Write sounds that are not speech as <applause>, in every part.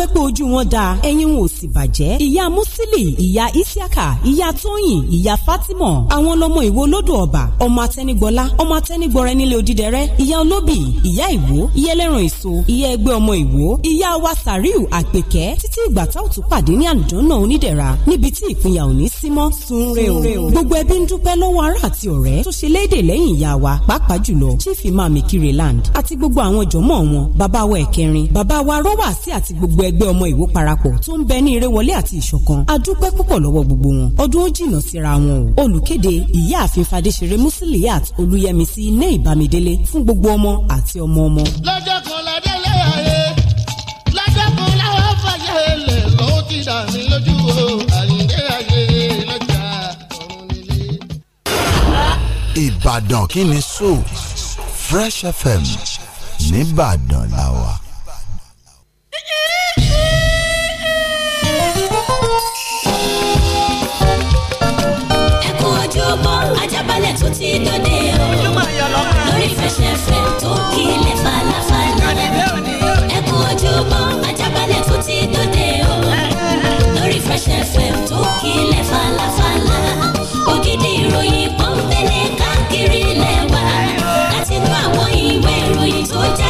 pépé ojú wọn da ẹyin wọn ò sì bàjẹ́ ìyá musili ìyá isiaka ìyá tóyìn ìyá fatima àwọn lọmọ ìwo lódò ọba ọmọ atẹnigbọlá ọmọ atẹnigbọrẹ nílé odídẹrẹ ìyá olóbì ìyá ìwo ìyá ẹlẹ́ran èso ìyá ẹgbẹ́ ọmọ ìwo ìyá wa sàríù àpèkẹ́ títí ìgbà tá ò tún pàdé ní àdánù onídẹ̀ra níbi tí ìpínyà ò ní sí mọ́ sunre o gbogbo ẹbí ń dúpẹ́ lọ́wọ́ ará àti ọ̀rẹ́ tó ṣe léde lẹ́yìn ìyá wa pàápàá jùlọ chief imam kiriland àti gbogbo àwọn jọmọ wọn bàbá wa ẹ̀kẹrin bàbá wa rọwà sí àti gbogbo ẹ ẹgbẹ́ ọmọ ìwó parapọ̀ tó ń bẹ ní ìrẹ́wọlé àti ìṣọ̀kan a púpọ̀ lọ́wọ́ gbogbo wọn ọdún ó jìnnà síra wọn o olùkéde ìyáàfin fadéṣeré musiliat olúyẹmísí ní ìbámidélé fún gbogbo ọmọ àti ọmọ ọmọ. lọ́jọ́ kan ládé lẹ́yàrá lọ́jọ́ kan láwọn fàyà ẹlẹ́ lọ́wọ́ ti dà mí lójú o. Ìbàdàn kí ni sọ Fresh FM nìbàdàn làwà. Fresh FM tó kílẹ̀ falafala. ẹ kú ojúmọ́ ajábalẹ̀ tó ti dòde o. lórí falafala. ògidì ìròyìn pọ́npẹ́lẹ́ káàkiri lẹ́wà. láti inú àwọn ìwé ìròyìn tó jáde.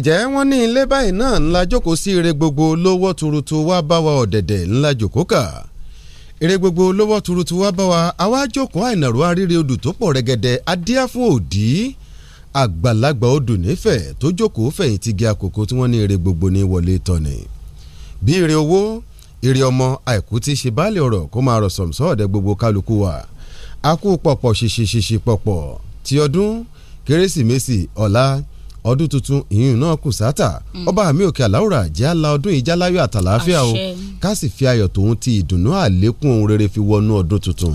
ǹjẹ́ wọ́n ní ilé báyìí náà ńlá jókòó sí ire gbogbo lówó turutu wá bá wa ọ̀dẹ̀dẹ̀ ńlá jókòó kà ire gbogbo lówó turutu wá bá wa àwa jókòó àìnàró aríire odò tó pọ̀ rẹ́gẹ́dẹ́ adíá fún òdì àgbàlagbà odò nífẹ̀ẹ́ tó jókòó fẹ̀yìntì gé àkókò tí wọ́n ní ire gbogbo ní wọlé tọ̀nì bí ire owó ire ọmọ àìkú ti ṣe báàlì ọ̀rọ̀ kó máa rọ̀ sọ̀mùsọ̀ ọdún tuntun ìyún náà kù sátà mm. ọba mi òkè àláwùrà jẹ́ àlà ọdún yìí jáláyọ̀ àtàlàáfíà o ká sì fi ayọ̀ tòun ti ìdùnnú àlékún ohun rere fi wọnú ọdún tuntun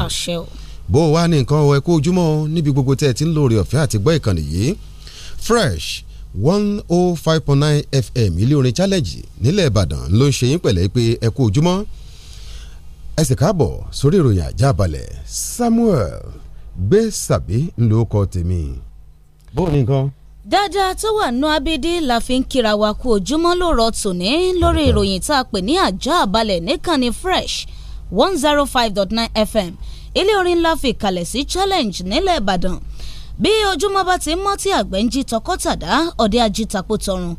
bó o wá ní nǹkan ọ̀ ẹ ojúmọ́ níbi gbogbo tẹ́ ẹ ti ń lo oore ọ̀fẹ́ àti gbọ́ ìkànnì yìí fresh one oh five point nine fm ilé orin challenge nílẹ̀ ìbàdàn ló ń ṣe yín pẹ̀lẹ́ pé ẹ ojúmọ́ ẹ káàbọ̀ sórí ìròyìn àjábalẹ̀ samuel gbé sàbí ńlọkọ tèmi bó o ní nǹkan dáadáa tó wà nù abidi la fi ń kíra wa kú ojúmọ́ ló rọ tòní lórí ìròyìn tá a pè ní àjọ àbálẹ̀ níkànnì fresh one zero oh five dot nine fm ilé orin ńlá fi kalẹ̀ sí challenge nílẹ̀ ìbàdàn bí ojúmọ́ bá ti mọ́ tí àgbẹ̀ ń jí tọkọ́tàdá ọ̀dẹ́ ajitapo tọrùn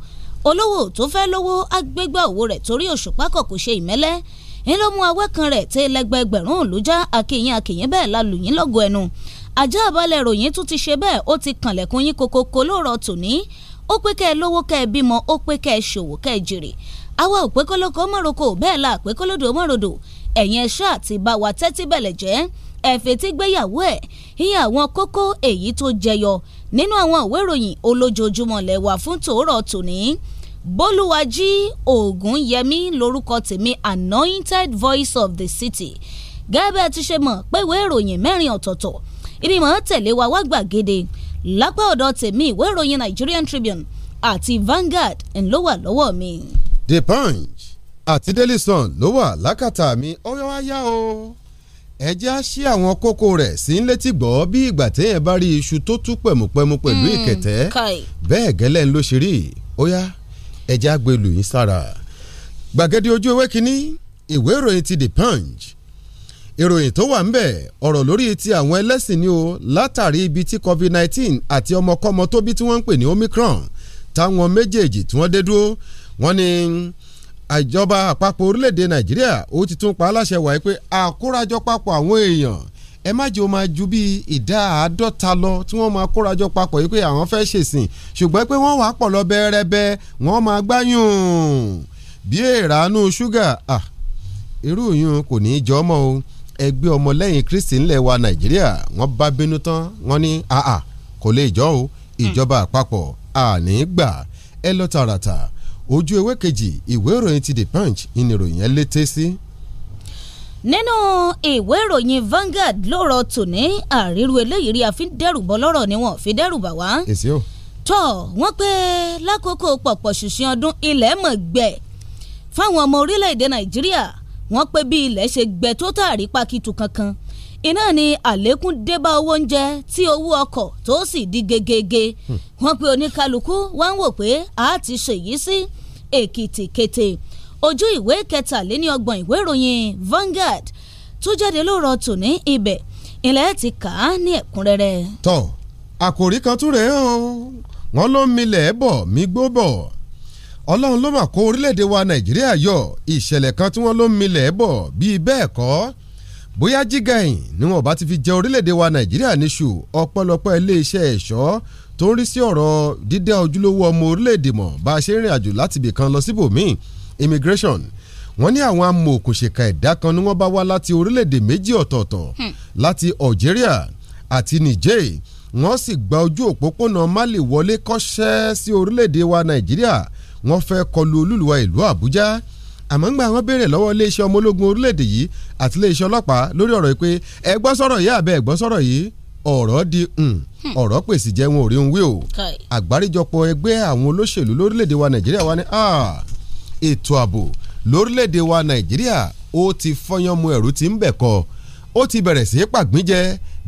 olówó tó fẹ́ lówó agbégbá òwò rẹ̀ torí òṣùpá kọ̀ kò ṣe ìmẹ́lẹ́ ń ló rẹ̀ tẹ́ òlùjá akínyìn akínyìn bẹ́ẹ̀ la lù yín ẹnu ajá àbálẹ̀ ròyìn tún ti ṣe bẹ́ẹ̀ ó ti kànlẹ̀kùn yín kokoko lóòrọ̀ tòní ó pé kẹ́ ẹ lówó kẹ́ ẹ bímọ ó pé kẹ́ ẹ ṣòwò kẹ́ ẹ jèrè àwa ò pé kólókó mọ̀rọ̀kọ̀ bẹ́ẹ̀ la pé kólódò mọ̀rọ̀dò ẹ̀yìn ẹ̀ṣọ́ àti bá wa tẹ́tí bẹ̀lẹ̀ jẹ́ ẹ̀fẹ̀ tí gbéyàwó ẹ̀ ìyẹn àwọn kókó èyí tó jẹyọ nínú àwọn ìwé ìròyìn olójoojúmọ́ lẹ́wà fún tòórọ̀ tòní bólúwájí ògúnyẹmí lórúkọ tèmi anointed voice of the city gẹ́gẹ́ bẹ́ẹ̀ ti ṣe mọ̀ pé ìwé ìròyìn mẹ́rin ọ̀tọ̀ọ̀tọ̀ ìnìmọ̀ tẹ̀lé wa wá gbàgede lápá ọ̀dọ̀ tèmi ìwé ìròyìn Nigerian Tribune àti Vanguard ló wà lọ́wọ́ mi. The Punch àti Daily Sun ló wà lákàtà mi ọyọ́ ayá o ẹ jẹ́ á ṣí àwọn kókó rẹ̀ sí ń létí gbọ́ bí ìgbà téèyàn bá rí iṣu tó tú pẹ̀mùpẹ̀mù pẹ̀lú hmm, ìkẹ̀tẹ́ bẹ́ẹ̀ gẹ́lẹ́ ń ló ṣe rí ó ẹ jẹ́ á gbé lù yín sára gbàgede ojú ewé kínní ìwé ìròyìn ti The Punch ìròyìn tó wà ńbẹ̀ ọ̀rọ̀ lórí ti àwọn ẹlẹ́sìn ni o látàrí ibi tí covid-19 àti ọmọkọ́mọ tó bí tí wọ́n ń pè ní omicron táwọn méjèèjì tí wọ́n dé dúró wọ́n ní àjọba àpapọ̀ orílẹ̀-èdè nàìjíríà ó ti tún pa aláṣẹ wáyé pé àkórajọ papọ̀ àwọn èèyàn ẹ má jẹ́ o máa ju bíi ìdá àádọ́ta lọ tí wọ́n máa kórajọ papọ̀ yìí pé àwọn fẹ́ ṣèsìn ṣùgbọ́n pé wọ́n wàá pọ̀ lọ bẹ́ẹ̀rẹ́bẹ́ wọ́n máa gbáyùn bí èèrà nù ṣúgà irú yìí kò ní í jọmọ́ o ẹgbẹ́ ọmọlẹ́yìn kristi ńlẹ̀ wa nàìjíríà wọ́n bá bínú tán wọ́n ní àà kò lè jọ o ìjọba àpapọ̀ àní gbà ẹ lọ tààràtà ojú ewé kejì ìwé ìròyìn ti the punch ìnìròyìn ẹ létí sí. nínú ìwé ìròyìn Vanguard lóòrọ̀ tòní àríru eléyìí rí àfi lọ́rọ̀ ni wọ́n fi dẹ́rùbà wá. èsì o. tọ́ wọ́n pé lákòókò pọ̀pọ̀ ṣùṣìn ọdún ilẹ̀ mọ̀ gbẹ̀ fáwọn ọmọ orílẹ̀-èdè nàìjíríà wọ́n pé bí ilẹ̀ ṣe gbẹ tó tààrí pakitu kankan iná ni àlékún débá owó oúnjẹ tí owó ọkọ̀ tó sì di gegege hmm. wọ́n pé oníkálukú wá ń wò pé a ti ṣèyí sí èkìtì kété ojú ìwé kẹtàléní ọgbọ̀n ìwé ìròyìn Vanguard tó jáde lóòrọ̀ tòní ibẹ̀ ilẹ̀ ti kà á ní ẹ̀kúnrẹ́rẹ́. tọ́ àkòrí kan tún rèé o wọ́n ló ń milẹ̀ bọ̀ mí gbó bọ̀ ọlọ́run ló mà kó orílẹ̀-èdè wa nàìjíríà yọ ìṣẹ̀lẹ̀ kan tí wọ́n ló ń milẹ̀ bọ̀ bíi bẹ́ẹ̀ kọ́ bóyá jígàyìn ni wọn bá ti fi jẹ orílẹ̀-èdè wa nàìjíríà níṣu ọ̀pọ̀lọpọ̀ iléeṣẹ́ ẹ̀ṣọ́ tó ń rí sí ọ̀rọ̀ dídá ojúlówó ọmọ orílẹ̀-èdè mọ̀ bá a ṣe ń rìn àjò láti ibì kan lọ síbòmíì immigration wọ́n ní àwọn amòòkùnṣèkà ẹ̀dá kan ni wọ́n bá wá láti orílẹ̀-èdè méjì ọ̀tọ̀ọ̀tọ̀ hmm. láti Algeria àti Niger wọ́n sì gba ojú òpópónà Mali wọlé kọ́ṣẹ́ sí orílẹ̀-èdè wa nàìjíríà wọ́n fẹ́ kọlu olúluwa ìlú àbújá àmọ́ ńgbà wọ́n béèrè lọ́wọ́ iléeṣẹ́ ọmọ ológun orílẹ̀-èdè yìí àti iléeṣẹ́ ọlọ́pàá lórí ọ̀rọ̀ yìí pé ẹ gbọ́ sọ̀rọ̀ yìí àbẹ́ ẹ gbọ́ sọ̀rọ̀ yìí ọ̀rọ̀ di hmm, hmm. ọ̀rọ̀ pèsè jẹ́ wọn ò rí wí o àgbáríjọpọ̀ ẹgbẹ́ àwọn olóṣèlú lórílẹ̀‐èdè wa nàìjíríà wa ni ètò ààbò lórílẹ̀‐èdè wa nàìjíríà ó ti fọyán mu ẹ̀rù tí ń bẹ̀ kọ ó ti bẹ̀rẹ̀ sí í pàgbínjẹ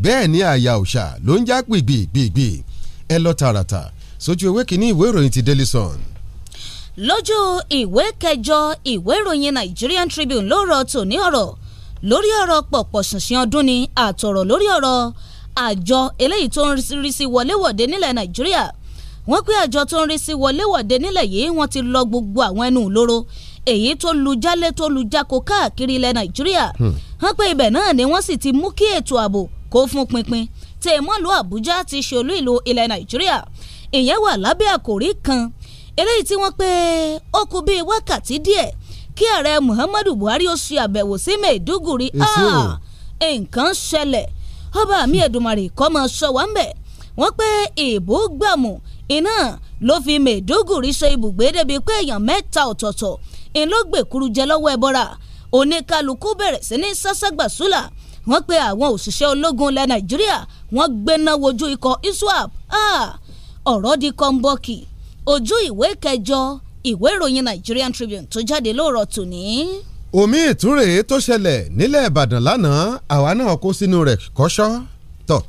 bẹ́ẹ̀ ni àyà òòṣà ló ń já gbìgbìgbìgbì ẹ lọ tààràtà sójú ewé kínní ìwé ìròyìn ti Daily Sun lójú ìwé kẹjọ ìwé ìròyìn Nigerian Tribune ló rọ tòní ọ̀rọ̀ lórí ọ̀rọ̀ pọ̀pọ̀ ṣìnṣìn ọdún ni àtọ̀rọ̀ lórí ọ̀rọ̀ àjọ eléyìí tó ń rí sí wọléwọ̀de nílẹ̀ Nàìjíríà wọ́n pé àjọ tó ń rí sí wọléwọ̀de nílẹ̀ yìí wọ́n ti lọ gbogbo àwọn ẹnu ìloro èyí tó lu jálẹ̀ tó lu jáko káàkiri ilẹ̀ Nàìjíríà hmm. wọ́n pé ibẹ̀ náà ni wọ́n sì ti mú kí ètò ààbò kó fún pinpin tèmọ́lù Àbújá ti ṣolú ìlú ilẹ̀ Nàìjíríà ìyẹn wà lábẹ́ àkòrí kan eléyìí tí wọ́n pé ó kù bíi wákàtí díẹ̀ kí ààrẹ Muhammadu Buhari ó ṣe àbẹ̀wò sí Maiduguri ah, nǹkan ṣẹlẹ̀ ọba mi Èdùmàrè kọ́ mọ sọ wá ń bẹ̀ wọ́n pé ìbò gbàmù iná ló fi Maiduguri ṣe ibùgbé débi pé èèyàn mẹ́ta ọ̀tọ̀ọ̀tọ̀ ìlógbèkuru jẹ lọ́wọ́ ẹbọra oníkálukú bẹ̀rẹ̀ sí ní sáságbàsúlà wọ́n pe àwọn òṣìṣẹ́ ológun ilẹ̀ Nàìjíríà wọ́n gbéná wojú ikọ̀ ISWAP ah, ọ̀rọ̀ di kọ́ńbọ́ọ̀kì ojú ìwé kẹjọ ìwé ìròyìn Nigerian Tribune tó jáde lóòrọ̀ tòní. omi ìtúre tó ṣẹlẹ̀ nílẹ̀ Ìbàdàn lánàá àwa náà kó sínú rẹ̀ kọ́ṣọ́ tọ̀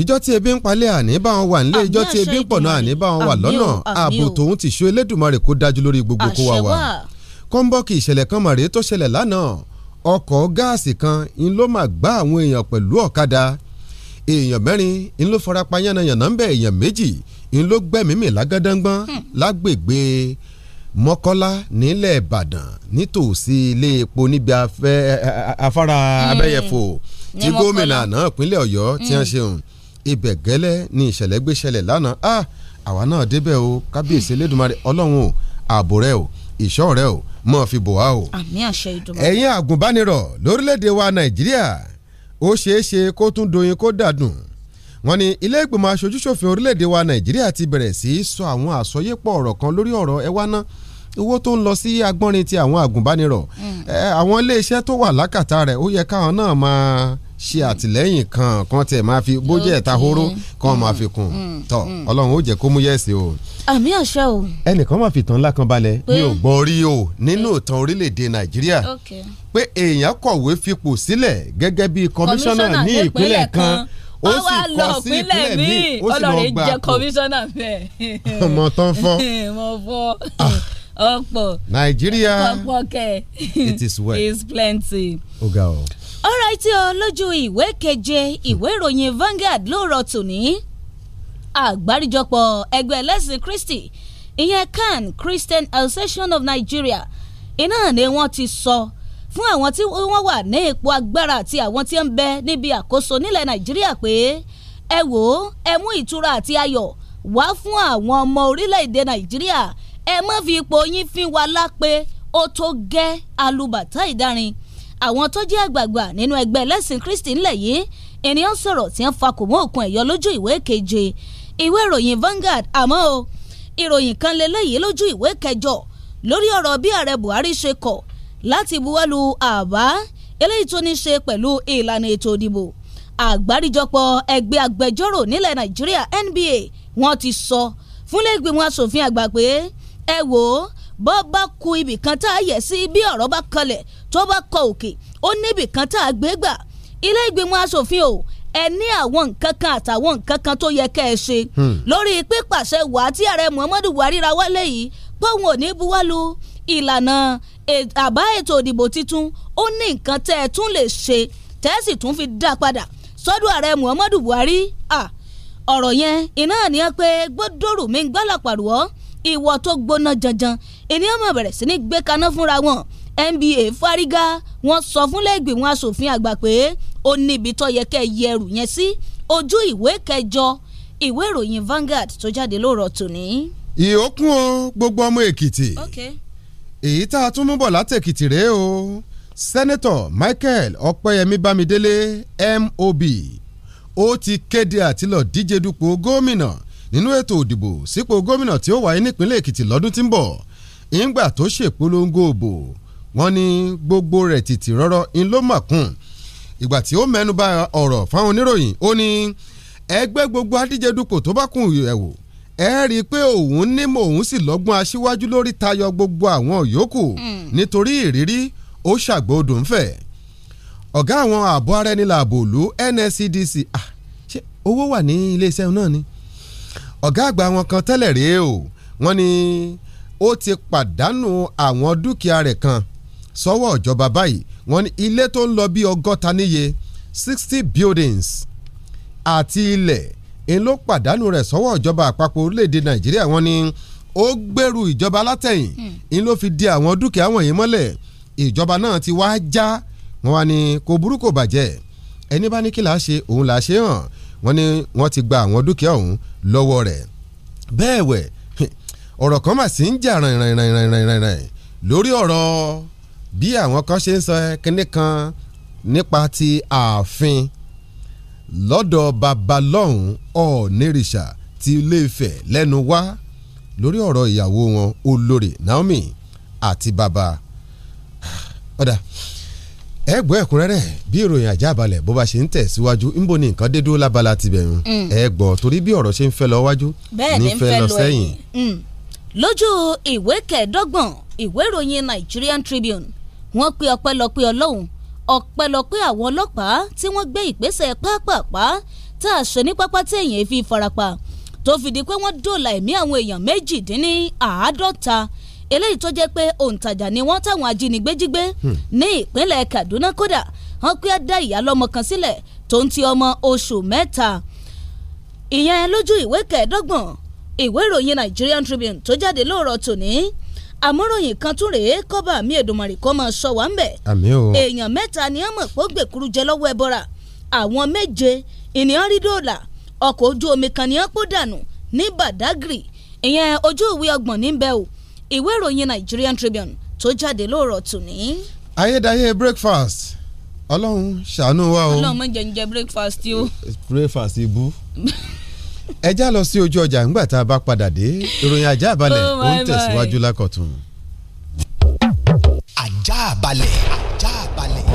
ìjọ tí ebi ń palẹ̀ àní bá wọn wà nílé ìjọ tí ebi ń pọ̀nà àní bá wọn wà lọ́nà ààbò tòun ti ṣó Elédùmarè kó dájú lórí gbogbo kó wa wà kọ́ńbọ́ọ̀kì ìṣẹ̀lẹ̀ kan mọ̀rẹ́ tó ṣẹlẹ̀ lánàá ọkọ̀ gáàsì kan ń ló máa gbá àwọn èèyàn pẹ̀lú ọ̀kadà èèyàn mẹ́rin ń ló farapa yánnayànna ń bẹ èèyàn méjì ń ló gbẹ̀mímì lágádángbọ́n hmm. lágbègbè mọ́kọ́lá nílẹ̀ ìbàdàn nítòsí ilé epo níbi afárá hmm. abẹ́yẹ̀fò tí gómìnà àná ìpínlẹ̀ ọ̀yọ́ tí wọ́n hmm. ṣe hùn ibẹ̀ gẹ́lẹ́ ni ìṣẹ̀lẹ̀ gbé ṣẹlẹ̀ lánàá àwa náà débẹ̀ o kábíyèsí elédùnmarè ọlọ́run o ààbò rẹ o ìṣọ́ rẹ o mọ̀ fi bò wá o. àmì àṣẹ ìdùnnú. ẹ̀yin àgùnbánirọ̀ lórílẹ̀‐èdè wa nàìjíríà ó ṣeé ṣe kó tún doyin kó dàdùn wọ́n ní ilé ìgbìmọ̀ aṣojúṣòfin orílẹ̀-èdè wa nàìjíríà ti bẹ̀rẹ̀ sí í sọ àwọn àsọyépọ̀ ọ̀rọ̀ kan lórí ọ̀rọ̀ ẹwà náà owó tó ń lọ sí agbọ́nrin ti àwọn àgùnbánirọ̀ mm. àwọn iléeṣẹ́ tó wà lákàtà rẹ̀ ó yẹ káwọn náà máa ṣe àtìlẹ́yìn kan kan tẹ̀ máa fi bójú ẹ̀ta horo kan máa fi kún mm. mm. tọ́ ọlọ́run ó jẹ́ kó mú yẹ̀sì o. àmì àṣẹ o. ẹnìkan máa fi tán ńlá kan balẹ̀ mi ò gbọ́ o nínú ìtàn orílẹ̀-èdè nàìjíríà pé èèyàn kọ̀wé fipò sílẹ̀ gẹ́gẹ́ bí kọmíṣánná ní ìpínlẹ̀ kan ó sì kọ sí ìpínlẹ̀ míì ó sì lọ gbà kó ọmọ tó ń fọ́. <laughs> Ah. nàìjíríà it is well it is plenty. ó ga o. alright tí o lójú ìwé keje ìwé ìròyìn Vanguard ló rọ tòní àgbáríjọpọ̀ ẹgbẹ́ ẹlẹ́sìn Kristi ìyẹn CAN Christian Association of Nigeria iná ni wọ́n ti sọ so fún àwọn tí wọ́n wà ní ipò agbára àti àwọn tí ń bẹ níbi àkóso nílẹ̀ nàìjíríà pé ẹ wò ó ẹ mú ìtura àti ayọ̀ wá fún àwọn ọmọ orílẹ̀-èdè nàìjíríà ẹ má fi ipò yín fín wa lápé ó tó gẹ́ alùbàtà ìdarin àwọn tó jẹ́ àgbààgbà nínú ẹgbẹ́ ẹlẹ́sìn kristi ńlẹ̀ yìí ènìyàn sọ̀rọ̀ tí ń fakò mọ́ òkun ẹ̀yọ lójú ìwé keje ìwé ìròyìn Vanguard àmọ́ o ìròyìn kan lélẹ́yìí lójú ìwé kẹjọ lórí ọ̀rọ̀ bí ààrẹ Buhari ṣe kọ̀ láti buwọ́lu àbá eléyìí tó ní ṣe pẹ̀lú ìlànà ètò ìdìbò àgbáríjọpọ̀ ẹgbẹ́ agbẹjọ́rò nílẹ̀ nàìjíríà nba wọ́n ti sọ fúnlẹ̀ ìgbìmọ̀ asòfin àgbà pé ẹ wò ó bọ́ bá ku ibì kan tá a yẹ̀ sí bí ọ̀rọ̀ bá kọlẹ̀ tó bá kọ òkè ó níbì kan tá a gbé gbà ilé ìgbìmọ̀ asòfin o ẹ ní àwọn nǹkan kan àtàwọn nǹkan kan tó yẹ kẹ́ ẹ ṣe hmm. lórí pípàṣẹ wàá tí ààrẹ muhammadu buhari ra wọlé yìí pọ́ùn ò buwọ́lu ìlànà àbá ètò ìdìbò tuntun ó ní nǹkan tẹ́ ẹ tún lè ṣe tẹ́ ẹ sì tún fi dá padà sọ́dọ̀ ààrẹ Muhammadu Buhari ọ̀rọ̀ yẹn iná ni ẹ pé gbódòrò mi ń gbálà ìwọ tó gbóná janjan ènìyàn máa bẹ̀rẹ̀ sí ní gbé kaná fúnra wọn NBA fárígá wọn sọ fúnlẹ̀ ìgbìmọ̀ asòfin àgbà pé ó níbi tó yẹ kẹ́ yẹ ẹrù yẹn sí ojú ìwé kẹjọ ìwé ìròyìn Vanguard tó jáde lóòrọ̀ tòní. ìyókùn o gbogbo ọmọ Èkìtì. Okay èyí tá a tún mú bọ̀ látẹ̀kìtì rèé o sẹ́nẹ́tọ̀ Michael Ọ̀pẹ́yẹmí Bámidélé MOB ó ti kéde àtilọ̀ díje dupò gómìnà nínú ètò òdìbò sípò gómìnà tí ó wáyé nípínlẹ̀ Èkìtì lọ́dún tí ń bọ̀ ìgbà tó ṣèpolongo òbò wọ́n ní gbogbo rẹ̀ tìtì rọ́rọ́ ń ló mọ̀kún ìgbà tí ó mẹ́nuba ọ̀rọ̀ fáwọn oníròyìn ó ní ẹgbẹ́ gbogbo adíje dupò tó bá kún ìyẹ̀wò ẹ rí i pé òun nímọ̀ òun sì lọ́gbọ́n aṣíwájú lórí tayọ gbogbo àwọn yòókù hmm. nítorí ìrírí ó ṣàgbọ́dò ń fẹ̀ ọ̀gá àwọn ààbò ara ẹni làbò lú NSCDC ah ṣé owó wà ní iléeṣẹ́ náà ni ọ̀gá àgbà wọn kan tẹ́lẹ̀ rèé o wọ́n ní ó ti pàdánù àwọn dúkìá rẹ̀ kan sọ́wọ́ ìjọba báyìí wọ́n ní ilé tó ń lọ bí ọgọ́ta níye sixty buildings àti ilẹ̀ ń ló pàdánù rẹ̀ sọ́wọ́ ìjọba àpapọ̀ orílẹ̀‐èdè nàìjíríà wọn ni ó gbèrú ìjọba látẹ̀yìn ń hmm. ló fi di àwọn dúkìá wọ̀nyí mọ́lẹ̀ ìjọba náà ti wá já wọn wá ní kò burú kò bàjẹ́ ẹni bá ní kí làá ṣe òun làá ṣe hàn wọn ni wọn ti gba àwọn dúkìá òun lọ́wọ́ rẹ̀ bẹ́ẹ̀ wẹ̀ <laughs> ọ̀rọ̀ kan mà sí ń jà ràìnràìnràìnràìnràìn lórí ọ̀rọ̀ bí àwọn kan ṣe ń sọ kinní kan nípa ti ààfin lọ́dọ̀ babalọ́hún ọ̀nẹ́rìṣà ti Ilé-Ifẹ̀ lẹ́nu wá lórí ọ̀rọ̀ ìyàwó wọn olórí Naomi àti bàbá ọ̀dà ẹ gbọ́ ẹ̀kúnrẹ́rẹ́ bí ìròyìn àjábalẹ̀ bó ba ṣe ń tẹ̀síwájú ń bo ní nǹkan dédó lábala ti bẹ̀rù mm. ẹ gbọ́ torí bí ọ̀rọ̀ ṣe ń fẹ́ lọ wájú ní fẹ́ lọ sẹ́yìn. Mm. lójú ìwé kẹẹ̀ẹ́dọ́gbọ̀n ìwé ìròyìn Nigerian Tribune wọ́n pe ọpẹ́lọpẹ́ ọlọ́run ọpẹ́lọpẹ́ àwọn ọlọ́pàá tí wọ́n gbé ìgbésẹ̀ pápápá tá a ṣe ní pápá tí èèyàn fi farapa tó fi di pé wọ́n dóòlà ẹ̀mí àwọn èèyàn méjìdínní àádọ́ta eléyìí tó jẹ́ pé òǹtajà ni wọ́n táwọn ajínigbé jí gbé hmm. ní ìpínlẹ̀ Kaduna kódà wọ́n pé á dá ìyá lọ́mọ kan sílẹ̀ tó ń ti ọmọ oṣù mẹ́ta ìyẹn lójú ìwé kẹẹ̀ẹ́dọ́gbọ̀n ìwé ìròyìn Nigerian Tribune tó jáde lóòrọ̀ tòní àmúròyìn kan tún rèé kọ́ba mi Èdùmàrè kọ́ máa sọ wá ń bẹ̀. àmì o. èèyàn mẹ́ta ni wọ́n mọ̀ pé ó gbèkúrú jẹ lọ́wọ́ ẹbọra àwọn méje ènìyàn rí dòòlà ọkọ̀ ojú omi kan ni wọ́n pò dànù ní Badagry ìyẹn ojú ìwé ọgbọ̀n níbẹ̀ o ìwé ìròyìn Nigerian Tribune tó jáde lóòrọ̀ tòní. ayédáyé breakfast ọlọ́run ṣàánú wa o ọlọ́run mọ̀ jẹ́ ń jẹ breakfast yìí o. breakfast ibu. <laughs> ẹ já lọ sí ojú ọjà ńgbà tá a bá padà dé ìròyìn ajá balẹ̀ oh ó ń tẹ̀síwájú lákọ̀tún. ajá balẹ̀ ajá balẹ̀.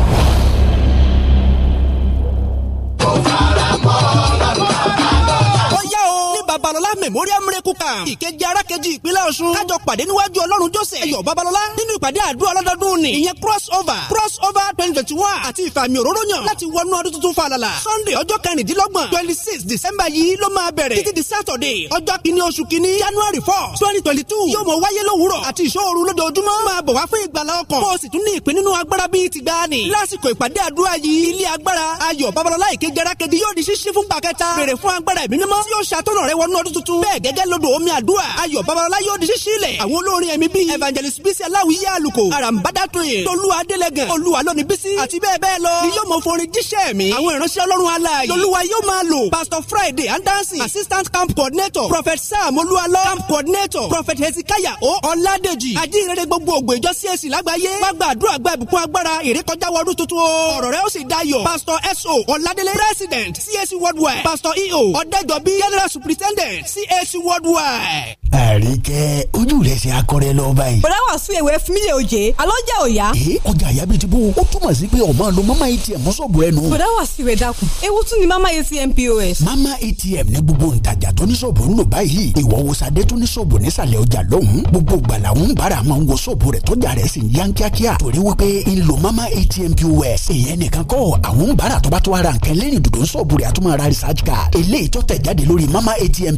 memorial miracle camp ìkejì arákejì ìpínlẹ̀ ọ̀ṣun kájọ pàdé níwájú ọlọ́run jọ́sẹ̀ ẹ̀yọ̀ babalọ́lá nínú ìpàdé àdúrà ọlọ́dọọdún ni ìyẹn cross over cross over twenty twenty one àti ìfàmì òróró yàn láti wọnú ọdún tuntun falala sunday ọjọ́ kẹrìndínlọ́gbọ̀n twenty six december yìí ló máa bẹ̀rẹ̀ títí di saturday ọjọ́ kìíní oṣù kìíní january four twenty twenty two yóò mọ wáyé lówùúrọ̀ àti ìṣòro lójoojúmọ́ máa bọ̀ wá fún ìgbàlá ọkàn kó o sì tún ní ìpín nínú agbára bíi ti gbani lásìkò ìpàdé àdúrà yìí ilé agbára ayọ̀ babalọ́lá ìkejì arákejì yóò di ṣíṣí fún gbàkẹ́ta bèrè fún agbára ìmínímọ́ tí yóò ṣàtọ̀nà rẹ wọnú ọdún tuntun. bẹ́ẹ̀ gẹ́gẹ́ lodò omi àdúrà ayọ̀ babalọla yóò di ṣíṣí lẹ̀. àwọn olórin ẹ̀mí bíi evangelist Bisi aláwìyé àlùkò arambada tóye tolú adélẹ́gàn olúwa lóni bísí àti bẹ́ẹ̀ bẹ́ẹ̀ lọ. ni yóò mọ forin jíṣẹ́ mi. àwọn ìránṣẹ́ ọlọ́run aláàyè lolúwa yóò máa lò. pastor friday andansi assistant camp coordinator prophet sam olúwalọ camp coordinator prophet hezekiah o ọládèjì ajínrere gbogbo ògbó ìjọ csc lágbàáyé wá gba àdúrà gba ìbùkún agbára ìrékọjá wọdún tuntun o. ọ̀rọ̀ rẹ̀ ó pastor so ọládélé president csc e general superintendent CAC worldwide. àríkẹ́ ojú rẹ̀ ṣe akọrẹ lọ báyìí. bọ̀dá wà sún ewé fún mi lè oje alọ́ jẹ́ òya. ee ọjà àyà bíi ti bó o túmọ̀ sí pé ọmọ ló mama atm mọ́sọ̀bù ẹnu. bọ̀dá wà sí ìwé dàkún ewu tún ni mama atm pos. mama atm ní gbogbo ntajà tó ní sọ̀bù ń lò báyìí ìwọ wo sadé tó ní sọ̀bù nísàlẹ̀ ọjà lọ́hùn-ún gbogbo gbala ń bára máa ń wo sọ̀bù rẹ̀ tọ́jà rẹ̀ sì ń yan kíákíá torí wípé mama atm pos èèyàn nìkan kọ́ àwọn ń bára tó bá tó ara nǹkan lẹ́yìn dòdò ń sọ̀bù rẹ̀ àtúmọ̀ mama atm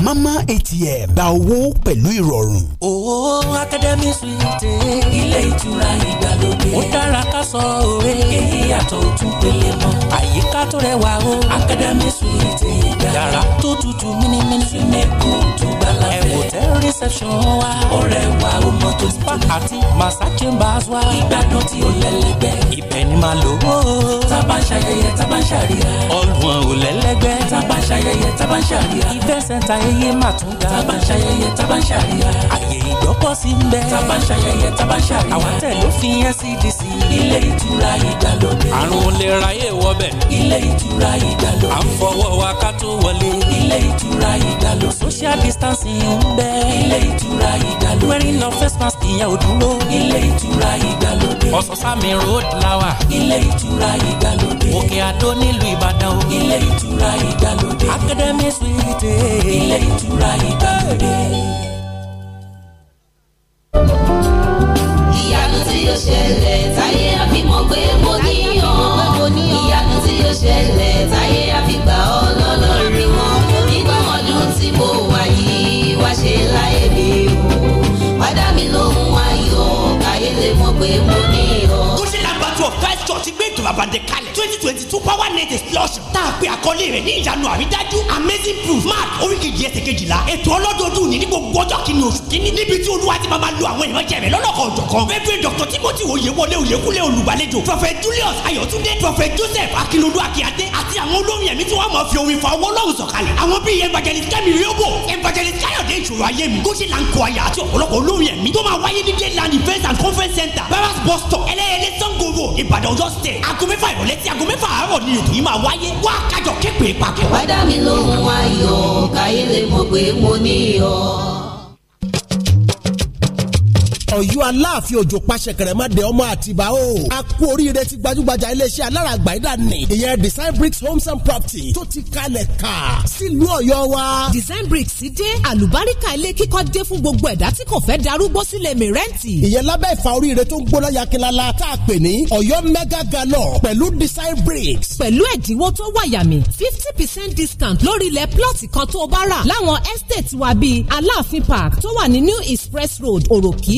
mama atm gba owó pẹ̀lú ìrọ̀rùn. owó akademi suwite ilé ìtura ìgbàlódé ó dára ká sọ òwe èyí yàtọ̀ òtún pélé mọ́ àyíká tó rẹwà o akademi suwite ìgbà yàrá tó tutù mímímí sinimu tó gbala fẹ́ ẹ̀wòtẹ́ reception wa ọ̀rẹ́ wa ó mọ tó ti tó àti massa chambers wa ìgbádùn tí ó lẹ́lẹ́gbẹ́ ibẹ̀ ni màá lò ó. tábà ń ṣayẹyẹ tábà ọ̀gbun ò lẹ́lẹ́gbẹ́ tábà ayẹyẹ máa tún ga. tá bá ń ṣayẹyẹ tá bá ń ṣàríyá. àyè ìgbọ́kọ̀ sí ń bẹ. tá bá ń ṣayẹyẹ tá bá ń ṣàríyá. àwọn tẹ̀ ló fi NCDC. E ilé ìtura ìdàlódé. àrùn olè ráyè wọbẹ̀. ilé ìtura ìdàlódé. à ń fọwọ́ wa ká tó wọlé. ilé ìtura ìdàlódé. social distancing ń bẹ. ilé ìtura ìdàlódé. wearing of face mask ìyẹn ò dúró. ilé ìtura ìdàlódé. ọ̀sán-sámi road lawa. ilé ìtura ìdàlódé. òkè àdó nílùú Ìbàdàn. ilé ìtura academy suite ìtura ìgbàlódé. ìyanu tí yóò ṣẹlẹ̀ táyé. àbàdékalẹ̀ twenty twenty two power net explosion tá a pe àkọlé rẹ̀ ní ìyanu àrídájú amazing proof mark oríkejì ẹsẹ̀ kejìlá ètò ọlọ́dọọdún ní ní gbogbo ọjọ́ kìíní oṣù kìíní níbi tí olúwa ti máa lo àwọn ìrànjẹ́ rẹ̀ lọ́lọ́kan ọ̀jọ̀kan reverend dr timothy oyewole oyekule olùgbàlejò prophet julius ayọ̀túndé prophet joseph akilolu akíade àti àwọn olórin ẹ̀mí tí wọ́n mọ̀ fi orin fa ọwọ́ lọ́hùn sọ̀kalẹ̀ àwọn bíi evangelist kẹ́mi riobo evangelist káyọ̀dé ìṣòro ayé mi gòsì lanko aya àti ọ̀pọ̀lọpọ̀ olórin ẹ̀mí tó máa wáyé ní dayland event and conference center barras bus stop ẹlẹ́yẹlé sango road ìbàdàn ọjọ́ state mẹ́fà ìrọ̀lẹ́ tí aago mẹ́fà àárọ̀ ni ètò yìí máa wáyé wá kájọ képe pàkẹ́. wá dá mi lóhùn ayọ̀ káyé lè mọ̀ pé mo ní iyọ̀ ọ̀yọ́ aláàfin òjò pàṣẹ kẹrẹmàdé ọmọ àtibá o a kú oríire ti gbajúgbajà iléeṣẹ́ alárààgbà ìdá ni ìyẹn design bricks homes and property tó ti kalẹ̀ ká sílùú ọ̀yọ́ wa. design bricks dé àlùbáríkà ilé kíkọ́ dé fún gbogbo ẹ̀dá tí kò fẹ́ darúgbó sílẹ̀ mìrẹ́ǹtì. ìyẹn lábẹ́ ìfà oríire tó ń gbóná yakinlala tá a pè ní ọ̀yọ́ mega gallon pẹ̀lú design bricks. pẹ̀lú ẹ̀dínwó tó wàyàmì fifty percent discount lórí ilẹ̀ plọ́ọ̀tì kan tó bá rà láwọn estate wa bíi aláàfin park tó wà ní new express road òròkì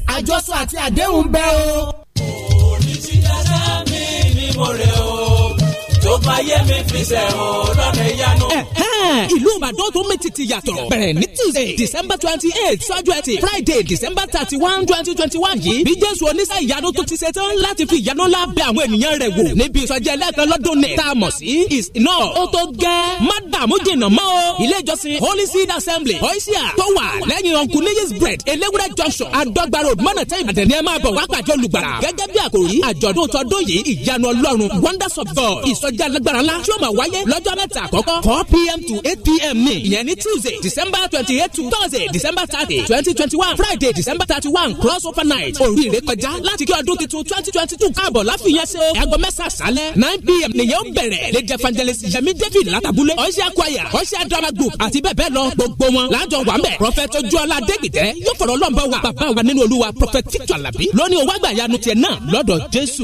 àjọsọ àti àdéhùn bẹ́ẹ̀ o. òní ti dára mi ni mo rẹ̀ o tó bá yé mi fi ṣe o lọ́nà ìyanu. ìlú ìbàdàn tó mì tìtì yàtọ̀ bẹ̀rẹ̀ ní tuesday december twenty eight sọ́jọ́ ẹtì friday december thirty one twenty twenty one yìí bí jésù oníṣẹ́ ìyanu tó ti ṣe tán láti fi ìyanu ńlá bẹ àwọn ènìyàn rẹ̀ wò níbi ìsọjí ẹlẹ́ẹ̀kan lọ́dún ní tá a mọ̀ sí ìsìnà ó tó gẹ́ má dààmú jìnnà mọ́ o ilé ìjọsìn holy seed assembly oisia tó wà lẹ́yìn uncle niyis bread elewura junction adọ́gba road mọ́nà tẹ́ ìbàdàn ni ẹ máa bọ̀ wá pàjọ́ lùgbàrà gẹ́gẹ́ bí àkòrí of god ìsọ ìsọjí alágbára ńlá tí ó máa wáyé lọ́jọ́ mẹ́ta àkọ́kọ́ four pm to eight pm ni ìyẹn ní tuesday december twenty eight to thursday december thirty twenty twenty one friday december thirty one cross over night oríire kọjá láti kí ọdún tuntun twenty twenty two káàbọ̀ láfihàn ṣe aago mẹ́sàn àṣálẹ̀ nine pm nìyẹn ó bẹ̀rẹ̀ lady evangelist yemi david latabule ọ̀ṣẹ́ akwaya ọ̀ṣẹ́ drama group àti bẹ́ẹ̀ bẹ́ẹ̀ lọ gbogbo wọn láàjọ wà mẹ́ prophet ojúọlá adégbìtẹ́ yóò fọ̀rọ̀ lọ́nbọ̀ wa bàbá wa nínú olúwa prophet victor alabi lónìí owó àgbà yanu tiẹ̀ náà lọ́dọ̀ jésù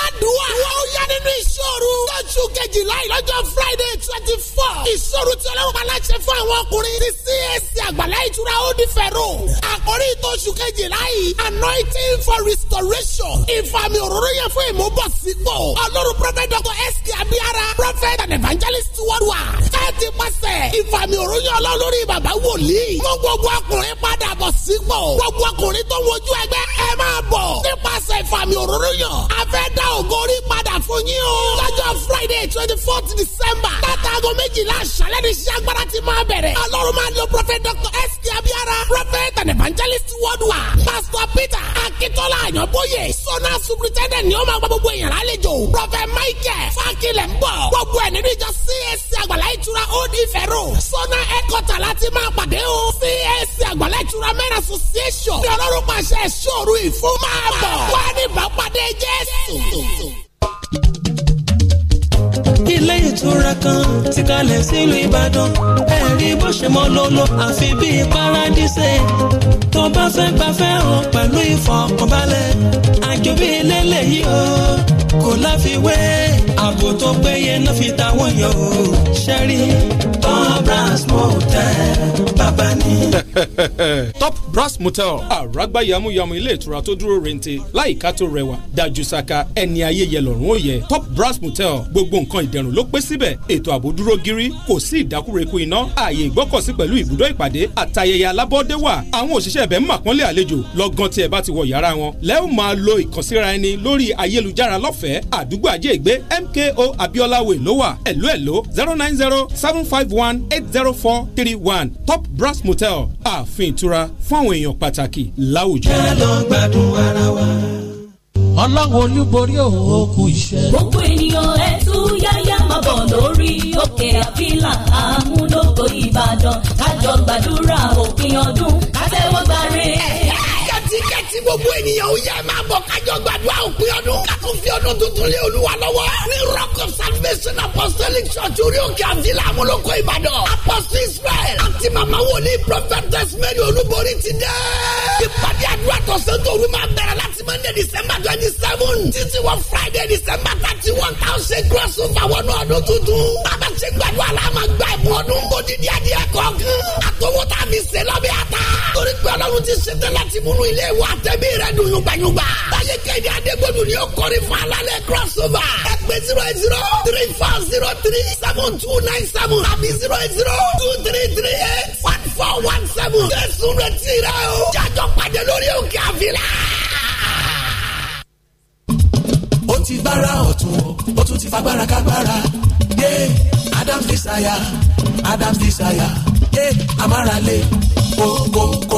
oṣù kejìlá ìlọ́jọ́ friday twenty four ìṣòro tí ọlọ́run máa láṣẹ fún àwọn ọkùnrin ní csc àgbàlá ìtura onífẹ̀ road àkórí ètò oṣù kejìlá yìí anointing for restoration ìfàmì òróró yẹn fún ìmúbọ̀sípò ọlọ́run prophet dr sk abiara prophet and evangelist worldwide káàtì pàṣẹ ìfàmì òróró yẹn ọlọ́run lórí bàbá wòlíì mú gbogbo ọkùnrin padàbọ̀ sípò. gbogbo ọkùnrin tó wojú ẹgbẹ́ ẹ máa bọ̀. nípasẹ̀ ìfàmì òróró yàn. a fẹ́ dá ògo orí padà fún yín o. lọ́jọ́ friday twenty fourth december. látàgọ́ méjìlá àṣálẹ́ ní iṣẹ́ agbára ti máa bẹ̀rẹ̀. ọlọ́run máa lo prophet dr evangelist worldwide pastor peter akitola àyànbóyè sọ́nà superintendent ni ó máa gba gbogbo èèyàn lálejò prophet michael fákilẹ̀ ń bọ̀ gbogbo ẹ̀ nínú ìjọ csc àgbàlá ìtura old ife road sọ́nà láti máa pàdé o csc àgbàlá ìtura men association ní ọlọ́run pàṣẹ ìṣòro ìfún máa bọ̀ wá ní ìbápadé jésù ilé ìtura kan ti kalẹ̀ sílùú ìbàdàn ẹ̀rí bó ṣe mọ́ ló lọ àfi bíi párádísè tó bá fẹ́ gbafẹ́ hàn pẹ̀lú ìfọ̀kànbalẹ̀ àjò bíi lélẹ̀ yìí o kò láfiwé ààbò tó péye náà fi táwọn yọ o ṣẹ́rí top brass motel bàbá ni. <laughs> top brass motel àràgbá yamuyamu ilé ìtura tó dúró rente láìka tó rẹwà dájú saka ẹni ayé yẹ lọ́rùn ó yẹ top brass motel gbogbo nǹkan ìdẹ̀rùn ló pé síbẹ̀ ètò ààbò dúró gírí kò sí ìdákúrekú iná ààyè ìgbọ́kọ̀sí pẹ̀lú ibùdó ìpàdé àtayẹyẹ alábọ́dé wà àwọn òṣìṣẹ́ ibẹ̀ ń màpọ́nlé àlejò lọ́gán tí ẹ bá ti wọ yàrá wọn lẹ́ẹ̀ máa lo ìkànsíra ẹni lórí ayélujára lọ́f ọ̀fẹ́ àdúgbò ajé MKO Abiola way ló wà ẹ̀lú ẹ̀ló zero nine zero seven five one eight zero four three one Top Brass Motel ààfin ìtura fún àwọn èèyàn pàtàkì láwùjọ. ká lọ gbádùn ara wa. ọlọ́run olúborí òkú iṣẹ́. gbogbo ènìyàn ẹ tú yáyá máa bọ̀ lórí òkè àfílà àmúlòkọ Ìbàdàn kájọ gbàdúrà òpin ọdún gbogbo ènìyàn ó yẹ máa bọ̀ kájọ gbàdúrà òpin ọdún kátó fi ọdún tuntun lé olúwa lọ́wọ́ ní rock of salvation apostolic church orí òkè àdìlà àmúlòkọ ìbàdàn apostle israel àti màmá wòlíì prophetess mary olúborí ti dẹ́. ìpàdé àdúrà tọ̀sán tòru máa bẹ̀rẹ̀ láti monday december twenty seven títí wọ friday december thirty one thousand cross over wọnú ọdún tuntun. bàbá ti gbàdúrà láàmà gba ẹ̀bùn ọdún odidi adìẹ kọ̀ọ̀kan àtọwọ́ta mi sè lọ́bẹ̀ àtà. torí pé ọlọ́run ti ṣetán láti múnú ilé wa tẹ jẹ̀bi rẹ̀ dùn yúgbàyúgbà. Táyé Adégbòdù ni ó kọrin fún alalẹ̀ crossover. Ẹ pè zero eight zero three four zero three seven two nine seven àbí zero eight zero two three three eight one four one seven. Jésù rẹ̀ ti rẹ̀ o. Jájọ́ pàdé lórí òkè àfilà ó ti gbára ọ̀tún ó tún ti fagbára kágbára yeah. Adam's Desire Adam's Desire yeah. amárale kókó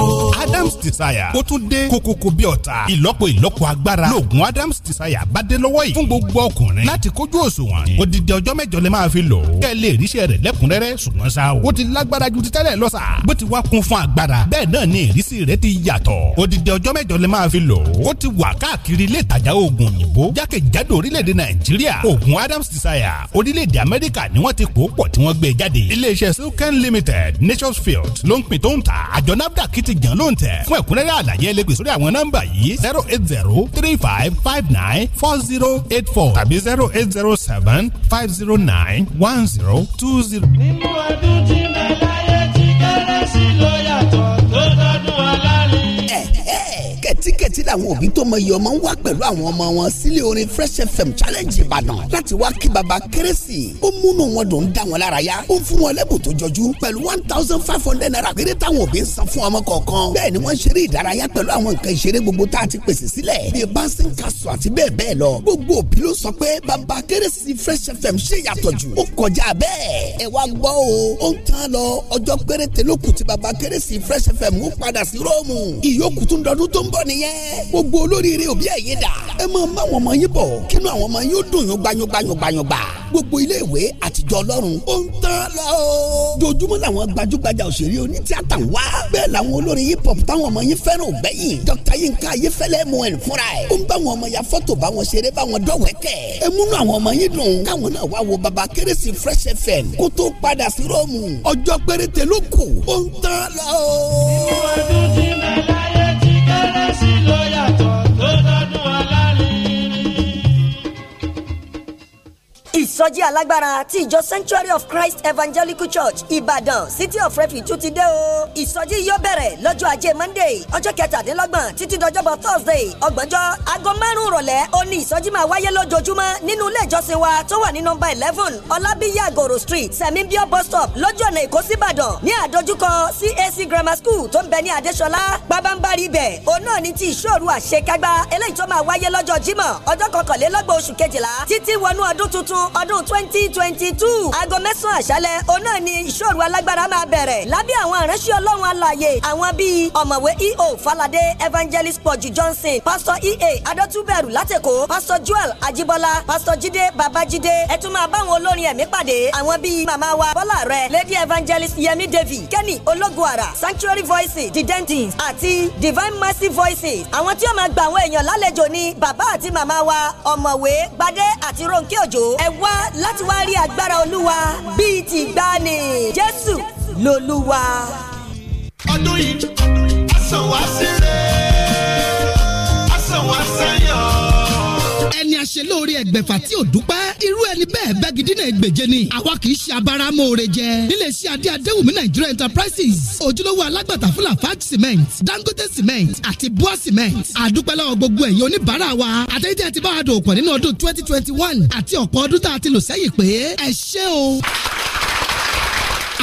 desire ó tún dé kokoko bí ọ̀tá ìlọ́po ìlọ́po agbára lóògùn adams desire bá dé lọ́wọ́ yìí fún gbogbo ọkùnrin láti kójú òṣùwọ̀n odidi ọjọ́ mẹ́jọ lè máa fi lò ó kẹ́ lè ríṣẹ́ rẹ̀ lẹ́kùnrẹ́rẹ́ ṣùgbọ́n ṣá o ó ti lágbára ju ti tẹ́lẹ̀ lọ sà bó ti wá kún fún agbára bẹ́ẹ̀ náà ni ìrísí rẹ̀ ti yàtọ̀ odidi ọjọ́ mẹ́jọ lè máa fi lò ó ó ti wà káàkiri ilé ìtajà oògùn òyìnbó jákèjádò orílẹ̀-èdè nàìjíríà oògùn adams desire orílẹ̀-èdè amẹ́ríkà ni wọ́n ti pò ó pọ̀ tí wọ́n gbé e jáde iléeṣẹ́ silken limited nations field ló ń pin tó ń ta àjọ nafdac fún ẹ̀kúnrẹ́rẹ́ àlàyé ẹ lè pè sórí àwọn nọ́mbà yìí zero eight zero three five five nine four zero eight four tàbí zero eight zero seven five zero nine one zero two zero. nínú ọdún tí tí làwọn òbí tó mọ iye ọmọ ń wá pẹ̀lú àwọn ọmọ wọn sílé orin fresh fm challenge ìbàdàn láti wá kí baba kérésì ó múnú wọn dùn ń dá wọn lára yá ó ń fún wọn lẹ́bùn tó jọjú pẹ̀lú one thousand five hundred naira péré táwọn òbí ń san fún ọmọ kọ̀ọ̀kan bẹ́ẹ̀ ni wọ́n ń ṣeré ìdárayá pẹ̀lú àwọn nǹkan ìṣeré gbogbo tá a ti pèsè sílẹ̀ bíi bouncing castle àti bẹ́ẹ̀ bẹ́ẹ̀ lọ gbogbo òbí ló sọ pé baba kérésì fresh fm ṣe yàtọ̀ jù ó kọjá bẹ́ẹ̀ ẹ wá gbọ́ o ó ń tán lọ ọjọ́ péréte ló baba kérésì fresh fm ó padà sí róòmù ìyókù tún dọdún tó ń bọ̀ nìyẹn gbogbo olóríire òbí ẹ̀yin dà ẹ máa bá àwọn ọmọ yín bọ̀ kínú àwọn ọmọ yín ó dùn yín gbanyọgbanyọgbanyọgba gbogbo iléèwé àtijọ́ ọlọ́run ó ń tán lọ. dojúmọ́ làwọn gbajúgbajà òṣèré onítìátà ń wá bẹ́ẹ̀ làwọn olórin hip hop táwọn ọmọ yín fẹ́ràn ògbẹ́yìn dr yinka ayéfẹ́lẹ́ mọ ẹ̀ fúnra ẹ̀ ó ń bá wọn ọmọ ya fọ́tò bá wọn ṣeré bá wọn dọ̀wẹ́kẹ̀ ẹ múnú fresh fm kó tó padà sí róòmù ọjọ́ Brasil. ìsọjí alágbára ti ìjọ sanctuary of christ evangelical church ìbàdàn city of refuge tún ti dé o ìsọjí yóò bẹ̀rẹ̀ lọ́jọ́ ajé monday ọjọ́ kẹtàdínlọ́gbọ̀n títí dọjọ́bọ̀ thursday ọgbọ̀njọ́ aago márùn-ún rọ̀lẹ́ ó ní ìsọjí máa wáyé lójoojúmọ́ nínú ilé ìjọsìn wa tó wà ní nọ́mbà eleven ọlábíyí àgọ́rò street sẹ̀míbíọ́ bus stop lójú ọ̀nà èkó síbàdàn ní àdójúkọ cac grammar school tó ń bẹ ní adéṣọlá pábánbárì ibẹ̀ òun náà ní ti ìṣòro àṣekágbá eléyìí tó máa wáyé lọ́jọ́ jímọ̀ ọjọ́ kọkànlélọ́gbọ̀n oṣù kejìlá títí wọnú ọdún tuntun ọdún ọdún twenty twenty two aago mẹ́sàn-án àṣálẹ̀ òun náà ni ìṣòro alágbára máa bẹ̀rẹ̀ lábẹ́ àwọn ìránṣẹ́ ọlọ́run alààyè àwọn bíi ọ̀mọ̀wé eo falade evangelist pọ̀jù johnson pastor ea adọ́túbẹ̀rù látẹ̀kọ́ pastor joel ajibola pastor jide babajide ẹ tún máa báwọn olórin ẹ̀mí pàdé àwọn bíi màmá wa bọ́lá rẹ̀ lady evangelist yemi devi kenny ológunara sanctuary voices the dentist àti divine mercy voices àwọn tí ó máa gba àwọn èèyàn lálejò ni bàbá àti màmá wa ọ̀mọ̀wé gbadé àti ronke òjò ẹ wá láti wá rí agbára olúwa bíi ti ìgbàanì jésù lolúwa. ọdún yìí a san wá sílẹ̀. ẹni aṣelóore ẹgbẹ̀fà tí ò dúpẹ́ irú ẹni bẹ́ẹ̀ bẹ́gidí náà gbèje ni àwa kì í ṣe abáramóore jẹ nílé iṣẹ́ adé adéwùmí Nigeria Enterprises ojúlówó alágbàtà fún Lafarge cement Dangote cement àti Bua cement àdúpẹ́lẹ́ gbogbo ẹ̀yin oníbàárà wa àtẹ̀yẹ́tẹ̀ ti bá a dòkọ̀ nínú ọdún twenty twenty one àti ọ̀pọ̀ ọdún tá a ti lò sẹ́yìn pé ẹ ṣé o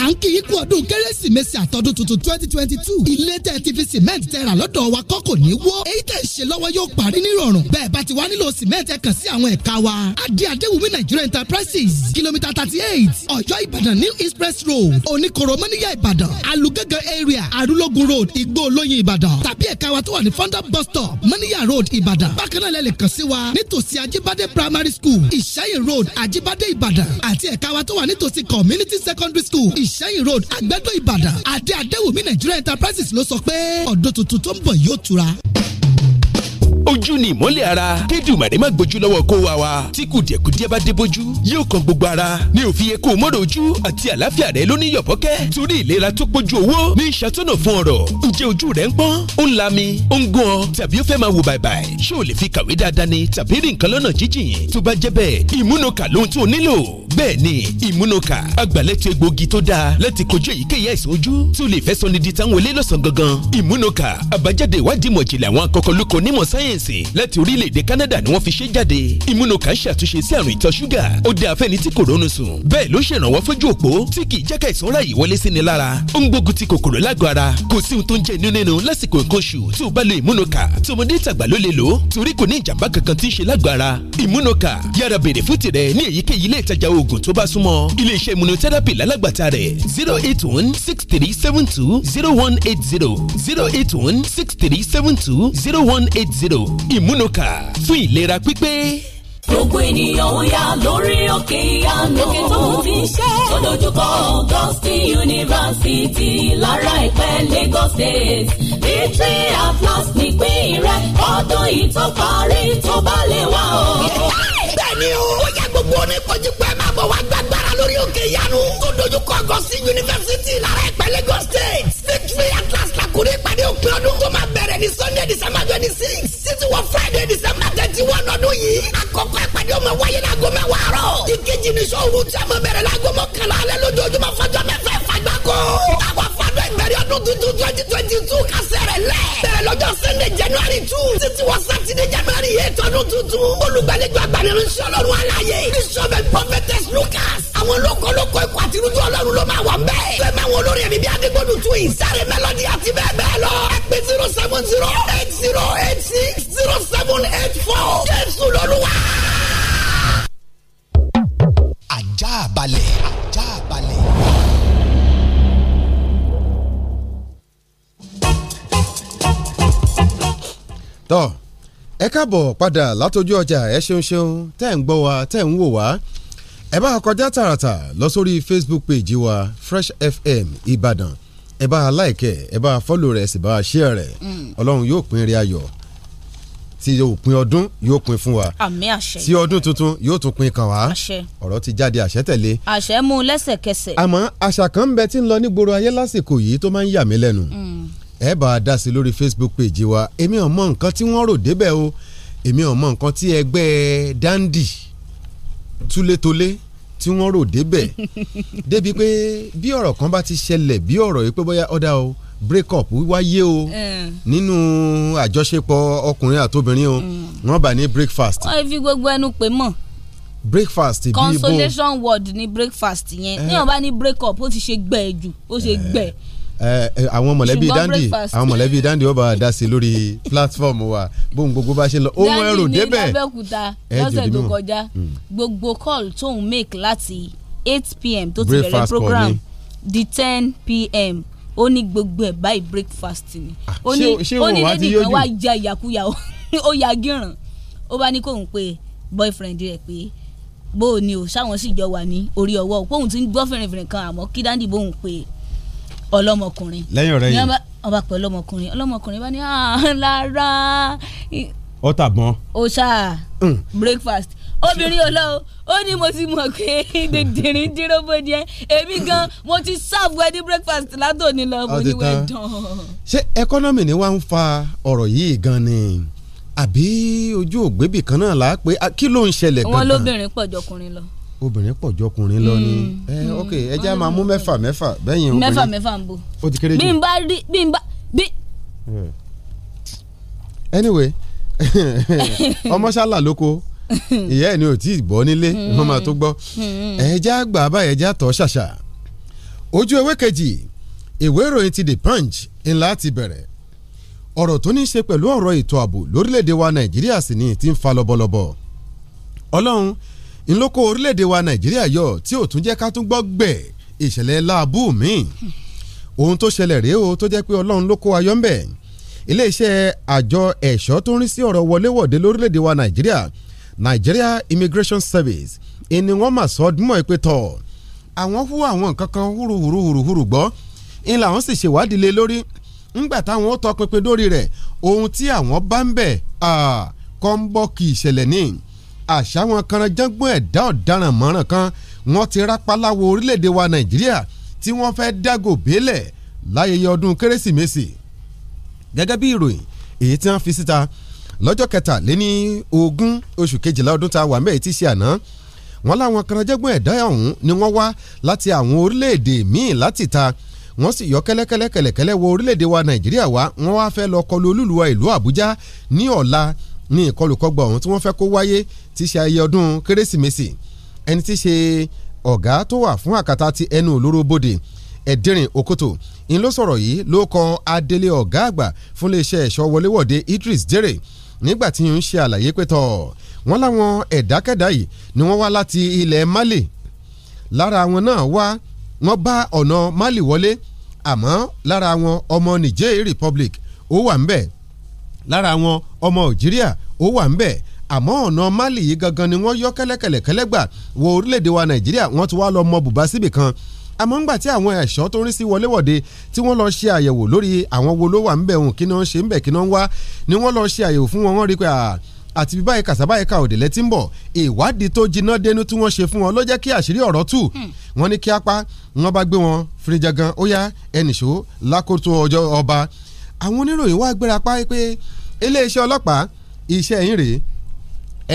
à ń kí i kú ọdún kérésìmesì àtọ́dún tuntun twenty twenty two ilé tẹ̀ ti fi cement tẹ́ rà lọ́dọ̀ wa kọ́ kò ní wó èyí tẹ̀ ń ṣe lọ́wọ́ yóò parí nírọ̀rùn bẹ́ẹ̀ bá ti wá nílò cement ẹ kàn sí àwọn ẹ̀ka wa adé adéwùmí nigeria enterprises kìlómítà thirty eight ọ̀yọ́ ìbàdàn new express road oníkoro mọ́níyà ìbàdàn alugẹ́gẹ́ area arúlógún road igbó olóyin ìbàdàn tàbí ẹ̀ka wa tó wà ní fonda bus stop mọ́níyà road ìbàdàn bákan náà lẹ lè kàn sí wa nítòsí ajibade primary school ìṣẹ́yìn road ajibade ìbàdàn àti ẹ̀ka wa tó wà nítòsí community secondary school ìṣ ìṣẹ́yìn road àgbẹ̀dọ̀ ìbàdàn àdé àdéwùmí nàìjíríà enterprises ló sọ pé ọdún tuntun tó ń bọ̀ yóò tura ojú ni ìmọ́lẹ̀ ara kédùmàrè má gbójú lọ́wọ́ kó wa wa tí kùdìẹ̀kudiẹ bá dé bójú yóò kan gbogbo ara ní òfin yẹ kó o mọ́rọ̀ ojú àti àlàáfíà rẹ ló ní yọ̀bọ́kẹ́ torí ìlera tó pójú owó ní ìṣàtọ̀nà fún ọ̀rọ̀ ǹjẹ́ ojú rẹ ń pọ́n ó ń lami ó ń gún ọ tàbí ó fẹ́ máa wò bàìbàì ṣé o lè fi kàwé dáadáa ni tàbí rìn kan lọ́nà jíjìn tó bá jẹ́ bẹ́ẹ̀ ìmúnukà lóhun medicine láti orílẹ̀-èdè Canada ni wọ́n fi ṣe jáde immunocan ṣàtúnṣe sí àrùn ìtọ̀ ṣúgà ó dáa fẹ́ni tí kò rónú sùn bẹ́ẹ̀ ló ṣèrànwọ́ fójú òpó tí kì í jẹ́ káìsàn ráàyè wọlé sí ni lára ó ń gbógun ti kòkòrò lágọ̀ọ́ ara kò sí ohun tó ń jẹ inú nínú lásìkò nǹkan oṣù tí o bá lo immunocan tọmọdé tàgbà ló lè lò ó torí kò ní ìjàmbá kankan tí ń ṣe lágọ̀ọ́ ara immunocan yára béèrè fún tirẹ̀ ní èyíkéyìí ilé ìtajà oògùn tó bá súnmọ́ iléeṣẹ́ immunotherapy lálágbàtà rẹ̀ zero eight one six three seven two zero one eight zero zero eight one six three seven two zero one eight zero Imunoka, ìmúnuka fún ìlera pípé gbogbo ènìyàn ó yá lórí òkè ìyanu. òkè tó ti ṣe. tó dojúkọ Augustine University lára ìpẹ́ Lagos State. victory at last nípìn rẹ̀ ọdún yìí tó parí tó bá lè wá o. bẹ́ẹ̀ni o ó yẹ gbogbo oníkojú pé máa bọ̀ wá gbàgbára lórí òkè ìyanu. tó dojúkọ Augustine University lára ìpẹ́ Lagos State. victory at last ní sunday december twenty six títí wọ friday december thirty one ọdún yìí àkọ́kọ́ ìpàdé ọmọ wáyé láago mẹ́wàá rọ̀ ìkejì ní sọ́ọ̀rù tí a máa bẹ̀rẹ̀ láago mọ́kànlá alẹ́ lójoojúmọ́ fọjọ́ mẹ́fẹ́ fagbákò àwọn afọdọ́ ìbẹ̀rẹ̀ ọdún tuntun twenty twenty two kásẹ̀ rẹ̀ lẹ̀ bẹ̀rẹ̀ lọ́jọ́ sunday january two títí wọ saturday january eight ọdún tuntun olùgbàlejò agbaniránṣẹ́ ọlọ́run aláyé bishop and prophetess lucas àwọn lọ́kọ̀lọ́kọ̀ ikọ̀ àtirújú ọlọ́run ló máa wà ń bẹ́ẹ̀ fẹ́ẹ́ máa wọn olórin ẹ̀mí bí adégbòdù tún ìsáré mélòdì àti bẹ́ẹ̀ bẹ́ẹ̀ lọ zero seven zero eight zero eight six zero seven eight four jésù lọ́lúwa. ajá balẹ̀ ajá balẹ̀. tọ́ ẹ káàbọ̀ padà látọjú ọjà ẹ ṣeun ṣeun tẹ́ ń gbọ́ wa tẹ́ ń wò wá ẹ bá kọjá tààràtà lọ sórí Facebook page wa Fresh FM Ìbàdàn ẹ bá a láìkẹ́ ẹ bá a fọ́lò rẹ̀ ẹ sì bá a ṣíẹ̀ rẹ̀ mm. ọlọ́run yóò pín ire ayọ̀ tí òpin ọdún yóò pín fún wa àmín àṣẹ tí ọdún tuntun yóò tún pín kan wá àṣẹ ọ̀rọ̀ ti jáde àṣẹ tẹ̀lé. àṣẹ mú lẹ́sẹ̀kẹsẹ̀. àmọ́ àṣà kan ń bẹ tí ń lọ ní gbòòrò ayé lásìkò yìí tó máa ń yà mí lẹ́nu mm. ẹ bá a dá sí lórí Facebook page wa èmi ò mọ nǹkan tí wọ́n rò débẹ̀ o èmi ò mọ nǹkan tí ẹgbẹ́ dandi túlétólé tí wọ́n rò débẹ̀ <laughs> débi pé bí ọ̀rọ̀ kan bá ti ṣẹlẹ̀ bí ọ̀rọ̀ yìí pé bóyá ọ̀dà o break up wáyé o eh. nínú àjọṣepọ̀ ọkùnrin àtobìnrin o mm. wọ́n bá ní breakfast. wọ́n fi gbogbo ẹnu pè mọ́ breakfast bí ibo consolation word ni breakfast yẹn ní eh. ọba ní break up ó ti ṣe gbẹ jù ó ṣe gbẹ. Eh àwọn mọ̀lẹ́bí dandi àwọn mọ̀lẹ́bí dandi ó bá wa dá lórí platform wa bóun gbogbo bá ṣe lọ ohun ẹrù débẹ̀ dandi ní abẹ́òkúta lọ́sẹ̀ tó kọjá hmm. gbogbo call tóun make láti eight pm tó ti bẹ̀rẹ̀ program di ten pm ó ní gbogbo ẹ̀ báyìí breakfast ni ah, ó ní ó ní lédi kan wá ya ìyàkúyà ó ya gíràn ó bá ní kóun pé boyfriend rẹ̀ pé bóun ni o ṣáwọn sì jọ wà ní orí ọwọ́ òun ti ń gbọ́ fìrìfìrì kan àmọ́ kí dandi bóun pé ọlọ́mọkùnrin lẹ́yìn ọ̀rẹ́ yìí wọ́n bá pẹ̀ ọlọ́mọkùnrin ọlọ́mọkùnrin bá ní ah, lára. ó tàbọn. ó ṣáà hmm. breakfast obìnrin ọlọ́wọ́ ó ní mo ti mọ̀ pé dèdèrè díròbó ni ẹ èmi gan mo ti serve wedding breakfast látòní lọ mo ní wẹ́ẹ́ dán. ṣé ẹkọ́nọ́mì ni wàá ń fa ọ̀rọ̀ yìí gan ni àbí ojú ògbébì kan náà là ah, kí ló ń ṣẹlẹ̀ gan-an. wọn lóbìnrin pọ̀ jọkùnrin lọ obìnrin pọ̀ jọ ọkùnrin lọ ni mm. Mm. ok ẹ máa mú mẹ́fà mẹ́fà bẹ́yìn obìnrin mẹ́fà mẹ́fà ń bò ó ti kéré jù bí n bá rí bí n bá bí. Eh. anyway <laughs> ọmọ ṣálà lóko ìyá ẹ̀ ni ò tí ì gbọ́ nílé wọ́n mm. máa tó gbọ́ ẹ̀ẹ́dá gbà báyẹn ẹ̀ẹ́dá tọ́ ṣàṣà ojú ewé kejì ìwé ìròyìn ti The Punch ńlá ti bẹ̀rẹ̀ ọ̀rọ̀ tó ní í ṣe pẹ̀lú ọ̀rọ̀ ètò ààbò lórílẹ̀‐èdè wa Nàìjíríà sì ni ti ń fa lọ́bọ̀lọ́bọ̀ ọlọ́run ńlọ́kọ orílẹ̀-èdè wa nàìjíríà yọ tí ò tún jẹ́ ká tún gbọ́ gbẹ̀ ìṣẹ̀lẹ̀ láàbù míì ohun tó ṣẹlẹ̀ rèé o tó jẹ́ pé ọlọ́run ló kó ayọ́ ńbẹ̀ iléeṣẹ́ àjọ ẹ̀ṣọ́ tó ń rí sí ọ̀rọ̀ wọléwọ̀de lórílẹ̀‐èdè wa nàìjíríà Nigeria Immigration Service ìní wọ́n mà sọ ọdún mọ́ ẹ pé tọ̀ àwọn hu àwọn nǹkan kan húrùhúrùhúrù gbọ́ ń làwọn sì ṣèwádìí lé lórí ńgbà táwọn ó tọpinpin dórí rẹ̀ ohun tí àwọn bá ń bẹ̀ kọ́ ń bọ́ kí ìṣẹ̀lẹ̀ níyì àṣà wọn kanranjágbọ́n ẹ̀dá ọ̀daràn mọ́ràn kan wọ́n ti rápálá orílẹ̀-èdè wa nàìjíríà tí wọ́n fẹ́ dágò bélẹ̀ láyẹyẹ ọdún kérésìmesì gẹ́gẹ́ bí ìròyìn èyí tí wọ́n fi síta lọ́jọ́ kẹtàléní ogún oṣù kejìlá ọdún tá a wà mẹ́ẹ̀ tí ṣe àná wọ́n láwọn kanranjágbọ́n ẹ̀dá ọ̀hún ni wọ́n wá láti àwọn orílẹ̀-èdè míì láti ta wọ́n sì yọ kẹ́lẹ́kẹ́lẹ́ kẹ̀lẹ̀kẹ́lẹ́ wọ orílẹ̀-èdè wa nàìjíríà wá wọ́n wá fẹ́ lọ kọlu olúluwa ìlú àbújá ní ọ̀la ní ìkọlùkọgbà ọ̀hún tí wọ́n fẹ́ kó wáyé ti ṣe ayẹyẹ ọdún kérésìmesì ẹni tí ṣe ọ̀gá tó wà fún àkàtà ti ẹnu olóró bodè ẹ̀dínrín okoto ń ló sọ̀rọ̀ yìí ló kan adelé ọ̀gá àgbà fún iléeṣẹ́ ẹ̀ṣọ́ wọléwọ̀de Idris Jere nígbà tí ń ṣe àlàyé pé tọ̀ wọ́n láwọn ẹ̀dákẹ́dá yìí ni wọ́n wá láti ilẹ̀ Mali lára wọn náà wá wọ́n bá ọ̀nà Mali wọlé àmọ́ lára wọn ọmọ Niger Republic ó wà ń bẹ́ẹ̀ lára wọn ọmọ Nàìjíríà ó wà ń bẹ̀ àmọ́ ọ̀nà Mali yìí gangan ni wọ́n yọ kẹ́lẹ́kẹ́lẹ́kẹ́lẹ́ gbà wọ orílẹ̀-èdè wa Nàìjíríà wọ́n ti wá lọ mọ bùbá síbì kan àmọ́ ńgbà tí àwọn ẹ̀ṣọ́ tó ń rí sí wọléwọ̀de tí wọ́n lọ ṣe àyẹ̀wò lórí àwọn wo ló wà ń bẹ̀ òun kí náà ṣe ń bẹ̀ kí náà ń wá ni wọ́n lọ ṣe àyẹ̀wò fún wọn wọ́n rí pé àti bí báyìí kàṣà báyìí ka òdè lẹ́tí ń bọ̀ ìwádìí tó jiná dénú tí wọ́n ṣe fún wọn ló jẹ́ kí àṣírí ọ̀rọ̀ tú hmm. wọ́n ní kí apá wọ́n bá gbé wọn fìrìjàgan ó yá ẹnìṣó lákòótó ọjọ́ ọba àwọn oníròyìn wá gbéra pa pé iléeṣẹ́ ọlọ́pàá iṣẹ́ yín rèé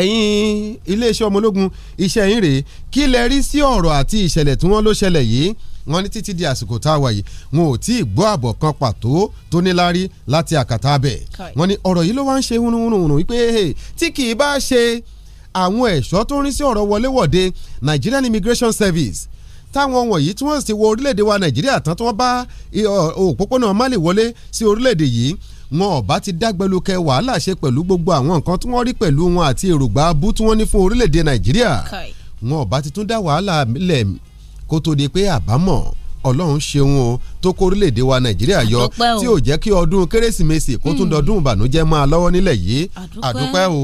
ẹ̀yin iléeṣẹ́ ọmọ ológun iṣẹ́ yín rèé kí lẹ rí sí ọ̀rọ̀ àti ìṣẹ̀lẹ̀ tí wọ́n ló ṣẹlẹ̀ yìí wọ́n ní títí di àsìkò tá a wà yìí wọn ò tí ì gbọ́ àbọ̀ kan pàtó tó níláárí láti àkàtà abẹ̀ wọ́n ní ọ̀rọ̀ yìí ló wá ń ṣe wúnúwúnú wípé tí kì í bá ṣe àwọn ẹ̀ṣọ́ tó ń rí sí ọ̀rọ̀ wọléwọ̀de Nigerian Immigration Service táwọn wọ̀nyí tí wọ́n sì wo orílẹ̀-èdè wa Nàìjíríà tán tí wọ́n bá òpópónà má lè wọlé sí orílẹ̀-èdè yìí wọn ò bá ti dágbẹ́lukẹ́ wàhálà ṣe pẹ̀lú gbogbo àwọn nǹkan tí wọ́n rí pẹ̀lú wọn àti èròǹgbà abú tí wọ́n ní fún orílẹ̀-èdè nàìjíríà wọn ò ti tún dá wàhálà lẹ̀ kó tó di pé àbámọ̀ ọlọ́run ṣeun o tó kó orílẹ̀-èdè wa nàìjíríà yọ tí ò jẹ́ kí ọdún kérésìmesì kó tún hmm. dọdún ìbànújẹ́ máa lọ́wọ́ nílẹ̀ yìí àdúpẹ́ o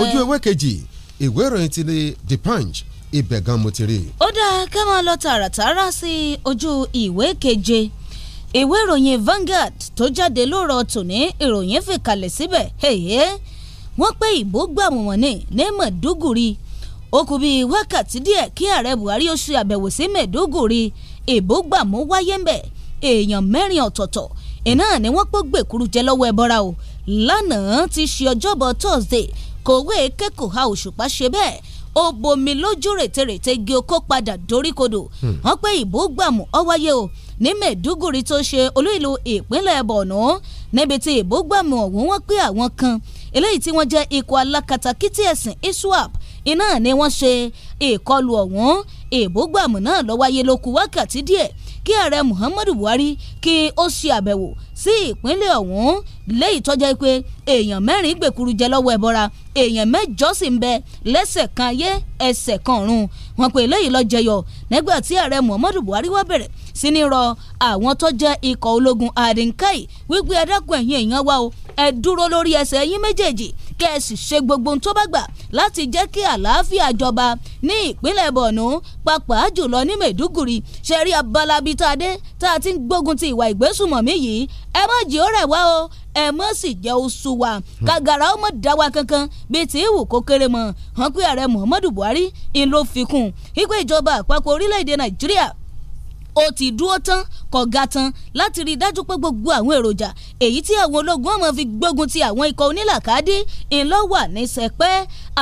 ojú ewé kejì ìwé ìròyìn ti The Punch ibẹ̀ gan mo ti rí. ó dáa kẹ́ máa lọ tààràtàrà sí ojú ìwé keje ìwé ìròyìn Vanguard tó jáde lóòrọ̀ tòní ìròyìn fìkàlẹ̀ síbẹ̀ wọ́n pé ìbò gbàmùwọ̀n ni ní Maiduguri ó kù bíi wákàtí díẹ̀ kí ààrẹ Buhari ó ṣe àbẹ̀wò sí Maiduguri ìbò gbàmù wáyé ń bẹ̀ èèyàn mẹ́rin ọ̀tọ̀ọ̀tọ̀ iná ni wọ́n pọ́ gbèkúrú jẹ lọ́wọ́ ẹbọra o lánàá ti ṣe ọjọ́bọ̀ Thursday kòwé kẹ́kọ̀ọ́ òṣùpá ṣe bẹ́ẹ̀ ó bomi lójú rètérètè gé okó padà doríkodò hmm. wọ́n pé ìbò gbàmù ó wáyé o. Hmm ní mẹ̀dúgùrì tó ṣe olú ìlú ìpínlẹ̀ bọ̀nú níbi tí ìbúgbàmù ọ̀hún wọ́n pé àwọn kan eléyìí tí wọ́n jẹ́ ikọ̀ alákatakítí ẹ̀sìn iswap iná ni wọ́n ṣe ìkọlù ọ̀hún ìbúgbàmù náà ló wáyé lókù wákàtí díẹ̀ kí ààrẹ Muhammadu Buhari kí ó ṣe àbẹ̀wò sí ìpínlẹ̀ ọ̀hún lẹ́yìn tó jẹ́ pé èèyàn mẹ́rin gbèkúrú jẹ lọ́wọ́ ẹ̀bọra èèyàn mẹ́jọ sì ń bẹ lẹ́sẹ̀ kan ayé ẹsẹ̀ kan ọ̀run wọn pé eléyìí ló jẹyọ nígbà tí ààrẹ Muhammadu Buhari wá bẹ̀rẹ̀ sí ní rọ àwọn tó jẹ́ ikọ̀ ológun adinkai wípé ẹ dákun ẹ̀yin èèyàn wa o ẹ dúró lórí ẹsẹ̀ yín méjèèjì kẹ́ẹ̀sì ṣe gbogbo ohun tó bá gbà láti jẹ́ kí àlàáfíà jọba ní ìpínlẹ̀ Borno pàápàá jùlọ ní Maiduguri ṣẹ̀rí abala bíi tá a dé a ti ń gbógun ti ìwà ìgbésùmọ̀mí yìí ẹ má jì ó rẹ̀ wá o ẹ mọ̀ sì jẹ́ oṣù wa hmm. kàgàrà ọmọ dáwà kankan bíi tí ìwò kó kéré mọ́ hàn pé ààrẹ Muhammadu Buhari ń ló fi kún ipò ìjọba àpapọ̀ orílẹ̀ kọ̀ ga tán láti rí i dájú pé gbogbo àwọn èròjà èyí tí àwọn ológun ọmọ fi gbógun ti àwọn ikọ̀ onílàkádì ńlọ́wà ní sẹpẹ́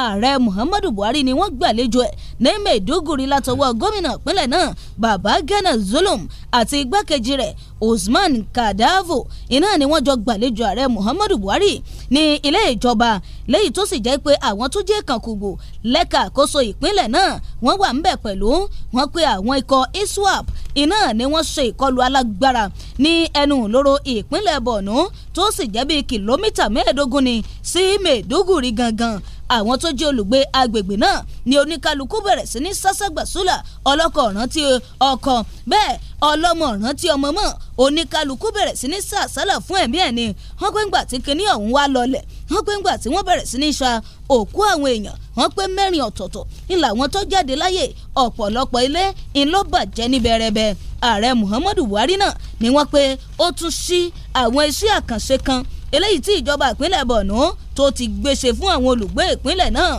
ààrẹ Muhammadu Buhari ni wọ́n gbàlejò ẹ̀ ní Maiduguri látọwọ́ gómìnà ìpínlẹ̀ náà Babagana Zulum àti igbákejì rẹ̀ Usman Kadavo iná ni wọ́n jọ gbàlejò ààrẹ Muhammadu Buhari ní ilé ìjọba lẹ́yìn tó sì jẹ́ pé àwọn tó jẹ́ kànkùgbò lẹ́ka àkóso ìpínlẹ̀ náà wọ́n wà ń bẹ̀ pẹ̀lú wọ́n pé àwọn ikọ̀ ISWAP iná ni wọ́n ṣe ìkọlù alágbára ní ẹnu ìloro ìpínlẹ̀ Borno tó sì jẹ́ bíi kìlómítà mẹ́ẹ̀ẹ́dógún ni sí Maiduguri gangan àwọn tó jẹ́ olùgbé agbègbè náà ni oníkálukú bẹ̀rẹ̀ sí ní sásàgbàsúlà ọlọ́kọ̀ rántí ọkọ̀ bẹ́ẹ̀ ọlọ́mọ rántí ọmọ mọ́ oníkálukú bẹ̀rẹ̀ sí ní sàsálà fún ẹ̀mí ẹ̀ ni wọ́n pé ńgbà tí kinní ọ̀hún wá lọlẹ̀ wọ́n pé ńgbà tí wọ́n bẹ̀rẹ̀ sí ní sa òkú àwọn èèyàn wọ́n pé mẹ́rin ọ̀tọ̀ọ̀tọ̀ ńlá wọn tó jáde láyè ọ̀pọ̀lọpọ̀ ilé ńlọ́bàjẹ́ níbẹ̀rẹ̀bẹ̀ ààrẹ Muhammadu Buhari náà ni wọ́n pé ó tún sí àwọn iṣẹ́ àkànṣe kan eléyìí tí ìjọba ìpínlẹ̀ Borno tó ti gbèsè fún àwọn olùgbé ìpínlẹ̀ náà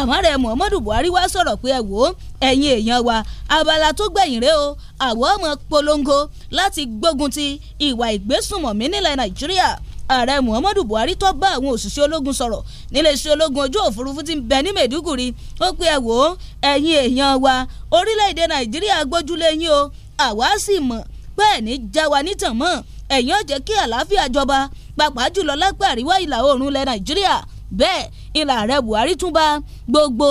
àmọ́ rẹ̀ Muhammadu Buhari wá sọ̀rọ̀ pé ẹ wò ó ẹ̀yin èèyàn wa abala tó gbẹ̀yìn rẹ o àwọn ọmọ polongo láti gbógun ti ìwà ìgbésùnmọ̀mí nílẹ̀ Nàìjíríà ààrẹ muhammadu buhari tó bá àwọn òṣìṣẹ́ ológun sọ̀rọ̀ níléeṣẹ́ ológun ojú òfurufú ti ń bẹ ní maiduguri ó pe ẹ wò ó ẹ̀yin èèyàn wa orílẹ̀-èdè nàìjíríà gbójúlé yín o àwa sì mọ̀ pé ní já nítàn mọ́ ẹ̀yin ó jẹ́ kí àlàáfíà jọba pàápàá jùlọ lápá àríwá ìlà oòrùn ilẹ̀ nàìjíríà bẹ́ẹ̀ ìlà ààrẹ buhari tún bá gbogbo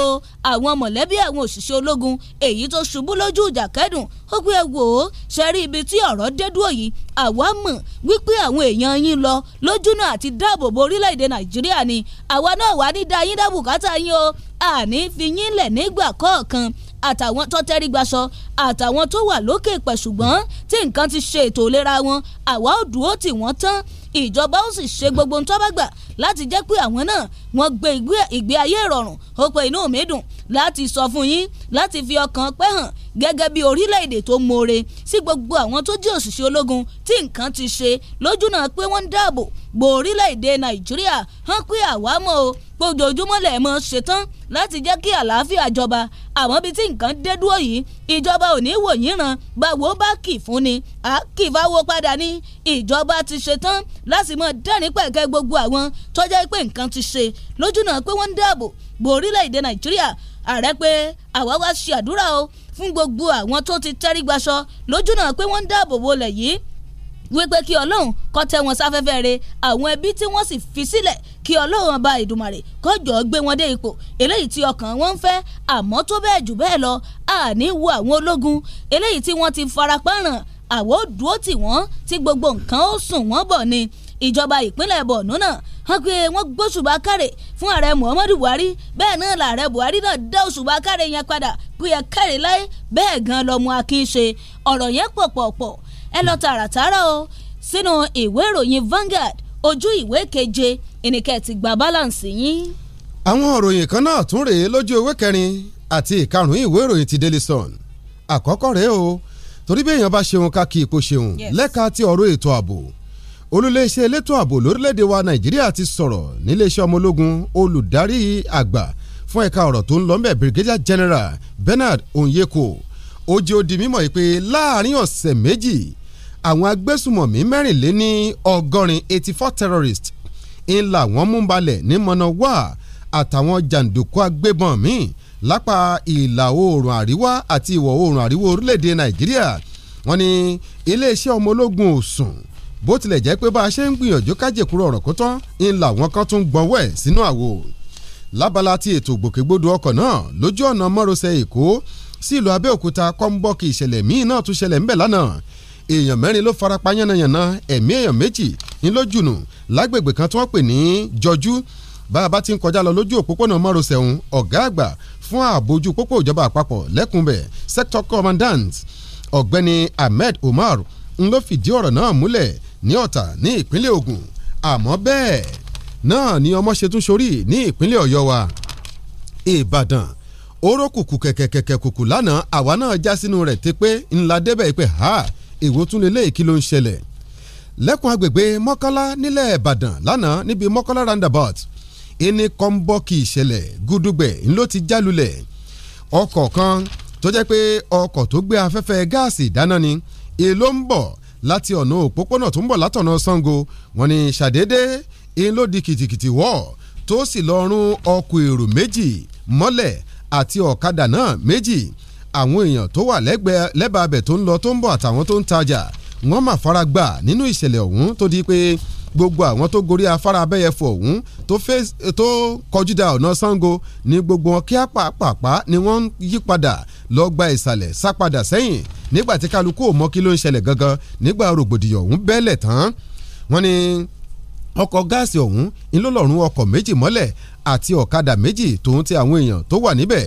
àwọn mọ̀lẹ́bí àwọn òṣìṣẹ́ ológun èyí tó ṣubú lójú ìjà kẹ́dùn ó pé ẹ wò ó ṣe rí ibi tí ọ̀rọ̀ dé yìí àwa mọ̀ wípé àwọn èèyàn yín lọ lójúnà àti dáàbòbò orílẹ̀-èdè nàìjíríà ni àwa náà wà ní dá yín dábùkátà yín o àní fi yín lẹ̀ nígbà kọ̀ọ̀kan àtàwọn tó tẹ́rí gbaṣọ àtàwọn tó wà lókè pẹ̀ ṣùgbọ́n tí nǹkan ti ṣe ètò ìlera wọn àwa ò dúró tì wọ́n tán ìjọba ó sì ṣe gbogbo ohun tó bá gbà láti jẹ́ pé àwọn náà wọ́n gbé ìgbé ayé ìrọ̀rùn ó pe inú mi dùn láti sọ fún yín láti fi ọkàn pẹ́ hàn gẹ́gẹ́ bí orílẹ̀-èdè tó mọ̀ọ́re sí gbogbo àwọn tó jẹ́ òṣìṣẹ́ ológun tí nǹkan ti ṣe lójúnà pé wọ́n ń dáàbò bo orílẹ̀-èdè nàìjíríà hàn pé àwa mọ̀ o gbogboojúmọ́ lẹ̀ mọ́ ṣetán láti jẹ́ kí àlàáfíà jọba àmọ́ bíi tí nǹkan dé dúró yìí ìjọba ò ní wò yín ràn gbàgbó bá kì fún ni à kì bá wo padà ní ìjọba ti ṣetán láti mọ dẹ́rìn pẹ̀kẹ́ gbogbo àwọn tó jẹ́ pé nǹkan ti ṣe lójúnà pé wọ́n ń dáàbò bo orílẹ̀-èdè nàìjíríà ààrẹ pé àwa wá ṣe àdúrà o fún gbogbo àwọn tó ti tẹ́rí gbaṣọ lójú náà pé wọ́n ń dáàbò bo lẹ̀ yìí wípé kí ọlọ́run kó tẹ́ wọn sáfẹ́fẹ́ re àwọn ẹbí tí wọ́n sì fi sílẹ̀ kí ọlọ́run ọba ìdùmarè kó jọ̀ọ́ gbé wọn dé ipò eléyìí tí ọkàn wọn ń fẹ́ àmọ́ tó bẹ́ẹ̀ jù bẹ́ẹ̀ lọ àní wo àwọn ológun eléyìí tí wọ́n ti farapa ràn àwọn ò dúró tì wọ́n tí gbogbo nǹkan ó sùn wọ́n bọ̀ ni ìjọba ìpínlẹ̀ borno náà wọ́n pe wọ́n gbóṣùbà káre fún ààrẹ muhammadu buhari bẹ́ẹ̀ náà lààrẹ buhari náà dá òṣùbà káre yẹn padà pé ẹ káre láyé bẹ́ẹ̀ gan lọ́mọ akin ṣe ọ̀rọ̀ yẹn pọ̀pọ̀pọ̀ ẹ lọ tààràtààrà o sínú ìwé ìròyìn Vanguard ojú ìwé keje ìníkẹ́ ti gba balance yín. àwọn òròyìn kan náà tún rèé lójú ewé kẹrin àti ìkarùn-ún ìwé ìròyìn ti Daily Sun àkọ́kọ́ rèé o torí bí èèyàn bá ṣeun ká kí ipò ṣeun lẹ́ka ti ọ̀rọ̀ ètò ààbò olùléeṣẹ́ elétò ààbò lórílẹ̀‐èdè wa nàìjíríà ti sọ̀rọ̀ níléeṣẹ́ ọmọ ológun olùdarí àgbà fún ẹ̀ka ọ̀rọ̀ tó ń lọ ńbẹ̀ brigadier general bernard onyeko ó jẹ́ ó di mímọ̀ yìí pé láàrin ọ̀sẹ̀ méjì àwọn agbésùmọ̀mí mẹ́rìnléní ọgọ́rin eighty four terrorists ńlá wọn mú balẹ̀ ní mọ̀nàwá àtàwọn jàǹdùkú agbébọn míì lápá ìlà oòrùn àríwá àti ìwọ̀ oòrùn àríwá orílẹ̀‐èdè nàìjíríà wọ́n ní iléeṣẹ́ ọmọ ológun òsùn bó tilẹ̀ jẹ́ pé bá a ṣe ń gbìyànjú kájèkúrò ọ̀rọ̀ kó tán ń la wọn kan tún gbọ́nwọ́ ẹ̀ sínú àwo lábala ti ètò ìgbòkègbodò ọkọ̀ náà lójú ọ̀nà mọ́rọsẹ̀ èkó sí ìlú abẹ́òkúta kọ́ńbọ́ọ̀kì ìṣẹ̀lẹ̀ míì náà tún ṣẹlẹ̀ ńbẹ̀ lánàá èèyàn mẹ́rin ló farapa yánnayànna ẹ̀mí èèyàn méjì ńlójúnù lágbègbè kan tí wọ́n pè ní jọjú bá a bá ti ń kọjá lọ lójú òpópónà márosẹ̀ ọ̀hún ọ̀gá àgbà fún ààbò pópó ìjọba àpapọ̀ lẹ́kùnbẹ̀ sector commandant ọ̀gbẹ́ni ahmed umar ń ló fìdí ọ̀rọ̀ náà múlẹ̀ ní ọ̀tà ní ìpínlẹ̀ Ògùn àmọ́ bẹ́ẹ̀ náà ni ọmọ ṣe tún sórí ní ìpínlẹ̀ Ọ̀yọ́ wa Ìbàdàn orókùkù kẹ̀kẹ̀kẹ̀kùkù lánàá àwa náà já sínú rẹ̀ ti pé ńlá débẹ̀ pé ha èwo tún lè léyìí kí ló ń ṣẹlẹ̀ lẹ́kùn agbègbè Mọ́kọ́lá nílẹ̀ Ìbàdàn lánàá níbi Mọ́kọ́lá roundabout ẹni kọ́ńbọ́ọ̀kì ìṣẹ̀lẹ̀ gúdúgbẹ̀ ńlọ ti jálulẹ̀ ọkọ̀ kan tó jẹ́ pé ọkọ̀ tó gbé afẹ́fẹ́ gáàsì ìdáná ni èló ń bọ̀ láti ọ̀nà òpópónà tó ń bọ̀ látọ̀nà Ṣàngó wọ́n ní ṣàdédé in ló di kìtìkìtì wọ̀ tó sì lọ rún ọkọ̀ èrò méjì mọ́lẹ̀ àti ọ̀kadà náà méjì àwọn èèyàn tó wà lẹ́gbẹ̀ẹ́ lẹ́bàá abẹ̀ tó ń lọ tó ń bọ̀ àtàwọn tó ń tajà wọ́n mà fara gbà nínú ìṣẹ̀lẹ̀ ọ̀hún tó di pé gbogbo àwọn tó gorí afárá abẹ́yẹfọ ọ̀hún tó kọjú da ọ̀nà Ṣàngó ni gbogbo wọn kí á pàápàá ni wọ́n ń yí padà lọ́gbà ìsàlẹ̀ sápadà sẹ́yìn nígbà tí kálukú ò mọ̀ kí ló ń ṣẹlẹ̀ gangan nígbà rògbòdìyàn ọ̀hún bẹ́lẹ̀ tán wọ́n ní ọkọ̀ gáàsì ọ̀hún ńlọ́lọ́run ọkọ̀ méjì mọ́lẹ̀ àti ọ̀kadà méjì tòun ti àwọn èèyàn tó wà níbẹ̀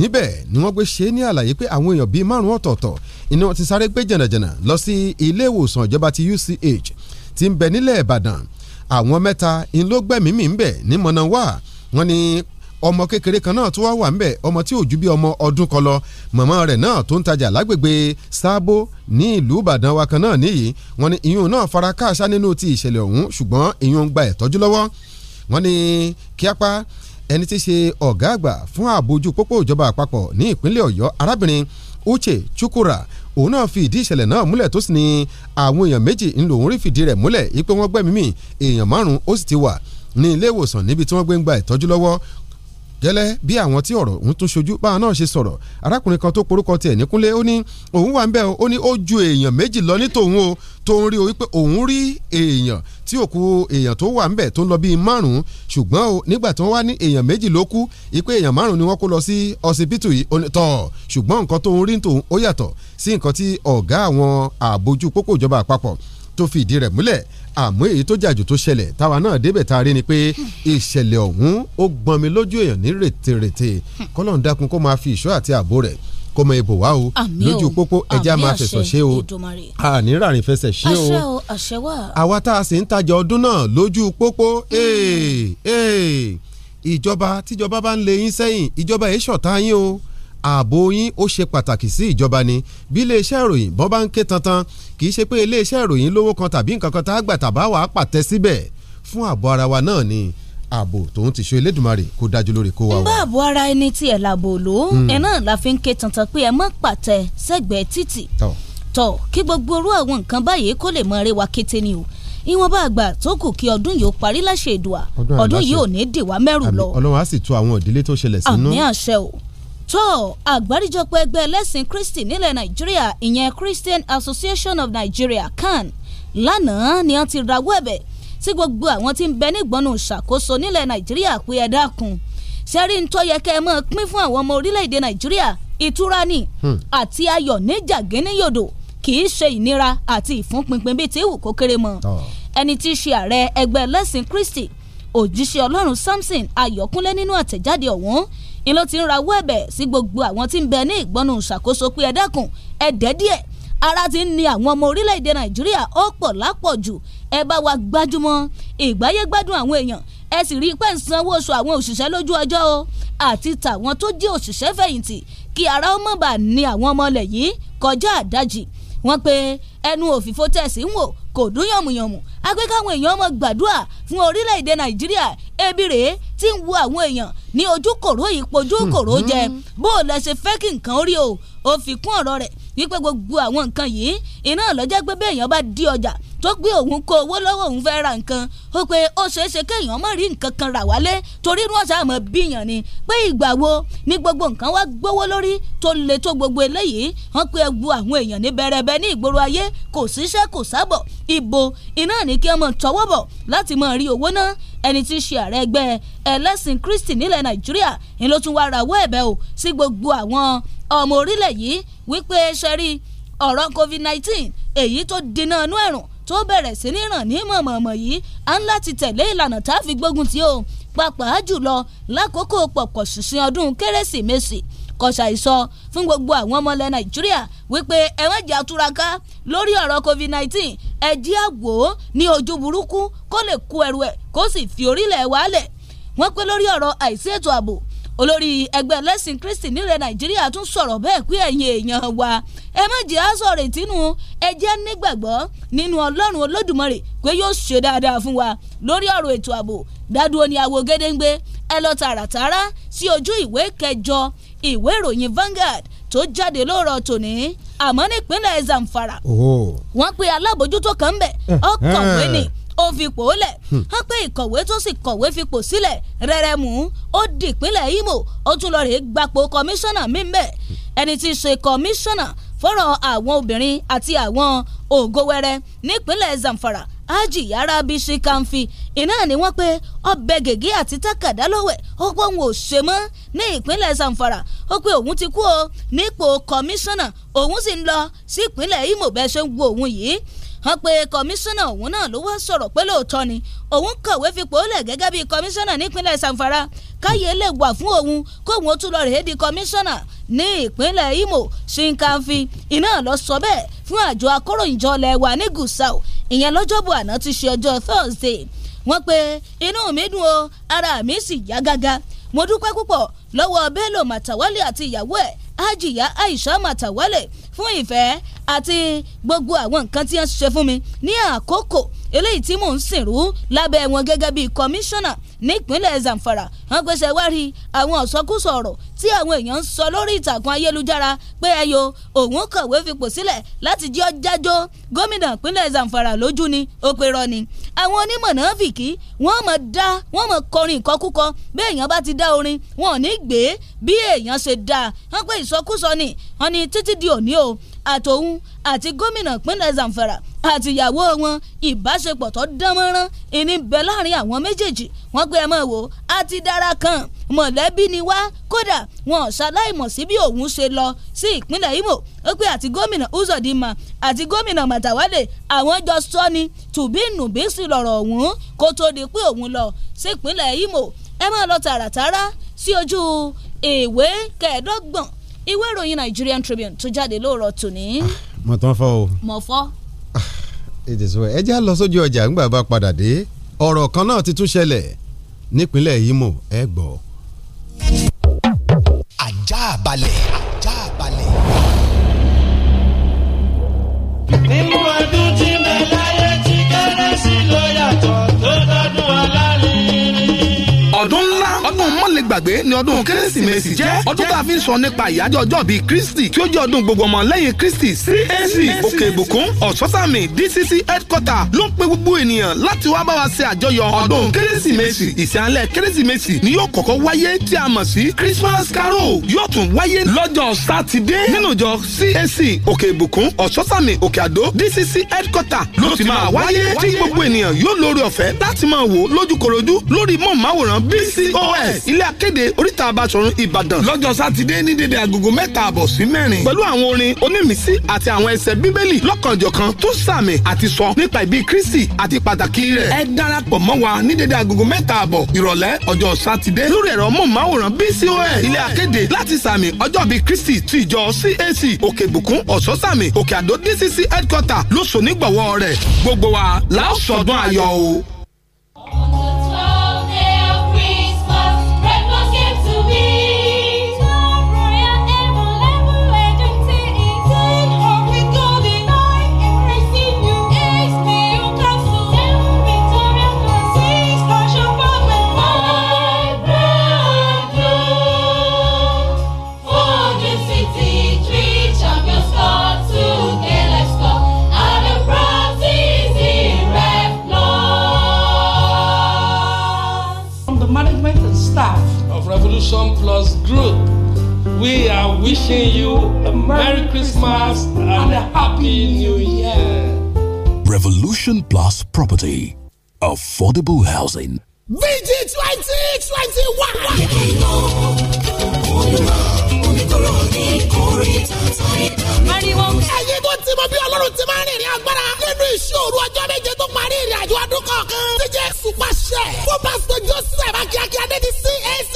níbẹ̀ ni wọ́n gbé ṣe ní àlàyé pé àwọn èèyàn bíi márùn ọ̀tọ̀ọ̀tọ̀ ni wọ́n ti sáré gbé jànàjànà lọ sí ilé ìwòsàn ìjọba ti UCH ti ń bẹ nílẹ̀ Ìbàdàn àwọn mẹ́ta ń ń bẹ̀ ní mọ̀nà wà wọ́n ní ọmọ kékeré kan náà tó wá wà ńbẹ̀ ọmọ tí ò ju bí ọmọ ọdún kan lọ mọ̀mọ́ rẹ̀ náà tó ń tajà lágbègbè sábó ní ìlú ìbàdàn wa kan náà nìyí wọ́n ní ìyún náà fara káàsá nínú ti ìṣẹ̀lẹ̀ ọ̀hún ṣùgbọ́n ìyún ń gba ìtọ́jú lọ́wọ́ wọ́n ní kíápá ẹni tí í ṣe ọ̀gá àgbà fún àbójú pópó ìjọba àpapọ̀ ní ìpínlẹ̀ ọ̀yọ́ arábìnrin uche chukwura òun náà fi ìdí ìṣẹ̀lẹ̀ náà múlẹ̀ tó sì ní àwọn èèyàn méjì ń lòun rí fìdí rẹ̀ múlẹ̀ yìí pé wọ́n gbẹ́mìí mì èèyàn márùn-ún ó sì ti wà ní ilé ìwòsàn níbi tí wọ́n gbé ń gba ìtọ́jú lọ́wọ́ gẹ́lẹ́ bí àwọn tí ọ̀rọ̀ òun tún ṣojú báwọn náà ṣe sọ̀rọ̀ arákùnrin kan tó porúkọ tiẹ̀ ní ó ní òun wà ń bẹ̀ ó ní ó ju èèyàn méjì lọ ní tòun o tóun rí o wípé òun rí èèyàn tí òkú èèyàn tó wà ń bẹ̀ tó ń lọ bíi márùn-ún ṣùgbọ́n o nígbà tí wọ́n wá ní èèyàn méjì ló kú wípé èèyàn márùn-ún ni wọ́n kó lọ sí ọsibítù yìí tọ̀ ṣùgbọ́n nǹkan tóun rí tòun ó yàtọ̀ sí nǹkan tí ọ̀gá àwọn àbójú pópó ìjọba àpapọ̀ tó fi ìdí rẹ̀ múlẹ̀ àmọ́ èyí tó jàjù tó ṣẹlẹ̀ táwa náà débẹ̀ tá rí ni pé ìṣẹ̀lẹ̀ ọ̀hún ó gbọ́n mi lójú èèyàn ní rètèrètè kọ́lọ́n dákun kó máa fi ìṣọ́ àti ààbò rẹ̀ kó mọ ibò wá o lójú pópó ẹja máa fẹ̀sọ̀ ṣe o àní ràrìn fẹsẹ̀ ṣe o àwa tá a sì ń tajà ọdún náà lójú pópó hmm. ìjọba tíjọba bá ń lé yín sẹ́yìn ìjọba yìí ṣọ̀tá yín o ààbò yín ó ṣe pàtàkì sí ìjọba ni bí iléeṣẹ́ ìròyìn bọ́n bá ń ké tantan kì í ṣe pé iléeṣẹ́ ìròyìn lówó kan tàbí nǹkan kan tá a gbà tàbá wàá pàtẹ síbẹ̀ fún ààbò ara wa náà ni ààbò tòun ti ṣe elédùnmarè kó dájú lórí kó wa. ń bá ààbò ara ẹni tí ẹ̀ làbò ló hmm. ẹ náà la fi ń ké tantan pé ẹ má pàtẹ sẹ́gbẹ̀ẹ́ títì tọ̀ kí gbogbo orú àwọn nǹkan báyìí kó lè mọ eré wa kété ni o ìwọ̀nba àgbà tó kù kí ọdún yìí ó parí láṣẹ Èdùà ọdún yìí ò ní dìwà mẹ́rù lọ. Ọlọ́run á sì tu àwọn ìdílé tó ṣẹlẹ̀ sínú. àmì àṣẹ o tó àgbáríjọpọ̀ ẹgbẹ́ ẹlẹ́sìn Kristi nílẹ̀ Nàìjíríà ìyẹn Christian Association of Nigeria CAN lánàá ni wọ́n ti rawọ́ ẹ̀bẹ̀ sí gbogbo àwọn tí ń bẹ nígbọnú ìṣàkóso nílẹ̀ Nàìjíríà pé ẹ dákun sẹ́rí ń tó yẹ kẹ́ ẹ máa pín fún àwọn ọmọ orílẹ̀-èdè Nàìjíríà ìtura ni hmm. àti ayọ̀ níjàgínníyòdò kì í ṣe ìnira àti ìfúnpinpin bíi ti ìwù kó kéré mọ́ ẹni tí í ṣe ààrẹ ẹgbẹ́ ẹlẹ́sìn Kristi òjíṣẹ́ Ọlọ́run Samson Ayọ̀kúnlé nínú àtẹ̀jáde ọ̀hún ìlú ti ń rawọ́ ẹ̀bẹ̀ sí gbogbo àwọn tí ń bẹ ní ìgbọ́nù ìṣàkóso pé ẹ dẹ́kun ẹ dẹ́ díẹ̀ ara ti ń ni àwọn ọmọ orílẹ̀-èdè nàìjíríà ó pọ̀ lápọ̀jù ẹ bá wa gbájúmọ́ ìgbáyégbádùn àwọn èèyàn ẹ sì rí pé ń sanwó oṣù àwọn òṣìṣẹ́ lójú ọjọ́ o àti tàwọn tó jẹ́ òṣìṣẹ́ fẹ̀yìntì kí ara ó mọ̀ bá ní àwọn ọmọ ilẹ̀ yìí kọjá àdájì wọ́n pe ẹnu òfìfo tẹ̀sí ń wò kò dún yànmùyànmù agbé káwọn èèyàn ọmọ gbàdúrà fún orílẹ̀-èdè nàìjíríà ebi rèé tí ń wo àwọn èèyàn ní ojú kòró ìpojú kòró jẹ mm-hmm. bó o lẹ ṣe fẹ́ kí nǹkan rí o ó kún ọ̀rọ̀ rẹ̀ wípé gbogbo àwọn nǹkan yìí iná lọ́jọ́ pé bí èèyàn bá dí ọjà tó gbé òun kó owó lọ́wọ́ òun fẹ́ ra nǹkan ó pé ó ṣeé ṣe kéèyàn má rí nǹkan kan rà wálé torí inú ọ̀sán àmọ́ bíyàn ni pé ìgbà wo ni gbogbo nǹkan wá gbówó lórí tó le tó gbogbo eléyìí wọ́n pe ẹgbu àwọn èèyàn ní bẹ̀rẹ̀bẹ̀ ní ìgboro ayé kò síṣẹ́ kò sábọ̀ ibo iná ní kí ọmọ tọwọ́ bọ̀ láti máa rí owó náà ẹni tí í ṣe ààrẹ ẹgbẹ́ ẹlẹ́sìn kristi nílẹ̀ nàìjíríà ni ló tún wá rawọ́ ẹ̀bẹ̀ o sí gbogbo àwọn ọmọ orílẹ̀ yìí wípé ṣẹ́rí ọ̀rọ̀ covid nineteen èyí tó dínà inú ẹ̀rùn tó bẹ̀rẹ̀ sí ní ràn ní mọ̀mọ̀mọ̀ yìí à ń láti tẹ̀lé ìlànà tá a fi gbógun tì o pàápàá jùlọ lákòókò pọ̀pọ̀ ṣìnṣìn ọdún kérésìmesì kọ̀ṣà ìsọ fún gbogbo àwọn ọmọ nàìjíríà wípé ẹ̀wọ̀n jà túraká lórí ọ̀rọ̀ covid nineteen ẹ̀jí àwò ní ojú burúkú kó lè kú ẹrù ẹ̀ kó sì fi orílẹ̀ wálẹ̀ wọ́n pé lórí ọ̀rọ̀ àìsí ètò ààbò olórí ẹgbẹ́ ẹlẹ́sìn kristi nílẹ̀ nàìjíríà tún sọ̀rọ̀ bẹ́ẹ̀ pé ẹ̀yin èèyàn wa ẹ má jẹ́ aṣọ ìrètínú ẹ jẹ́ nígbàgbọ́ nínú ọlọ́run olódùmarè pé yóò ṣe dáadáa fún wa lórí ọ̀rọ̀ ètò ààbò dádúró ni àwo gédéǹgbé ẹ lọ tààràtààrà sí ojú ìwé kẹjọ ìwé ìròyìn Vanguard tó jáde lóòrọ̀ tòní àmọ́ nípínlẹ̀ Zamfara wọ́n pe alábòjútó kan ń bẹ̀ ọkọ̀wé ni ó fipò lẹ̀ hàn hmm. pé ìkọ̀wé tó sì kọ̀wé fipò sílẹ̀ rẹ́rẹ́mú ó di ìpínlẹ̀ Imo ó tún lọ rèé gbapò kọmíṣánná mímẹ́ ẹni tí í ṣe kọmíṣánná fọ́rọ̀ àwọn obìnrin àti àwọn ògówẹ́rẹ́ nípínlẹ̀ Zamfara aji Yara Bisi Kamfi iná ni wọ́n pé ọbẹ̀ gègé àti tákàdá lọ́wẹ̀ ọgbọ́n òun ò ṣe mọ́ ní ìpínlẹ̀ Zamfara ó pé òun ti kú o nípò kọmíṣánná òun sì ń lọ sí ìpínlẹ̀ Imo bẹ́ẹ̀ ṣe ń wo òun yìí wọ́n pe kọmíṣánná òun náà ló wá sọ̀rọ̀ pé lóòótọ́ ni òun kọ̀wé fipò ó lẹ̀ gẹ́gẹ́ bíi kọmíṣánná nípínlẹ̀ Zamfara káyé lè wà fún òun kóun ó tún lọ rèé di kọmíṣánná ní ìpínlẹ̀ Imo Shinkanfi iná lọ sọ bẹ́ẹ̀ fún àjọ akóròyìnjọ lẹ̀ wà ní Gusau ìyẹn lọ́jọ́bù àná ti ṣe ọjọ́ Thursday wọ́n pe inú mi dùn o ara mi sì yá gágá mo dúpẹ́ púpọ̀ lọ́wọ́ Bello Matawalle àti ìyàwó ẹ̀ ajiya Aisha matawale fún ìfẹ́ àti gbogbo àwọn nǹkan tí wọ́n ṣe fún mi ní àkókò eléyìí tí mò ń sìnrú lábẹ́ wọn gẹ́gẹ́ bíi kọmíṣánná nípínlẹ̀ Zamfara wọ́n pèsè wárí àwọn ọ̀sọ́kùsọ ọ̀rọ̀ tí àwọn èèyàn ń sọ lórí ìtàkùn ayélujára pé ẹyọ òun kọ̀wé fipò sílẹ̀ láti jẹ́ ọjájó gómìnà ìpínlẹ̀ Zamfara lójú ni ó pe rọ ni àwọn onímọ̀ náà fìkì wọ́n mọ̀ dá wọ́n mọ̀ kọrin ìkọkúkọ bí èèyàn bá ti dá orin wọn ò ní gbé bí èèyàn ṣe dá wọ́n pé ìsọkúsọ ni wọ́n ní títí di òní o àtòun àti gómìnà pínlẹ̀ Zamfara àtìyàwó wọn ìbáṣepọ̀ tó dán mọ́rán ìní bẹ láàrin àwọn méjèèjì wọ́n pé ẹ mọ̀ wò á ti dára kan mọ̀lẹ́bí ni wá kódà wọn ò ṣaláìmọ̀ sí bí òun ṣe lọ sí ìpínlẹ̀ Imo ó pé àti gómìnà Uzodinma àti gómìnà Matawalle àwọn jọ sọ ni tùbínùbí sì lọ̀rọ̀ ọ̀hún kó tó di pé òun lọ sí ìpínlẹ̀ Imo ẹ lọ tààràtàrà sí ojú ìwé kẹẹ̀ẹ́dọ́gbọ̀n ìwé ìròyìn Nigerian Tribune tó jáde lóòrọ̀ tòní. Ah, mo tán fọ o. mo fọ. ètò ìṣòwò ẹ já lọ sójú ọjà ńgbà bá padà dé ọ̀rọ̀ kan náà ti tún ṣẹlẹ̀ nípínlẹ̀ Imo ẹ gbọ́. ajá balẹ̀ ajá balẹ̀. nínú ọdún. ọdún mọ̀lẹ́gbàgbé ni ọdún kérésìmesì jẹ́ ọdún tá a fi ń sọ nípa ìyájọ́ ọjọ́ bíi kristi tí ó jẹ́ ọdún gbogbo ọmọ lẹ́yìn kristi cac òkè ìbùkún ọ̀sọ́sàmì dcc headquarter ló ń pe gbogbo ènìyàn láti wá bá wa ṣe àjọyọ̀ ọdún kérésìmesì ìsìnlẹ̀ kérésìmesì ni yóò kọ́kọ́ wáyé tí a mọ̀ sí christmas carol yóò tún wáyé lọ́jọ́ sátidé nínú ìjọ cac òkè ìbùkún ọ̀sọ́sàmì òkè àdó dcc headquarter ló ti máa wáyé tí gbogbo ènìyàn yóò lórí ọ̀fẹ́ láti máa wò lójúkorojú lórí mọ̀ọ́máwòrán bcos express ilé akéde oríta abasọ̀run ìbàdàn lọ́jọ́ sátidé ní dédé agogo mẹ́ta àbọ̀ sí mẹ́rin pẹ̀lú àwọn orin onímísí àti àwọn ẹsẹ̀ bíbélì lọ́kànjọ̀kan tó sàmì àti sọ nípa ìbí kristi àti pàtàkì rẹ̀ ẹ darapọ̀ mọ́ wa ní dédé agogo mẹ́ta àbọ̀ ìrọ̀lẹ́ ọjọ́ sátidé lórí ẹ̀rọ mọ̀máwòrán bcos ilé akéde láti sàmì ọjọ́ bíi kristi ti ìjọ cac òkè bùkún ọ̀sọ́sàmì òkè àdó dcc headquarter lóṣù nígbọ̀wọ́ rẹ̀ gbogbo wa la ó ṣọdún ayọ̀ o. group, we are wishing you a Merry Christmas and a Happy New Year. Revolution Plus Property. Affordable housing. VG 2021. ẹyin tó ti mọ bí Ọlọ́run ti máa ń rìnrìn agbára nínú ìṣòro ọjọ́ méje tó parí ìrìn àjò pàṣẹ. Fún Pásítọ̀ Joseph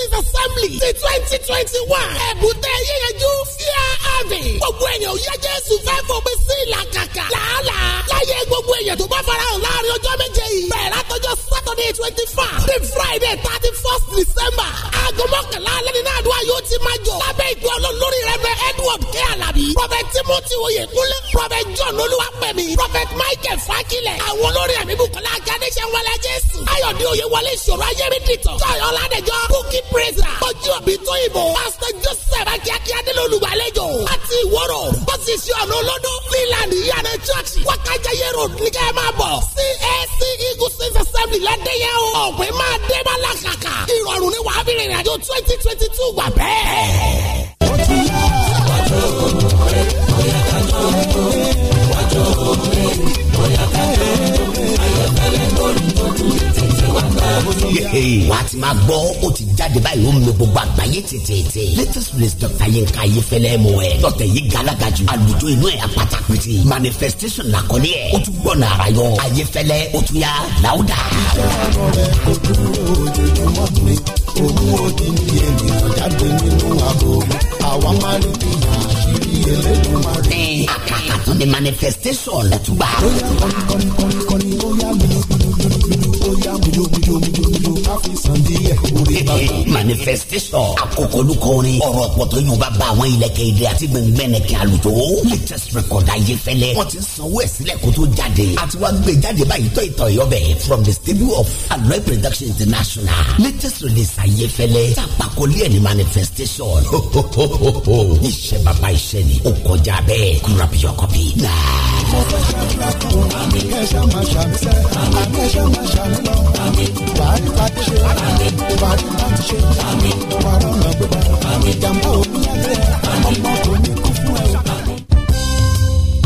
Evangelist Assembly ti twenty twenty one. Ẹ̀bùtẹ́ yíyanjú fíà àdè. Gbogbo èèyàn yẹ Jésù fẹ́ fòpin sí ìlàkàkà. Làálàá. Láyé gbogbo èèyàn tó bá farahàn láàrin ọjọ́ méje yìí. Bẹ̀rẹ̀ lọ́jọ́ Saturday twenty five ní Friday thirty first December aago mọ́kànlá alẹ́ni náà àdúrà yóò ti máa jọ lábẹ́ ìgbé olórí rẹ̀ bẹ Edward K. Alabi Prophet Timothy Oyekunle Prophet John Olúwapẹ̀mí Prophet Michael Fakilẹ̀ àwọn olórí ẹ̀mí Bùkọ́lá Akadéṣẹ́ wọlé Jésù Ayọ̀dé Oyewọlé Ìṣòro Ayémídìtàn Jọ́yọ̀ Ọládẹjọ́ Bukki Praiser Ojú òbí tó ìbò Pastor Joseph Akíákíá nílò olùgbàlejò àti ìwọ́rò Position, sí ọ̀nà olódó Leland Ìyànà Church Wákàjáyé Road ní kẹ́ ẹ máa bọ̀ CAC Eagles assembly lẹ́dẹ̀ yẹn o. ọ̀pẹ máa dé bá làkàkà. ìrọ̀rùn ni wàá bìrì ìrìnàjò twenty twenty two gbà bẹ́ẹ̀. ó ti ti máa gbọ́ ó ti jáde báyìí ó mi gbogbo àgbáyé tètè. latest release dr yinka ayefẹlẹ mu ẹ dr yìí galaga ju àlùjọ inú ẹ apata pété manifestation làkọlé ẹ o tún gbọ́nà ara yọ ayefẹlẹ o tún yà láwùdà. Owó odindi ènìyàn jáde nínú àbò, àwa máa ń fi hàn àṣírí ẹlẹ́dùnmarè. Ẹ àkàkà tó ni manifestation lẹ́tùgbà. Bóyá kọ́ni kọ́ni kọ́ni bóyá mi manifestation akokoluko orin ọ̀rọ̀ ọ̀pọ̀tọ̀ yorùbá bá àwọn ilẹ̀kẹ̀ èdè àti gbẹ̀ngbẹ̀nẹ̀kẹ̀ àlùjọ latest record ayé fẹ́lẹ́ wọ́n ti sanwó ẹ̀ sílẹ̀ kó tó jáde àti wá gbé jáde báyìí tọ́ ìtọ̀ ìyọ́bẹ̀ from the studio of aloe production international latest release ayé fẹ́lẹ́ tàpákọ́lé ẹ̀ ní manifestation iṣẹ́ bàbá iṣẹ́ ni ó kọjá bẹ́ẹ̀ grab your copy now wàhálì bá ti ṣe wàhálì bá ti ṣe wàhálì ọ̀nà gbogbo ìjàmbá òbí yàtọ̀ ọmọ tó ní kú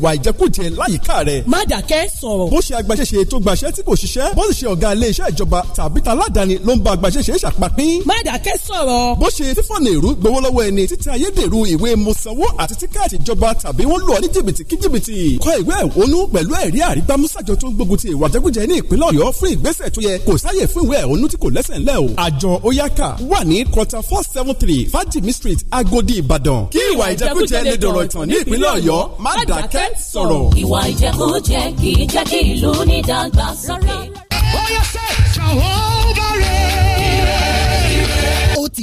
ìwà ìjẹkújẹ láyìíká rẹ̀. má dàkẹ́ sọ̀rọ̀. bó ṣe agbaṣẹ́ṣe tó gbaṣẹ́ tí kò ṣiṣẹ́ bó ṣe ọ̀gá ilé ìjọba tàbí ta aládàáni ló ń bá agbaṣẹ́ṣe ṣàpapín. má dàkẹ́ sọ̀rọ̀. bó ṣe fífọ́nà èrú gbowó lọ́wọ́ ẹni títí ayédèrú ìwé mọ̀sánwó àti tíkẹ́ẹ̀tì ìjọba tàbí wọ́n lò ní jìbìtì kí jìbìtì. kọ ìwé ẹ̀hónú sọ̀rọ̀. ìwà ìjẹkújẹ kì í jẹ́ kí ìlú ní dàgbàsókè. ó yẹ sẹ́ ṣàwọ́ bá rẹ̀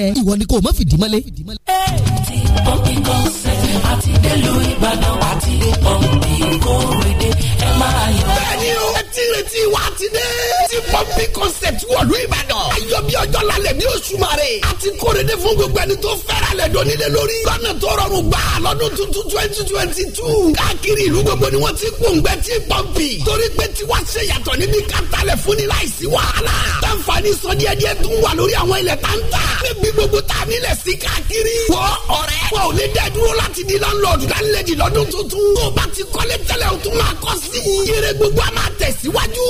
ẹ̀ ìwọ ni kò mọ̀ fìdí mọ́lẹ̀. ti pọ́ǹpì kọ́nsẹ̀tì àti délùú ìbàdàn àti pọ́ǹpì kórèdè ẹ máa yọ. bẹ́ẹ̀ni o ẹ ti retí wa ti dé. Zombie concept wọ̀lú Ìbàdàn. Ayọ̀ bí ọjọ́ lálẹ́ ní oṣù Mare. A ti kóre dé fún gbogbo ẹni tó fẹ́ràn lẹ̀ dọ́nílé lórí. Lọ́nà tó rọrùn gbà lọ́dún tuntun twenty twenty two. Káàkiri ìlú gbogbo ni wọ́n ti gbòǹgbẹ́ tí pọ́ǹpì. Torí pé tiwa ṣe yàtọ̀ níbi kátàlẹ̀ fún ni láìsí wàhálà. Táǹfààní sọ díẹ̀ díẹ̀ tún wà lórí àwọn ilẹ̀ táǹtà. Níbi gbogbo tá a nílẹ̀ sí káàkiri. Wọ́ ọ̀rẹ́. Wọ́n ò lè dẹ́ dúró láti di lọ́nlọ́ọ̀dù lálẹ́dì lọ́dún tuntun. Tó o bá ti o tún máa kọ́ sí. Yèrè gbogbo a máa tẹ̀síwájú.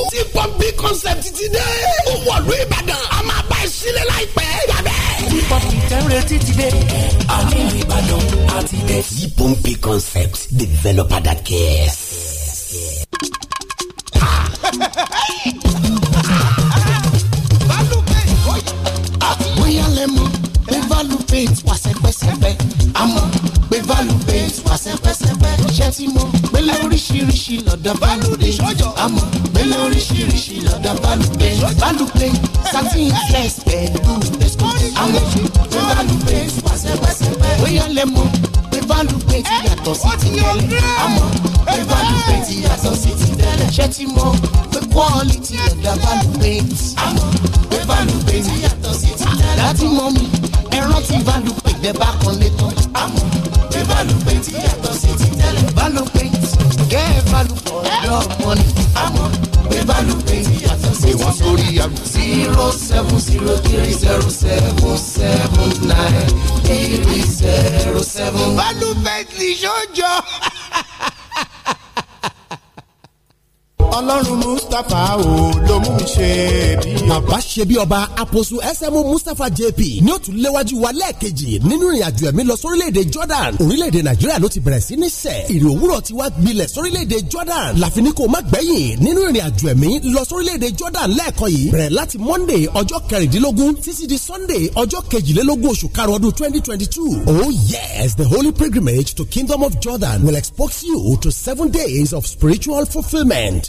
Tí ti ti dé. ó wọ̀lú ìbàdàn a máa bá ẹ sílẹ̀ láìpẹ́. yàbẹ́. hip-hop ìtẹ́rẹ̀tì ti dé. àní ìbàdàn a ti dé. zipompe concept developer that cares. bóyá lẹ́mu pé value wà sẹ́gbẹ́sẹ́gbẹ́ àmọ́ pé value. Chips wá sẹ́pẹ́sẹ́pẹ́ iṣẹ́ tí mo gbélé oríṣiríṣi lọ́dọ̀ Balùdé àmọ́ gbélé oríṣiríṣi lọ́dọ̀ Balùdé Balùdé satin flex pẹ̀lú àwọn ìṣègùn Balùdé wá sẹ́pẹ́sẹ́pẹ́ bóyá lẹ́mọ̀ pé Balùdé ti yàtọ̀ sí ti tẹ́lẹ̀ àmọ́ pé Balùdé ti yàtọ̀ sí ti tẹ́lẹ̀ ṣé tí mo pé quality lọ́dọ̀ Balùdé àmọ́ pé Balùdé ti yàtọ̀ sí ti tẹ́lẹ̀ láti mọ mi ẹran ti Balùdé gbẹ bá kan lé tán balùwẹ̀ tí yàtọ̀ sí ti tẹ́lẹ̀. balùwẹ̀ gẹ́ balùwẹ̀ ọ̀dọ́ mọ́ni. àmọ́ pé balùwẹ̀ tí yàtọ̀ sí ti tẹ́lẹ̀. ìwọ sórí àgbà. zero seven zero three zero seven seven nine three zero seven. balùwẹ̀ ti ṣojo. <laughs> ọlọ́run mustapha o ló mú mi ṣe bí ọba. bàbá ṣe bí ọba àpòsù SMO mustapha jp ní ó tún léwájú wa lẹ́ẹ̀kejì nínú ìrìnàjò ẹ̀mí lọ sórílẹ̀-èdè jordan orílẹ̀-èdè nàìjíríà ló ti bẹ̀rẹ̀ sí ní sẹ̀ ìrì òwúrọ̀ ti wá gbilẹ̀ sórílẹ̀-èdè jordan láfi ní kó má gbẹ̀yìn nínú ìrìnàjò ẹ̀mí lọ sórílẹ̀-èdè jordan lẹ́ẹ̀kan yìí bẹ̀rẹ̀ láti monday ọjọ́ kẹrìndínlógún títí di sunday ọjọ́ kejìlélógún oṣù karùn-ún ọdún twenty twenty two oh yes the holy pilgrimage to kingdom of jordan will expose you to seven days of spiritual fulfilment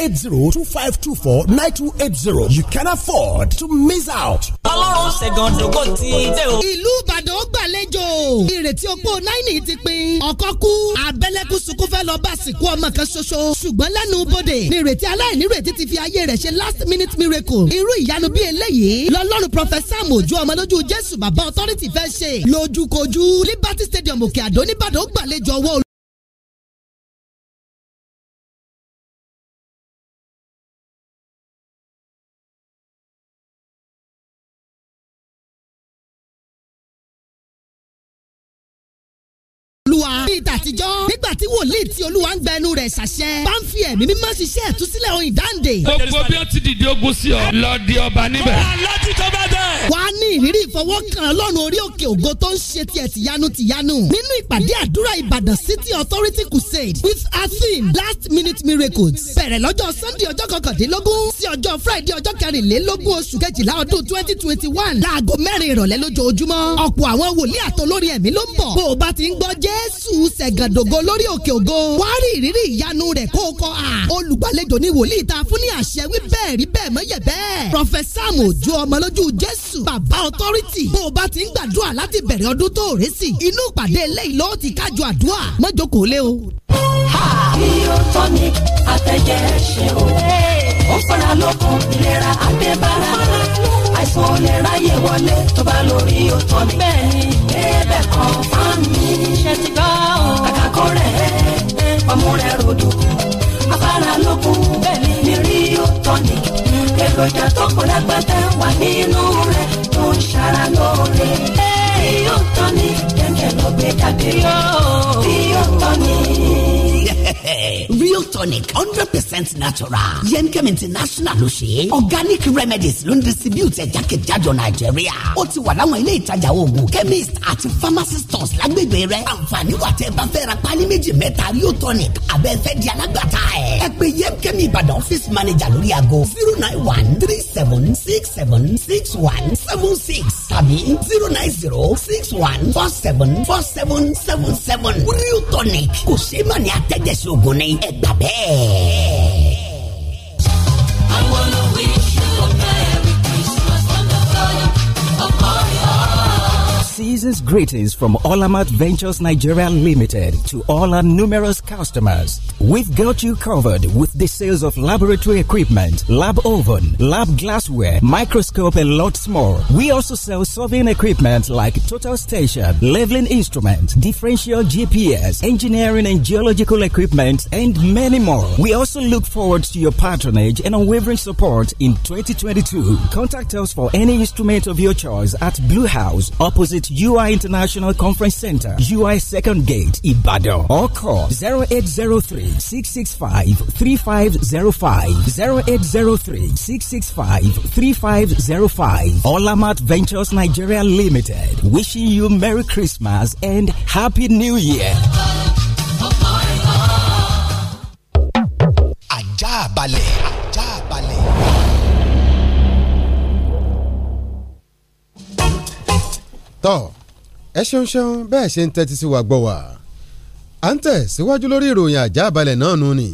eight zero two five two four nine two eight zero. You can afford to miss out. Ọlọ́run ṣẹ̀gàn dògbò ti dé o. Ìlú Ìbàdàn ó gbàlejò. Ìrètí opó láìní ti pin. Ọ̀kọ́ kú. Abẹ́lẹ́kú sunkún fẹ́ lọ bá sìnkú ọmọ kan ṣoṣo. Ṣùgbọ́n lẹ́nu bodè ni ìrètí aláìnírètí ti fi ayé rẹ̀ ṣe last minute miracle. Irú ìyanu bíi eléyìí lọ́lọ́run Prọfẹ̀sà Mojú ọmọ lójú Jésù bàbá authority fẹ́ ṣe. Lójúkojú Liberty Stadium Òkè Àdó nìbàdàn ó gbàlejò ọwọ́ àtijọ́. tí wòlíì tí olúwa ń gba ẹnu rẹ̀ ṣàṣẹ bá ń fi ẹ̀mí mímọ́ ṣiṣẹ́ ẹ̀túsílẹ̀ oyin dáǹdè. gbogbo bí ó ti dìde ogun sí ọ lọ di ọba níbẹ̀. aláàjì tó bá dẹ̀. wà á ní ìrírí ìfọwọ́kàn ọlọ́run orí òkè ògo tó ń ṣe tiẹ̀ tìyanu tìyanu nínú ìpàdé àdúrà ìbàdàn city authority crusade with our theme last minute miracles bẹ̀rẹ̀ lọ́jọ́ sunday ọjọ́ kọkàndínlógún sí ọjọ́ friday ọjọ́ kẹrìnlélógún oṣù kejìlá ọdún twenty twenty one láago mẹ́rin ìrọ̀lẹ́ lójoojúmọ́ ọ̀pọ̀ àwọn wòlíì àtolórí ẹ̀mí ló ń bọ̀ bó o bá ti ń gbọ́ jésù ṣẹ̀gàdògo lórí òkè ògo wàá rí ìrírí ìyanu rẹ̀ kó o kọ́ a. olùgbàlejò ni wòlíì ta fún ní àṣẹ wí bẹ́ẹ̀ rí bẹ́ẹ̀ mọ́ yẹ bẹ́ẹ̀. pọfẹsà mojú ọmọ lójú jésù bàbá ọtọ́rìtì bó o bá ti ń gbàdúrà láti bẹ̀rẹ̀ ọdún tó o rè sí inú ìpàdé eléyìí ló ti kájọ àdúrà mọ́jókòó lé o. kí o tọ́ ni àtẹ̀jẹ́ ṣe o ó fara lókun ìlera àgbẹ̀bára àìsàn lè ráyè wọlé tó bá lórí ó tọ́ ni. bẹ́ẹ̀ni ẹ̀bẹ̀ kan fún mi. ṣe ti gbọ́ o. kàkà kó rẹ̀ ọmú rẹ̀ rodò. afárá ló kù mi rí ó tọ́ ni. èròjà tó kù lágbàtà wà nínú rẹ̀ tó ń ṣara lóore. rí ó tọ́ ni kẹ̀kẹ́ ló gbé jáde. rí tọ́ ni. <laughs> real tonic hundred percent natural yemkem international ló ṣe organic remedies ló ń distribute ẹ̀ jákèjádò nàìjíríà ó ti wà láwọn ilé ìtajà oògùn chemist àti pharmacy stores lágbègbè rẹ àǹfààní wà tẹ́ bá fẹ́ ra pálí méjì mẹ́ta real tonic abẹ́ fẹ́ di alágbàtà ẹ̀ ẹ pè yemkem ìbàdàn office manager lórí aago zero nine one three seven six seven six one seven six tàbí zero nine zero six one four seven four seven seven seven real tonic kò ṣe é mà ní atẹ́jẹsí ṣoògùn ni ẹ bẹ́ẹ̀. I wanna wish you a merry Christmas and a fire, a fire. Season's greetings from Olamat Ventures Nigeria Limited to all our numerous customers. We've got you covered with the sales of laboratory equipment, lab oven, lab glassware, microscope, and lots more. We also sell surveying equipment like total station, leveling instruments, differential GPS, engineering and geological equipment, and many more. We also look forward to your patronage and unwavering support in 2022. Contact us for any instrument of your choice at Blue House opposite you UI International Conference Center, UI Second Gate, Ibadan, or call 0803 665 3505. 0803 665 3505. Olamat Ventures Nigeria Limited, wishing you Merry Christmas and Happy New Year. Ajabale. tọ́ ẹ ṣeun ṣeun bẹ́ẹ̀ ṣe ń tẹ́tí sí wa gbọ́ wa à ń tẹ̀ síwájú lórí ìròyìn àjá balẹ̀ náà nù ni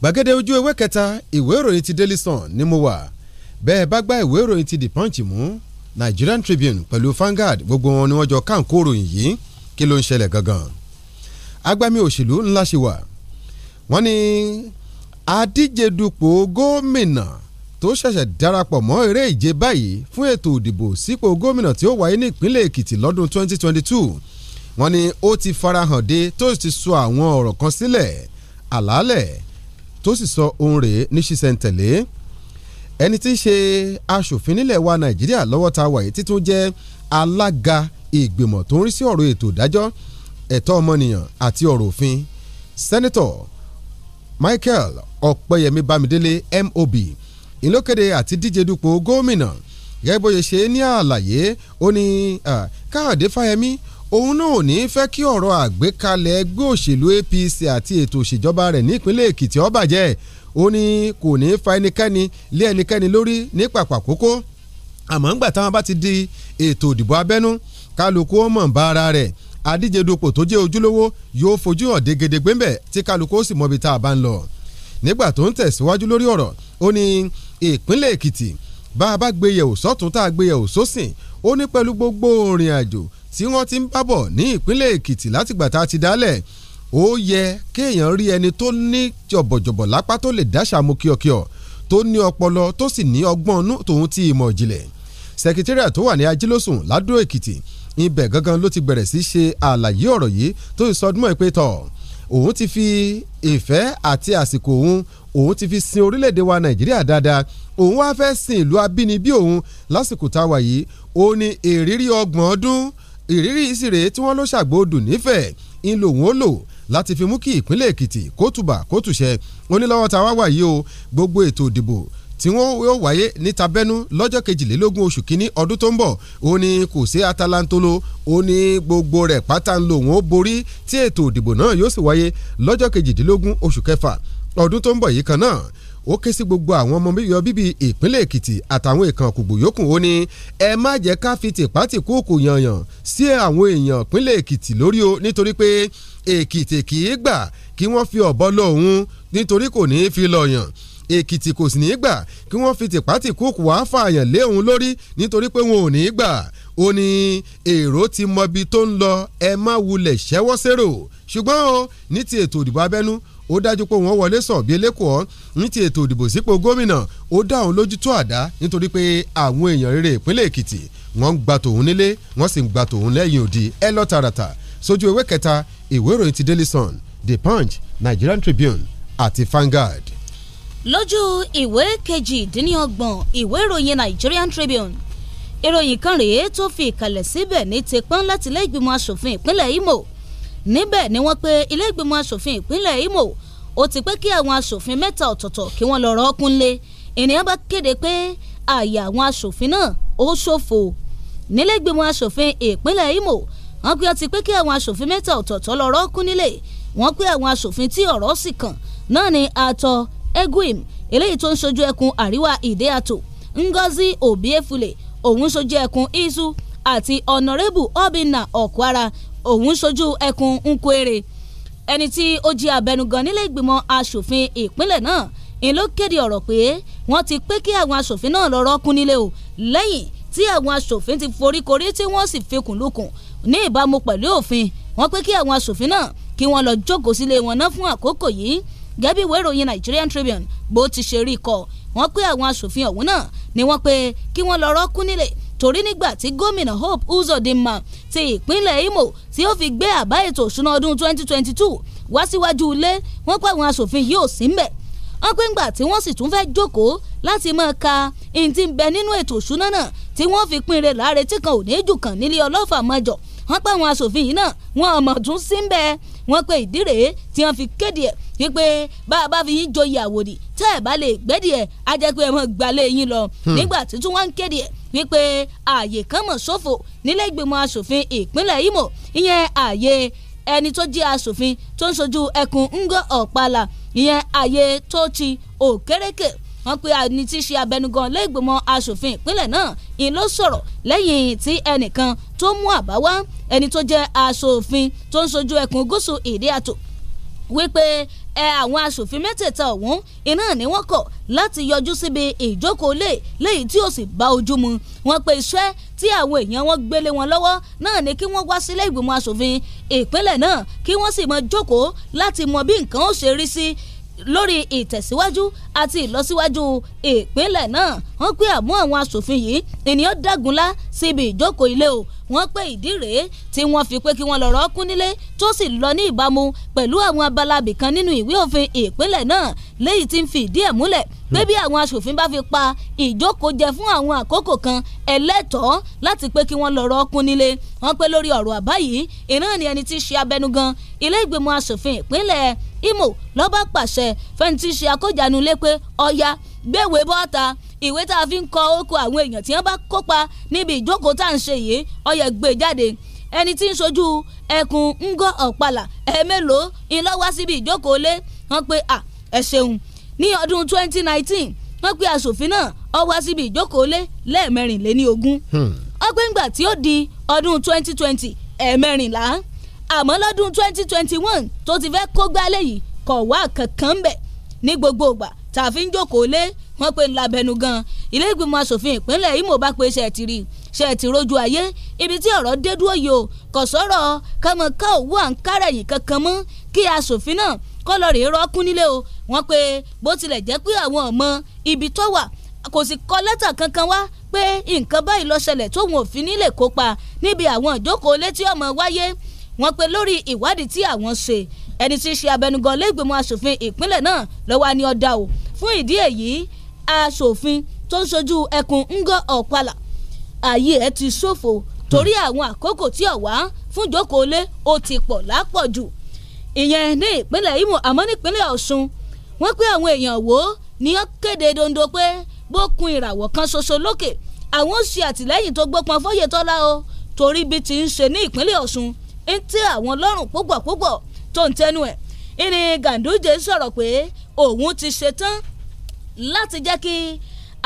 gbàgede ojú ewé kẹta ìwé ìròyìn ti Daily Sun ni mo wà bẹ́ẹ̀ bá gba ìwé ìròyìn ti The Punch mú Nigerian Tribune pẹ̀lú fangad gbogbo wọn ni wọ́n jọ káńkó ròyìn yìí kí ló ń ṣẹlẹ̀ gangan agbami òṣèlú ńlá ṣe wà wọ́n ní adíje gómìnà tó ṣẹ̀ṣẹ̀ darapọ̀ mọ́ eré ìje báyìí fún ètò òdìbò sípò gómìnà tí ó wáyé ní ìpínlẹ̀ Èkìtì lọ́dún 2022 wọ́n ní ó ti farahàn dé tó sì sọ àwọn ọ̀rọ̀ kan sílẹ̀ àlàálẹ̀ tó sì sọ ohun rèé ní ṣísẹ̀ntẹ̀lé ẹni tí í ṣe aṣòfin nílẹ̀ wa Nàìjíríà lọ́wọ́ ta wàyí títún jẹ́ alága ìgbìmọ̀ tó ń rí sí ọ̀rọ̀ ètò ìdájọ́ ẹ̀tọ́ ọmọnìyàn àti ọ̀rọ̀ òfin sẹ́nitọ̀ Michael Ọ̀pẹ́yẹmí Bámidélé MOB ìlókèdè àti díje dupò gómìnà gẹ́gẹ́ bó ṣe ṣe ní àlàyé ó ní káyọ̀dé fáyemí òun náà ò ní fẹ́ kí ọ̀rọ̀ àgbékalẹ̀ ẹgbẹ́ òṣèlú APC àti ètò òṣèjọba rẹ̀ nípínlẹ̀ èkìtì ó bàjẹ́ ó ní kò ní fa ẹnikẹ́ni lé ẹnikẹ́ni lórí ní pàpàkókó àmọ́ ńgbà táwọn bá ti di ètò òdìbò abẹ́nú kálukú ó mọ̀ bá ara rẹ̀ adíje dupò tó jẹ́ ojúlówó yóò fojú hàn dégedégbé ńbẹ̀ tí kálukú ó sì mọbi tá a bá ń lọ nígbà tó ń tẹ̀síwájú lórí ọ̀rọ̀ ó ní ìpínlẹ̀ Èkìtì bá a bá gbé yẹ̀wò sọ́tún tá a gbé yẹ̀wò sósìn ó ní pẹ̀lú gbogbo òrìn àjò tí wọ́n ti ń bábọ̀ ní ìpínlẹ̀ Èkìtì látìgbà tá a ti dálẹ̀ ó yẹ kéèyàn rí ẹni tó ní jọ̀bọ̀jọ̀bọ̀ lápá tó lè dáṣà mú kíọkíọ tó ní ọpọlọ tó sì ní ọgbọ́n inú tòun ti ìmọ̀ ìjìnlẹ̀ sẹkítẹ́rìà tó wà ní ajílósùn ládùúgbò Èkìtì ibẹ̀ gangan ló ti bẹ̀rẹ̀ sí ṣe àlàyé ọ̀rọ̀ yìí tó sì sọdúnmọ́ ìpè òun ti fi ìfẹ́ àti àsìkò òun òun ti fi sin orílẹ̀-èdè wa nàìjíríà dáadáa òun wá fẹ́ sin ìlú abínibí òun lásìkò táwa yìí ó ní ìrírí ọgbọ̀n ọdún ìrírí ìsirè tí wọ́n ló ṣàgbọ́dù nífẹ̀ẹ́ ń lòun ó lò láti fi mú kí ìpínlẹ̀ èkìtì kó tùbà kó tùṣẹ́ ó táwa wà yìí o gbogbo ètò ìdìbò tí wọ́n yóò wáyé níta bẹ́nú lọ́jọ́ kejìlélógún oṣù kínní ọdún tó ń bọ̀ ó ní kò sí atalantolo ó ní gbogbo rẹ̀ pátá ń lò wọ́n borí tí ètò ìdìbò náà yóò sì wáyé lọ́jọ́ kejìdínlógún oṣù kẹfà ọdún tó ń bọ̀ yìí kan náà ó ké sí gbogbo àwọn ọmọ yọ bíbí ìpínlẹ̀ èkìtì àtàwọn ìkànnì kògbò yòókù ó ní ẹ má jẹ́ ká fi tìpátìkú kò yànyàn sí àwọn èèyàn ìpínlẹ̀ èkìtì lórí o nítorí pé èkìtì kì í gbà kí wọ́n fi ọ̀bọ lọ òun nítorí kò ní í fi lọ yàn èkìtì kò sì ní í gbà kí wọ́n fi tìpátì kúùkù wá fààyàn lé òun lórí nítorí pé wọn ò ní í gbà ó ní èrò ti mọbi tó ń lọ ẹ má wulẹ̀ ṣẹ́wọ́ sérò ṣùgbọ́n o ní ti ètò ìdìbò abẹ́nú ó dájú pé wọ́n wọlé sọ̀ bí elékòó ní ti ètò ìdìbò sípò gómìnà ó dá òun lójú tó àdá nítorí pé àwọn èèyàn rere ìpínlẹ̀ èkìtì wọ́n ń gba tòun nílé wọ́n sì ń gba tòun lẹ́yìn òdì ẹ lọ tààràtà sójú ewé kẹta ìwé ìròyìn ti Daily Sun The Punch Nigerian Tribune àti Vanguard lójú ìwé kejìdínlọ́gbọ̀n ìwé ìròyìn Nigerian Tribune ìròyìn kan rèé tó fi ìkàlẹ̀ síbẹ̀ ní tipọ́n láti ilé ìgbìmọ̀ asòfin ìpínlẹ̀ Imo níbẹ̀ ni wọ́n pe ilé ìgbìmọ̀ asòfin ìpínlẹ̀ Imo ó ti pé kí àwọn asòfin mẹ́ta ọ̀tọ̀ọ̀tọ̀ kí wọ́n lọ́ọ́ rọ́ọ̀kúnlé ènìyàn bá kéde pé àyà àwọn asòfin náà ó ṣòfò nílé ìgbìmọ̀ asòfin ìpínlẹ̀ Imo wọ́n pe ó ti pé kí àwọn asòfin mẹ́ta ọ̀tọ̀ọ̀tọ̀ lọ́ọ́ rọ́ọ̀kún nílé wọ́n pe àwọn asòfin tí ọ̀rọ̀ sì kàn náà ni àtọ̀ Eguim eléyìí tó ń ṣojú ẹkùn àríwá ìdíyàtò Ngozi Obiefule òun ṣojú ẹkùn Isu àti ọ̀nàrẹ́bù Obinna Okwara òun ṣojú ẹkùn Nkwere ẹni tí ó jẹ́ abẹnugan nílé ìgbìmọ̀ asòfin ìpínlẹ̀ náà ń ló kéde ọ̀rọ̀ pé wọ́n ti pé kí àwọn asòfin náà lọ́rọ́ kún nílé o lẹ́yìn tí àwọn asòfin ti foríkorí tí wọ́n sì fikùn lukùn ní ìbámu pẹ̀lú òfin wọ́n pé kí àwọn asòfin náà kí wọ́n lọ jókòó sílé wọn ná fún àkókò yìí gẹ́bí ìwé ìròyìn Nigerian Tribune bó ti ṣe rí kọ wọ́n pé àwọn aṣòfin ọ̀hún náà ni wọ́n pé kí wọ́n lọ rọ́ọ̀kú nílẹ̀ torí nígbà tí gómìnà Hope Uzodinma ti ìpínlẹ̀ Imo tí ó fi gbé àbá ètò òṣùná ọdún 2022 wá síwájú ilé wọ́n pé àwọn aṣòfin yìí ò sí mbẹ̀ wọ́n pé ńgbà tí wọ́n sì tún fẹ́ jókòó láti máa ka ihun tí ń bẹ nínú ètò òṣùná náà tí wọ́n fi pín re láre tí kan ò ní jù kàn nílé ọlọ́fà mọ́jọ wọ́n pé àwọn aṣòfin yìí náà wọ́n ọmọ tún sí mbẹ̀ wọ́n pe ìdí rèé tí wọ́n fi kéde ẹ̀ wípé bá a bá fi yín joyè àwòdì tẹ́ ẹ̀ bá lè gbẹ́dì ẹ̀ á jẹ́ pé ẹ mọ̀ gbalẹ̀ yín lọ hmm. nígbà tí tún wọ́n ń kéde ẹ̀ wípé ààyè kan mọ̀ ṣòfò nílé ìgbìmọ̀ asòfin ìpínlẹ̀ Imo ìyẹn ààyè ẹni tó jẹ́ asòfin tó ń sojú ẹkùn Ngo Okpala ìyẹn ààyè tó ti Òkèrèkè wọ́n pe ẹni tí í ṣe abẹnugan lẹ́gbẹ̀mọ asòfin ìpínlẹ̀ náà ìn ló sọ̀rọ̀ lẹ́yìn tí ẹnìkan tó mú àbá wá ẹni tó jẹ́ asòfin tó ń sojú ẹkùn gúúsù ìdí àtò wípé ẹ àwọn asòfin mẹ́tẹ̀ẹ̀ta ọ̀hún iná ni wọ́n kọ̀ láti yọjú síbi ìjókòó lè léyìí tí ó sì bá ojú mu wọ́n pe iṣẹ́ tí àwọn èèyàn wọn gbélé wọn lọ́wọ́ náà ni kí wọ́n wá sílé ìgbìmọ̀ asòfin ìpínlẹ̀ náà kí wọ́n sì mọ jókòó láti mọ bí nǹkan ó ṣe rí sí lórí ìtẹ̀síwájú àti ìlọsíwájú ìpínlẹ̀ náà wọ́n pé àmú àwọn asòfin yìí ènìyàn dágunlá síbi ìjókòó ilé o wọ́n pé ìdí rèé tí wọ́n fi pé kí wọ́n lọ́rọ̀ kún nílé tó sì lọ ní ìbámu pẹ̀lú àwọn abala bìkan nínú ìwé òfin ìpínlẹ̀ náà léyìí tí ń fi ìdí ẹ̀ múlẹ̀ pé bí àwọn aṣòfin bá fi pa ìjókòó jẹ fún àwọn àkókò kan ẹlẹ́tọ̀ọ́ láti pé kí wọ́n lọ́ọ́ rọ́ọ̀kún nílé wọ́n pé lórí ọ̀rọ̀ àbá yìí ìran ni ẹni tí í ṣe abẹnugan ilé ìgbìmọ̀ aṣòfin ìpínlẹ̀ Imo ló bá pàṣẹ fẹ́ni tí í ṣe akójanu lé pé ọya gbéwèé bọ́ta ìwé tá a fi ń kọ oko àwọn èèyàn tí wọ́n bá kópa níbi ìjókòó tá à ń ṣe yìí ọyẹ gbé e jáde ẹni tí ń ṣojú ẹkùn Ngọ Ọ̀pálà ẹ̀ẹ́mẹ́lòó ńlọ́wá síbi ìjókòó lé wọ́n pé à ẹ ṣeun ní ọdún 2019 wọ́n pe aṣòfin náà ó wá síbi ìjókòó lé lẹ́ẹ̀mẹrin lé ní ogún ọgbẹ́ hmm. ńgbà tí ó di ọdún 2020 ẹ̀ẹ̀mẹrìnlá àmọ́ lọ́dún 2021 tó ti fẹ́ kó gbálẹ̀ yìí kò wá kankan bẹ̀ ní gbogbo ìgbà tààfin jókòó lé wọ́n pe ńlábẹ́nu gan ilé ìgbìmọ̀ aṣòfin ìpínlẹ̀ Imo bá pe ṣe ti rí ṣe ti rojú ayé ibi tí ọ̀rọ̀ dé yìí o kò sọ̀rọ̀ kọ́mọ òwú à ń kárẹ̀yìn kankan mọ́ kí aṣòfin náà kó lọ rèé rọ́ọ̀kún nílé o wọ́n pe bó tilẹ̀ jẹ́ pé àwọn ọmọ ibi tó wà kò sì kọ lẹ́tà kankan wá pé nǹkan báyìí ló ṣẹlẹ̀ tóun ò fi nílè kópa níbi àwọn ìjókòó létí ọmọ wáyé wọ́n pe lórí ìwádìí tí àwọn ṣe ẹni tí í ṣe abẹnugan lẹ́gbẹ̀mọ aṣòfin ìpínlẹ̀ náà lọ́wọ́ ni ọ̀dà o fún ìdí èyí aṣòfin tó ń ṣojú ẹkùn Ngọ̀ Ọ̀pálá ààyè ẹ ti ṣòfò torí àwọn àkókò tí ọ̀wá fún ìjókòó lé ó ti pọ̀ lápọ̀jù ìyẹn ní ìpínlẹ̀ Imo àmọ́ nípínlẹ̀ Ọ̀ṣun wọ́n pé àwọn èèyàn wo ó ní ó kéde dondo pé bókun ìràwọ̀ kan ṣoṣo lókè àwọn ó ṣe àtìlẹ́yìn tó gbópọn Fóyètọ́lá o torí bí ti ń ṣe ní ìpínlẹ̀ Ọ̀ṣun ń tẹ́ àwọn lọ́rùn púpọ̀púpọ̀ tó ń tẹnu ẹ̀ ìní Ganduje sọ̀rọ̀ pé òun ti ṣetán láti jẹ́ kí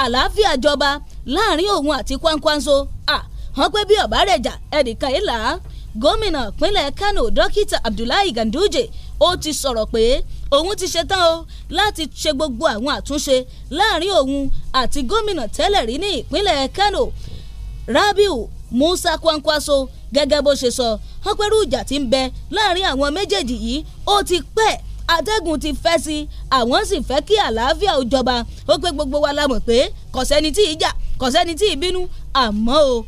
àlàáfíà jọba láàrin òun àti Kwankwanso à hàn pé bí ọ̀bá rẹ̀ jà ẹnìkan yìí là gómìnà pínlẹ̀ Kano dókítà Abdullahi Ganduje ó ti sọ̀rọ̀ pé òun ti ṣetán o láti ṣe gbogbo àwọn àtúnṣe láàrin òun àti gómìnà tẹ́lẹ̀ rí ní ìpínlẹ̀ Kano Rabiu Musa Kwankwaso gẹ́gẹ́ bó ṣe sọ wọ́n pẹ́rú ìjà tí ń bẹ láàrin àwọn méjèèjì yìí ó ti pẹ́ atẹ́gùn ti fẹ́ sí àwọn sì fẹ́ kí àlàáfíà ó jọba ó pé gbogbo wa la mọ̀ pé kò tí ì jà tí ì àmọ́ o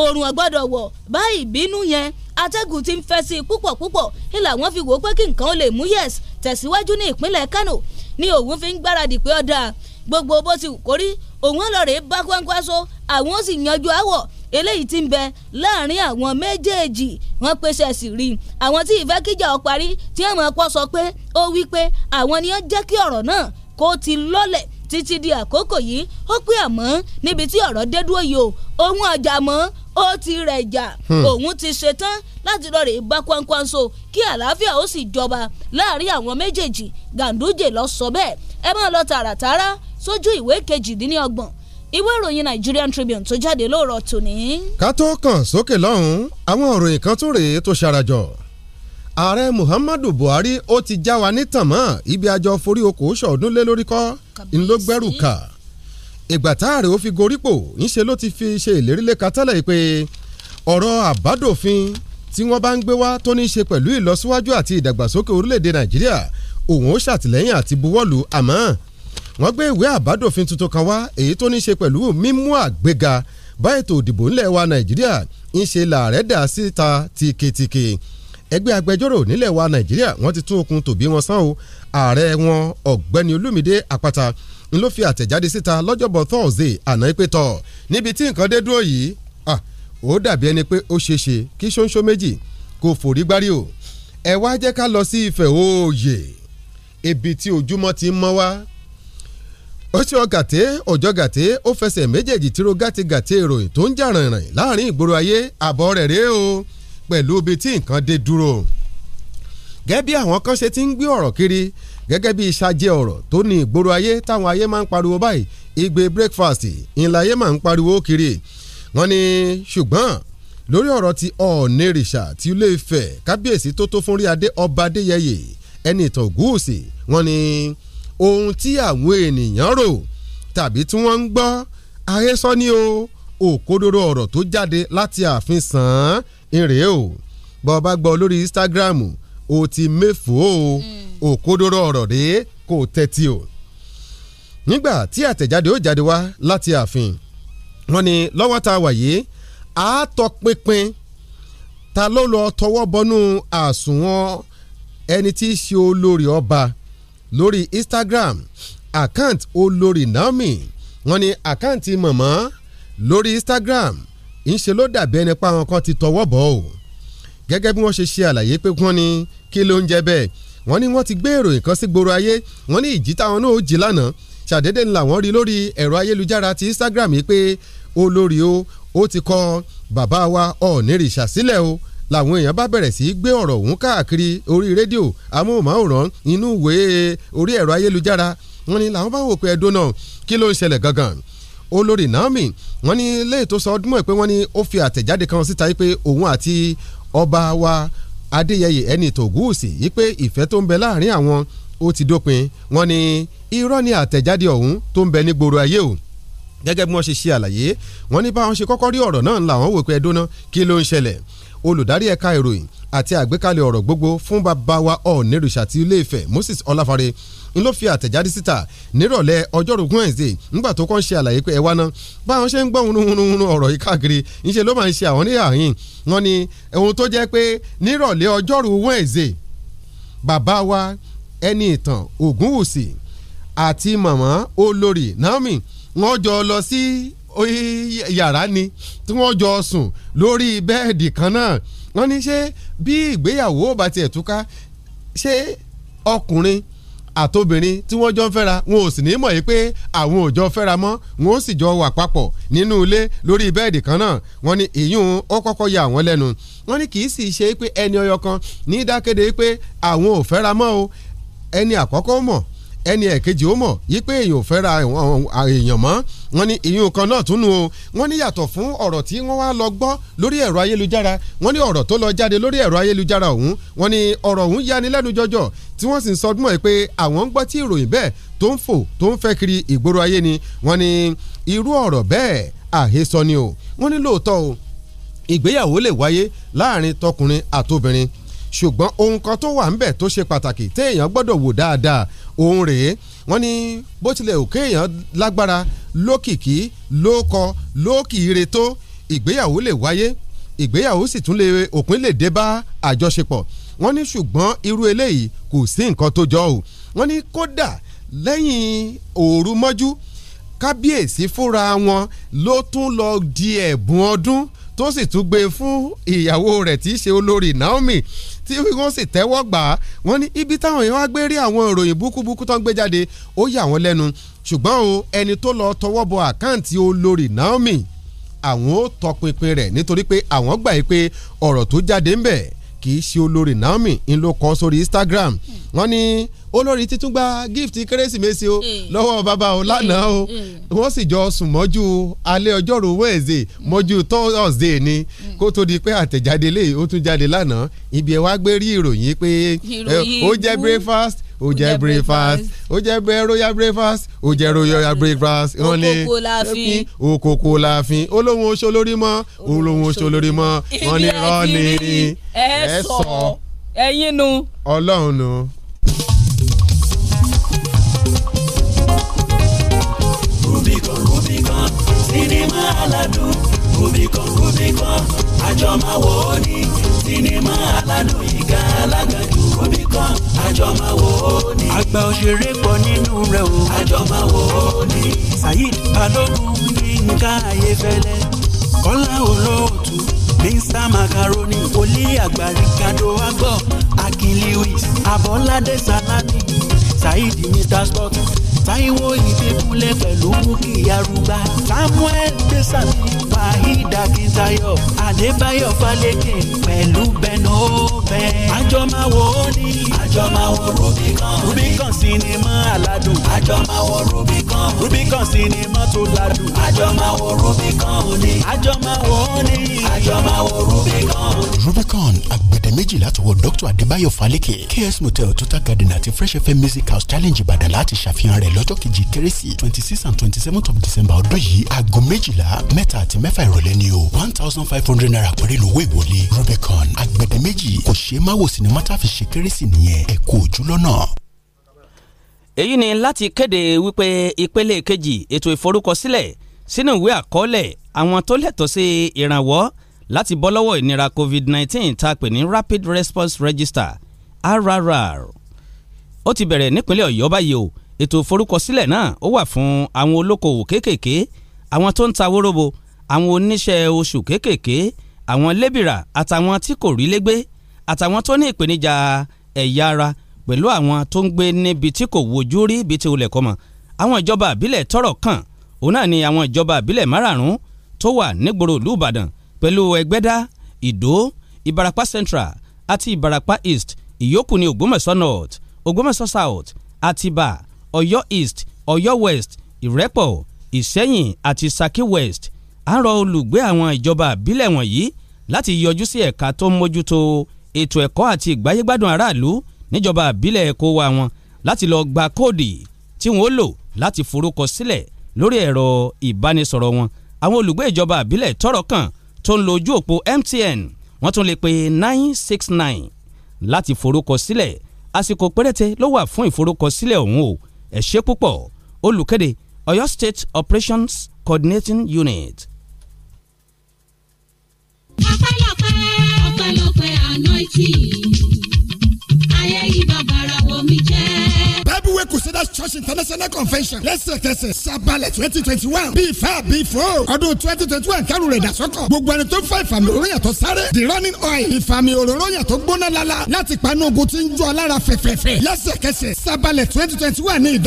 oòrùn àgbọ́dọ̀ wọ̀ báyìí ìbínú yẹn atẹ́gùn ti ń fẹ́ sí i púpọ̀ púpọ̀ ìlà wọn fi wò ó pé kí nǹkan ó lè mú yẹ̀s tẹ̀síwájú ní ìpínlẹ̀ Kano ni òun fi ń gbáradì pé ọ̀dà gbogbo bó ti kó rí òun ọlọ́rẹ̀ bá kwánkwaso àwọn ó sì yanjú àwọ̀ eléyìí ti ń bẹ láàrin àwọn méjèèjì wọn pèsè sí rí i àwọn tí ìfẹ́ kíjà ó parí tí àwọn ọkọ sọ pé ó wí pé àwọn ni ó jẹ́ kí ọ̀rọ̀ náà kó ti lọ́lẹ̀ títí di àkókò yìí ó pé àmọ́ níbi tí ọ̀rọ̀ dé dúró yìí o òun ọjà mọ́ ó ti rẹ̀ jà hmm. òun ti ṣetán láti lọ rè bá kwankwanso kí àlàáfíà ó sì jọba láàrin àwọn méjèèjì Ganduje lọ sọ bẹ́ẹ̀ ẹ máa lọ tààràtààrà sójú ìwé kejìdínlọ́gbọ̀n ìwé ìròyìn Nigerian Tribune tó jáde lóòrọ̀ tòní. ká tó kàn sókè lọ́hùn-ún àwọn òròyìn kan tó rèé tó ṣarajọ ààrẹ muhammadu buhari ó ti já wa nítàn mọ́ ibi àjọ forí okòó ṣọ̀ọ́dún lé lórí kọ́ ńlọgbẹ́rù kà ìgbà táàrẹ̀ ó fi gorípò ńṣe ló ti fi ṣe ìlérí lẹ́ka tẹ́lẹ̀ pé ọ̀rọ̀ àbádòfin tí wọ́n bá ń gbé wá tó ní í ṣe pẹ̀lú ìlọsíwájú àti ìdàgbàsókè orílẹ̀-èdè nàìjíríà òun ó ṣàtìlẹ́yìn àti buwọ́lù àmọ́ wọ́n gbé ìwé àbádòfin tuntun kan wá èyí tó ní í ṣe pẹ̀lú mímú àgbéga bá ètò òdìbò ńlẹ̀ wa nàìjíríà ńṣe làárẹ̀ dà síta tìkìtìkì ẹgbẹ́ agbẹjọ́rò nílẹ̀ wa nàìjíríà wọ́n ti tún okùn tòbí wọn sán o ààrẹ wọn ọ̀gbẹ́ni olúmídé àpáta ń ló fi àtẹ̀jáde síta lọ́jọ́bọ̀ thursday àná pé tọ̀ níbi tí nǹkan dé dúró yìí ó dàbí ẹni pé ó ṣeé ṣe kí ṣóńṣó méjì kò forí gbárí o ẹ wá jẹ́ ká lọ sí Ifẹ̀ òòyè ibi tí ojúmọ́ ti ń mọ́ wá ó ṣe ọ̀gàté ọ̀jọ́ gàté ó fẹsẹ̀ méjèèjì tíró gàtégàté ìròyìn tó ń jà rìnrìn láàrin ìgboro ayé àbọ̀ rẹ̀ rèé o pẹ̀lú ibi tí nǹkan dé dúró gẹ́gẹ́ bí àwọn kan ṣe ti ń gbé ọ̀rọ̀ kiri gẹ́gẹ́ bí ìṣàjẹ́ ọ̀rọ̀ tó ní ìgboro ayé táwọn ayé máa ń pariwo báyìí igbe breakfast ńlá ayé máa ń pariwo kiri wọ́n ní ṣùgbọ́n lórí ọ̀rọ̀ ti ọ̀nẹ́rìṣà ti ilé Ifẹ̀ kábíyèsí tó tó fún rí adé ọba adéyẹyè ẹni ìtàn gúúsì wọ́n ní ohun tí àwọn ènìyàn rò tàbí tí wọ́n ń gbọ́ ahésọ́ ni o òkodoro ọ̀rọ̀ tó jáde láti ààfin sàn án èrè o bọ́ ọ bá gbọ́ lórí Instagram o ti méfò o hmm. òkodoro ọ̀rọ̀ rèé kò tẹ́tí o. nígbà tí àtẹ̀jáde ó jáde wá láti ààfin wọ́n ní lọ́wọ́ tá a wà yìí a tọpinpin ta ló lọ tọwọ́ bọnú àsùnwọ̀n ẹni tí í ṣe olórí ọba lórí Instagram account olórí Naomi wọ́n ní àkáǹtì mọ̀mọ́ lórí Instagram ńṣe ló dàbí ẹni pa àwọn kan ti tọwọ́ bọ̀ o gẹ́gẹ́ bí wọ́n ṣe ṣe àlàyé pé wọ́n ní kí ló ń jẹ bẹ́ẹ̀ wọ́n ní wọ́n ti gbé ìròyìn kan sí gbòòrò ayé wọ́n ní ìjì táwọn náà ó jì lánàá ṣàdédé ni làwọn rí lórí ẹ̀rọ ayélujára ti Instagram yìí pé olórí o ó ti kọ bàbá wa ọ̀nìrìṣà sílẹ̀ o làwọn èèyàn bá bẹ̀rẹ̀ sí í gbé ọ̀rọ̀ ọ̀hún káàkiri orí rédíò amóhùnmáwòrán inú ìwé orí ẹ̀rọ ayélujára wọ́n ní làwọn bá wò pé ẹdún náà kí ló ń ṣẹlẹ̀ gangan olórí Naomi wọ́n ní ilé ètò sọ ọdún mọ̀ pé wọ́n ní ó fi àtẹ̀jáde kan síta yìí pé òun àti ọba wa Adéyẹyè ẹni tògúùsì yìí pé ìfẹ́ tó ń bẹ láàrin àwọn ó ti dópin wọ́n ní irọ́ ni àtẹ̀jáde ọ̀hún tó ń bẹ ní gbòòrò ayé o gẹ́gẹ́ bí wọ́n ṣe ṣe àlàyé wọ́n ní báwọn ṣe kọ́kọ́ rí ọ̀rọ̀ náà làwọn wò pé ẹdóná kí ló ń ṣẹlẹ̀ olùdarí ẹ̀ka ìròyìn àti àgbékalẹ̀ ọ̀rọ̀ gbogbo fún bàbá wa ọ̀nẹ́rùsà ti Ilé-Ifẹ̀ Moses Ọláfárẹ́ n ló fi àtẹ̀jáde síta nírọ̀lẹ́ ọjọ́rú Wednesday nígbà tó kàn ṣe àlàyé pé ẹ wá ná báwọn ṣe ń gbọ́ hunrunhunrun ọ̀rọ̀ yìí káàkiri ńṣe ló máa ń ṣe àwọn ní àyìn wọn ni ohun tó jẹ́ pé nírọ̀lẹ́ ọjọ́rú Wednesday bàbá wa ẹni ìtàn Ògúnwùsì àti màmá olórí Naomi wọ́n jọ lọ sí yàrá ni tí wọ́n jọ sùn lórí bẹ́ẹ̀dì kan náà wọ́n ní ṣé bí ìgbéyàwó bá tiẹ̀ túká ṣé ọkùnrin àtobìnrin tí wọ́n jọ ń fẹ́ra wọn ò sì ní mọ̀ yìí pé àwọn ò jọ fẹ́ra mọ́ wọn ò sì jọ wà papọ̀ nínú ilé lórí bẹ́ẹ̀dì kan náà wọ́n ni èyún ó kọ́kọ́ ya àwọn lẹ́nu wọ́n ní kì í sì ṣe pé ẹni ọyọ kan ní dákéde pé àwọn ò fẹ́ra mọ́ o ẹni àkọ́kọ́ mọ̀ ẹni ẹ̀kejì ó mọ̀ yí pé èèyàn ò fẹ́ ra èèyàn mọ́ wọ́n ní ìyún kan náà tún nu o wọ́n ní yàtọ̀ fún ọ̀rọ̀ tí wọ́n wá lọ gbọ́ lórí ẹ̀rọ ayélujára wọ́n ní ọ̀rọ̀ tó lọ jáde lórí ẹ̀rọ ayélujára ọ̀hún wọ́n ní ọ̀rọ̀ ọ̀hún yani lẹ́nu jọjọ tí wọ́n sì ń sọdún ẹ̀ pé àwọn ń gbọ́ tí ìròyìn bẹ́ẹ̀ tó ń fò tó ń fẹ́ kiri ìgboro ayé ni wọ́n ní irú ọ̀rọ̀ bẹ́ẹ̀ àhesọ ni o wọ́n ní lóòótọ́ o ìgbéyàwó lè wáyé láàrin tọkùnrin àtobìnrin ṣùgbọ́n ohun kan tó wà ńbẹ̀ tó ṣe pàtàkì téèyàn gbọ́dọ̀ wò dáadáa òun rèé wọ́n ní bó tilẹ̀ òkè èèyàn lágbára lókìkí lókọ lókìire tó ìgbéyàwó lè wáyé ìgbéyàwó sì tún lè òpin lè dé bá àjọṣepọ̀ wọ́n ní ṣùgbọ́n irú eléyìí kò sí nǹkan tó jọ o wọ́n ní kódà lẹ́yìn òru mọ́jú kábíyèsí fúnra wọn ló tún lọ di ẹ̀bùn ọdún tó sì tún gbé fún ìyàwó rẹ̀ tí í ṣe olórí Naomi tí wọ́n sì tẹ́wọ́ gbà á wọ́n ní ibi táwọn yẹn wá gbé rí àwọn ìròyìn búkúbúkú tó ń gbé jáde ó yà wọ́n lẹ́nu ṣùgbọ́n o ẹni tó lọ tọwọ́ bọ àkáǹtì olórí Naomi àwọn ó tọpinpin rẹ̀ nítorí pé àwọn gbà yìí pé ọ̀rọ̀ tó jáde ń bẹ̀ kì í ṣe olórí Naomi ń ló kọ sórí Instagram hmm. wọ́n ní olórí títún gba gift kérésìmesì o hmm. lọ́wọ́ bàbá o lánàá o hmm. wọ́n sì jọ sùn mọ́jú alẹ́ ọjọ́rú Wednesday mọ́jú Thursday ni kó tó di pé àtẹ̀jáde lè ó tún jáde lánàá ibi ẹ̀ wá gbé rí ìròyìn pé ó jẹ́ breakfast ó jẹ́ breakfast ó jẹ́ royal breakfast ó jẹ́ royal breakfast. okoko láàfin okoko láàfin olóhùn oṣó lórí mọ́ olóhùn oṣó lórí mọ́ wọ́n ní rọ́ọ̀nì ẹ sọ ẹyin nu ọlọ́run nu. Rubicon Rubicon sinimá aládùn Rubicon Rubicon àjọmáwo ni sinimá aládùn ìgá alágbàjú omi kan àjọ máa wò ó ní. àgbà òṣèré pọ̀ nínú rẹ̀ o. àjọ máa wò ó ní. Saheed Balogun Yinka Ayefẹlẹ Kọ́lá Olóòtú Mr Macaroni Wòlíì àgbà Ricardo Agbo Akin Lewis Abọ́ládé Salami Saheed Mr Sport Táíwò Ìdẹ́kunlé pẹ̀lú Múkì Yarúbá Samuel Gbèsàmí Fahid Akíntayọ̀ Adébáyọ̀ Fálékè pẹ̀lú Beno fẹ́. àjọ máa wo ó ní. àjọ máa wo Rubicon. Rubicon sinimá aládùn. àjọ máa wo Rubicon. Rubicon sinimá tó ládùn. àjọ máa wo Rubicon ní. àjọ máa wo ó ní. àjọ máa wo Rubicon. Rubicon àgbẹ̀dẹ̀méjì láti wo Dr. Adébáyọ̀ Fálékè KS Motel Total Garden àti Fresh FM Music House Challenge Ìbàdàn láti ṣàfihàn rẹ̀ lọ́jọ́ kejì kérésì twenty six and twenty seven of December ọdún yìí aago méjìlá mẹ́ta àti mẹ́fà ìrọ̀lẹ́ ni o one thousand five hundred naira pẹ̀lú ìlú owó ìwọlé Rubicon àgbẹ̀dẹ̀méjì kò ṣ àṣemáwò sinimá tá a fi ṣe kérésì nìyẹn ẹ kú ojú lọ́nà. èyí ni láti kéde wípé ìpele kejì ètò ìforúkọsílẹ̀ sínú ìwé àkọọ́lẹ̀ àwọn tó lẹ́tọ̀ọ́ sí ìrànwọ́ láti bọ́ lọ́wọ́ ìnira covid-19 tá pè ní rapid response register rrr ó ti bẹ̀rẹ̀ nípínlẹ̀ ọ̀yọ́ báyìí o ètò ìforúkọsílẹ̀ náà ó wà fún àwọn olókoòwò kéékèèké àwọn tó ń ta wóróbo àwọn oníṣẹ́ oṣù kéékèèké àwọn lébìrà àtàwọn tí kò rí légbé àtàwọn tó ní ìpèníjà ẹ̀yà ara pẹ̀lú àwọn tó ń gbé níbi tí kò wojú rí ibi tí olè kọ́ mọ̀ àwọn ìjọba àbílẹ̀ tọ́rọ̀ kàn òun náà ni àwọn ìjọba àbílẹ̀ márààrún tó wà nígboro ìlú Ìbàdàn pẹ̀lú Ẹgbẹ́dá Ìdó Ìbàràpá Central àti Ìbàràpá East ìyókù ni Ògbómọ̀ṣọ́ North Ògbómọ̀ṣọ́ South Àtìbà Ọ̀yọ́ East Ọ̀yọ́ West Ìrẹ́pọ̀ Ìṣẹ̀yìn àti Ṣakí West à ń rọ olùgbé àwọn ìjọba àbílẹ̀ wọ̀nyí láti yọjú sí ẹ̀ka tó ń mójútó ètò ẹ̀kọ́ àti ìgbáyégbádùn aráàlú níjọba àbílẹ̀ èkó wa wọn láti lọ gba kóòdì tí wọ́n lò láti forúkọ sílẹ̀ lórí ẹ̀rọ ìbánisọ̀rọ̀ wọn àwọn olùgbé ìjọba àbílẹ̀ tọ́rọ̀ kàn tó ń lo ojú òpó MTN wọ́n tún lè pe nine six nine láti forúkọ sílẹ̀ àsìkò péréte ló wà fún ìforúkọsílẹ̀ ọ̀hún o ẹ ṣé púpọ̀ olùkéde Ọ̀yọ́ State Operations Coordinating Unit ọpẹ́lọpẹ́ anointing bible way church international convention lẹ́sẹ̀kẹsẹ̀ sábàlẹ̀ twenty twenty one bíi fà bíi fò ọdún twenty twenty one kẹrù rẹ̀ dàsọ́kọ̀ gbogbo ẹni tó fà ìfàmì òróró yàtọ̀ sáré the running oil ìfàmì òróró yàtọ̀ gbóná lala láti panu ogun tí ń jó alára fẹ̀fẹ̀fẹ̀ lẹ́sẹ̀kẹsẹ̀ sábàlẹ̀ twenty twenty one ní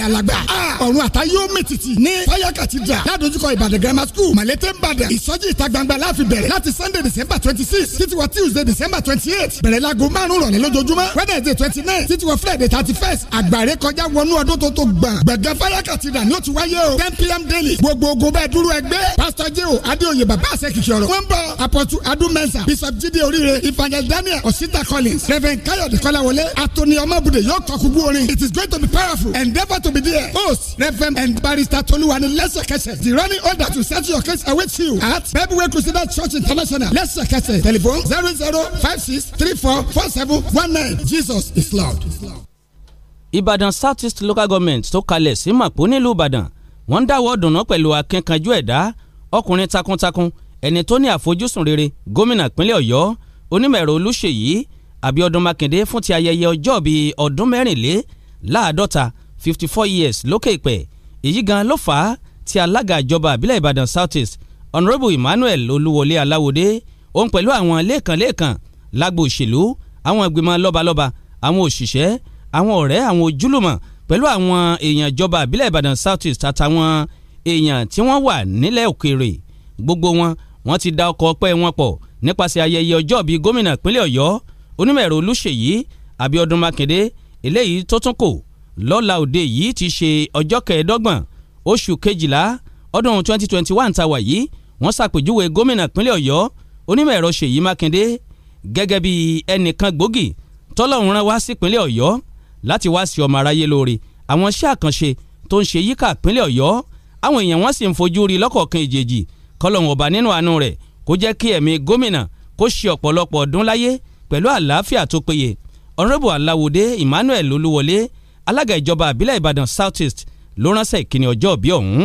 alagba. alàgbà ọ̀run àtà yóò mìtìtì ní fire cathedral ládojúkọ ìbàdàn grammar school màlété ìbàdàn ìsọjí ìta gbangba láàfin bẹ̀rẹ̀ sunday december twenty six tuesday december twenty eight bẹ̀rẹ̀ láago márùn wednesday twenty nine títí wọ friday thirty first àgbàre kọjá wọnú ọdún tó tó gbà gbẹ̀gẹ́ fire cathedral ni ó ti wáyé o ten pm daily gbogbo ogun bẹ́ẹ̀ dúró ẹgbẹ́ pastor jeo adéoyè bàbá àṣẹ kìkì ọ̀rọ̀ wọ́n ń bọ̀ apọ̀tù adúmẹ́sà bishop jíde oríire evangelist daniel osita collins reverend kayode kọ́láwọlé atoni ọmọbùdè yóò kọ́kú bú orin it is going to be powerful endeavour to be there host reverend and barrister toluwani lẹ́sẹ̀kẹsẹ̀ the running order to set your case awaits you at bible crusader church international lẹ́sẹ̀kẹsẹ̀ telephone zero zero five six three four four seven one nine Jesus is loud. Ìbàdàn South East Local Government tó kalẹ̀ sí Màpó nílùú Ìbàdàn wọ́n ń dáwọ́ dùnà pẹ̀lú akínkanjú ẹ̀dá ọkùnrin takuntakun ẹni tó ní àfojúsùn rere gómìnà ìpínlẹ̀ Ọ̀yọ́ onímọ̀ẹ̀rọ Olúṣèyí Abíọ́dún Mákindé fún ti ayẹyẹ ọjọ́ bíi ọdún mẹ́rìnlé láàdọ́ta fifty four years lókè ìpẹ́ èyí gan ló fà á tí alága ìjọba àbílẹ̀ Ìbàdàn South Honourable Emmanuel Olúwọlé Aláwọdé òun pẹ̀lú àwọn lẹ́ẹ̀kan lẹ́ẹ̀kan lágbo òṣèlú àwọn ìgbìmọ̀ lọ́balọ́ba àwọn òṣìṣẹ́ àwọn ọ̀rẹ́ àwọn ojúlùmọ̀ pẹ̀lú àwọn èèyàn ìjọba àbílẹ̀ Ìbàdàn South East àtàwọn èèyàn tí wọ́n wà nílẹ̀ òkèèrè gbogbo wọn wọ́n ti da ọkọ̀ ọpẹ́ wọn pọ̀ nípasẹ̀ ayẹyẹ ọjọ́ bíi gómìnà ìpínlẹ̀ Ọ̀yọ́ onímọ̀ẹ̀rọ Olúṣèyí Abíọ́dún Mákindé eléyìí tó tún kò lọ́la òde yìí ti ṣe ọjọ́ kẹẹ̀ẹ́dọ́gbọ̀n oṣù kejìlá ọdún 2021 tàwa Mákindé gẹ́gẹ́ bí ẹnìkan gbòógì tọ́lọ́run rán wá sípínlẹ̀ ọ̀yọ́ láti wá sí ọmọ aráyé lóore àwọn iṣẹ́ àkànṣe tó ń ṣe yíká ìpínlẹ̀ ọ̀yọ́ àwọn èèyàn wọn sì ń fojú rí lọ́kọ̀ọ̀kan ìjèjì kọ́lọ́run ọba nínú àánú rẹ̀ kó jẹ́ kí ẹ̀mí gómìnà kó ṣe ọ̀pọ̀lọpọ̀ ọdún láyé pẹ̀lú àlàáfíà tó péye ọ̀rẹ́bù aláwòdé Emmanuel olúwọlé alága ìjọba àbílẹ̀ ìbàdàn south east ló ránṣẹ́ ìkíni ọjọ́ òbí ọ̀hún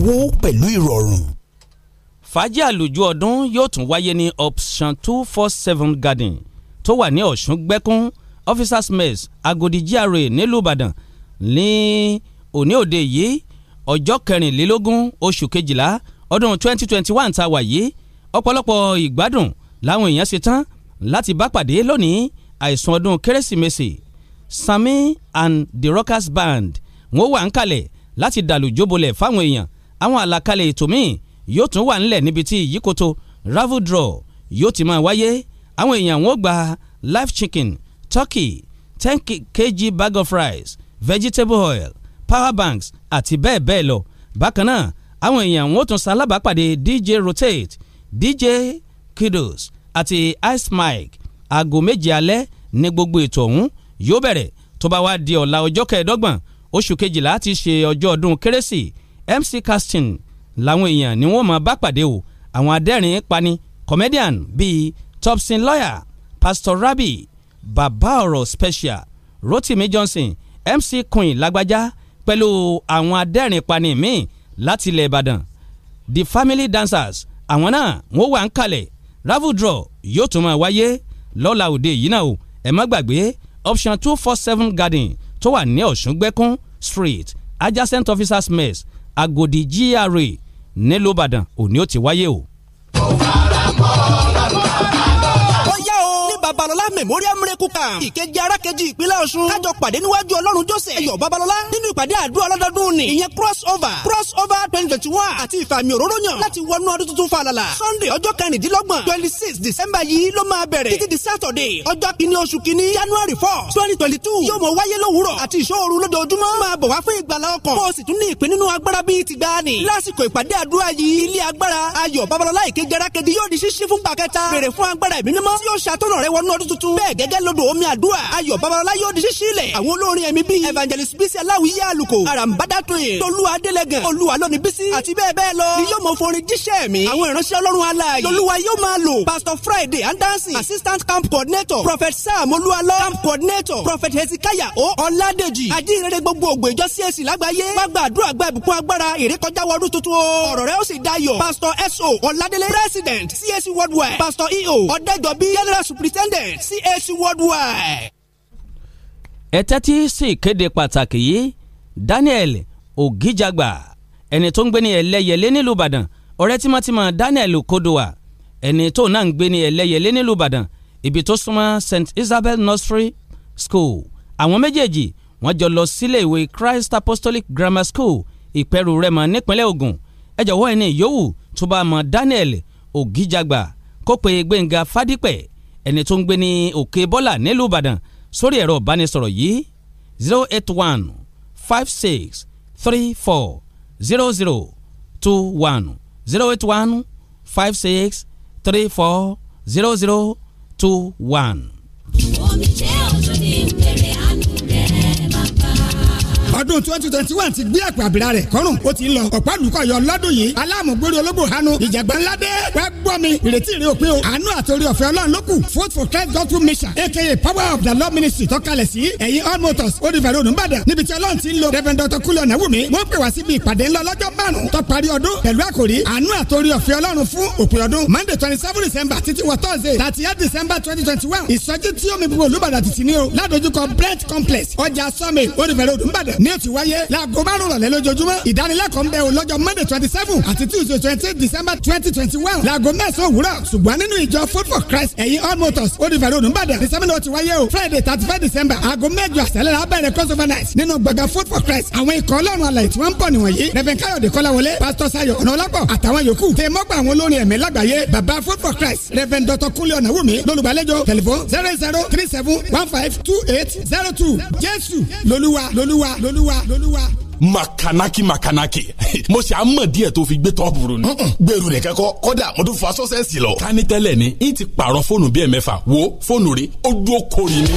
owó pẹ̀lú ìrọ̀rùn. fàájì àlùjù ọdún yóò tún wáyé ní option two four seven garden tó wà ní ọ̀ṣun gbẹ́kún officers mess agodi gra nílùú ìbàdàn ní òní òde yìí ọjọ́ kẹrìnlélógún oṣù kejìlá ọdún twenty twenty one tá a wà yìí ọ̀pọ̀lọpọ̀ ìgbádùn làwọn èèyàn ṣe tán láti bá pàdé lónìí àìsùn ọdún kérésìmesì Sammy and the Rockers Band wọ́n wà ń kalẹ̀ láti dàlú jóbolẹ̀ fáwọn èèyàn àwọn àlàkalẹ̀ ètò míì yóò tún wà nílẹ̀ níbi tí ìyíkoto ravel draw yóò ti máa wáyé àwọn èèyàn wọn gba live chicken turkey ten kg bag of rice vegetable oil power banks àti bẹ́ẹ̀ bẹ́ẹ̀ lọ bákan náà àwọn èèyàn wọn tún ṣalábàápàdé dj rotate dj kiddos àti ice mike aago méje alẹ́ ní gbogbo ètò ọ̀hún yóò bẹ̀rẹ̀ tó bá wá di ọ̀la ọjọ́ kẹẹ̀ẹ́dọ́gbọ̀n oṣù kejìlá ti ṣe ọjọ́ ọdún kérésì MC Casting làwọn èèyàn ni wọ́n máa bá pàdé o àwọn adẹ́rìn pani comedian bíi Topsin Lawyer Pastor Rabbi. bàbá ọ̀rọ̀ special Rotimi Johnson MC Queen lágbájá pẹ̀lú àwọn adẹ́rìn pani míì láti ilẹ̀ Ìbàdàn the family dancers àwọn náà wọ́n wà ń kalẹ̀ ravel draw yóò tún máa wáyé lọ́la òde yìí náà o ẹ má gbàgbé option two four seven garden tó wà ní ọ̀ṣungbẹ́kún street adjacent officers mess Agodi GRA nílùú Ìbàdàn òní ó ti wáyé o. babalọla memorial miracle camp ìkejì arákejì ìpínlẹ̀ ọ̀ṣun kájọ pàdé níwájú ọlọ́run jọ́sẹ̀ ẹ̀yọ̀ babalọla nínú ìpàdé àdúrà ọlọ́dọọdún ni ìyẹn cross over cross over twenty twenty one àti ìfàmì òróró yàn láti wọnú ọdún tuntun falala sunday ọjọ́ kẹrìndínlọ́gbọ̀n twenty six december yìí ló máa bẹ̀rẹ̀ títí di saturday ọjọ́ kìíní oṣù kìíní january four twenty twenty two yóò mọ wáyé lówùrọ̀ àti ìṣòro lójoojúmọ́ máa bọ̀ wá fún ìgbàlá ọkàn kó o sì tún ní ìpín nínú agbára bíi ti gbani lásìkò ìpàdé àdúrà yìí ilé agbára ayọ̀ babalọla ìkejì arákejì yóò di ṣíṣí fún pàkẹ́ta béèrè fún agbára ìbínú mọ́ tí yóò ṣàtúnọ̀ rẹ wọnú ọdún tuntun. bẹ́ẹ̀ gẹ́gẹ́ lodò omi àdúrà ayọ̀ babalọla yóò di ṣíṣí lẹ̀. àwọn olórin ẹ̀mí bíi evangelist bisi aláwìyé àlùkò arambadatoye tolu adelegan olúwa lóni bisi àti bẹ́ẹ̀ bẹ́ẹ̀ lọ. ni yóò mọ forin jíṣẹ́ mi. àwọn ìránṣẹ́ ọlọ́run aláàyè lolúwa yóò máa lò. pastor friday andansi assistant camp coordinator prophet sam olúwalọ camp coordinator prophet hezekiah o ọládèjì ajínrere gbogbo ògbó ìjọ csc lágbàáyé wá gba àdúrà gba ìbùkún pastor so ọládélé president csc worldwide pastor eo ọ̀dẹ́jọ́bí general superintendent CAC worldwide. ẹ tẹ́tí sí ìkéde pàtàkì yìí Daniel Ògìjàgbà ẹni tó ń gbé ní ẹlẹ́yẹlé nílùú Ìbàdàn ọ̀rẹ́ tímọ́tímọ́ Daniel Kodowa ẹni tó náà ń gbé ní ẹlẹ́yẹlé nílùú Ìbàdàn ibi tó súnmọ́ St Isabel Nursery School àwọn méjèèjì wọ́n jọ lọ sílé ìwé Christ Apostolic Grammar School ìpẹ̀rù rẹ̀mọ nípínlẹ̀ ogun. ẹ jọ̀wọ́ ẹni yòówù tó bá mọ Daniel Ògìjàgbà kó pe Gbénga Fádípẹ̀ ẹni tó ń gbé ní òkè bọ́là nílùú ìbàdàn sórí ẹ̀rọ ìbánisọ̀rọ̀ yìí zero eight one five six three four zero zero two one zero eight one five six three four zero zero two one. ọdún twenty twenty one ti gbé àpò àbílà rẹ̀ kọ́rùn ó ti ń lọ ọ̀pá àlùkọ́yọ lọ́dún yìí aláàmúgbórí ológbò hanu ìjàgbá ńlá dé wẹ́ gbọ́ mi ìrètí rẹ òpin o àánú àtòrí ọ̀fẹ́ ọlọ́run ló kù food for christ gospel mission aka power of the lord ministry tọ́kalẹ̀ sí ẹ̀yìn all motors olùfẹ́ road nìbàdàn níbi tí ọlọ́run ti ń lo reverend dr kúlẹ̀ ọ̀nàwùmí wọ́n pè wá síbi ìpàdé ńlọ lọ́jọ́ márùn-ún tó parí ọdún pẹ̀lú àkòrí àánú àtòrí ọ̀fẹ́ ọlọ́run fún monday twenty december títí wọ thursday december twenty twenty one ìsọjí tí omi gbogbo olùbàdàn ti ti ní o complex ọjà sọ́mi olùfẹ́ road yóò ti wáyé láago márùn rọ̀lẹ́ lójoojúmọ́ ìdánilẹ́kọ̀ọ́ ń bẹ o lọ́jọ́ monday twenty seven àti tuesday twenty eight december twenty twenty one láago mẹ́sàn-án òwúrọ̀ ṣùgbọ́n nínú ìjọ food for christ ẹ̀yìn all motors olùfẹ̀rẹ̀ olùbàdàn december ti wáyé o friday thirty five december aago mẹ́jọ àṣálẹ́ la bẹ̀rẹ̀ cross over night nínú gbọ̀ngàn food for christ àwọn ikọ̀ ọlọ́run alàyè tí wọ́n ń bọ̀ nìwọ̀nyí reverend káyọ̀dé kọ́láwọlé pastor sayo ọ̀nàọ́lápọ̀ àtàwọn yòókù tẹ mọ́gbà àwọn olórin ẹ̀mí lágbàáyé baba food for christ reverend dr kúnlé ọ̀nàwùmí lọ́lùbàlẹ́jọ́ tẹlifon zero zero three seven one five two eight zero two jésù lolúwa lolúwa lolúwa lolúwa lolúwa makanaki makanaki mo ṣe àmọ̀ díẹ̀ tó fi gbé tọ́pù rò ni. gbèrú nìkan kọ kọ́dà mo tún fọ aṣọ sẹ́ẹ̀sì lọ. kání tẹ́lẹ̀ ni n ti pààrọ̀ fóònù bíi ẹ̀mẹ́fà wo fóònù rí ó dúró kori ni.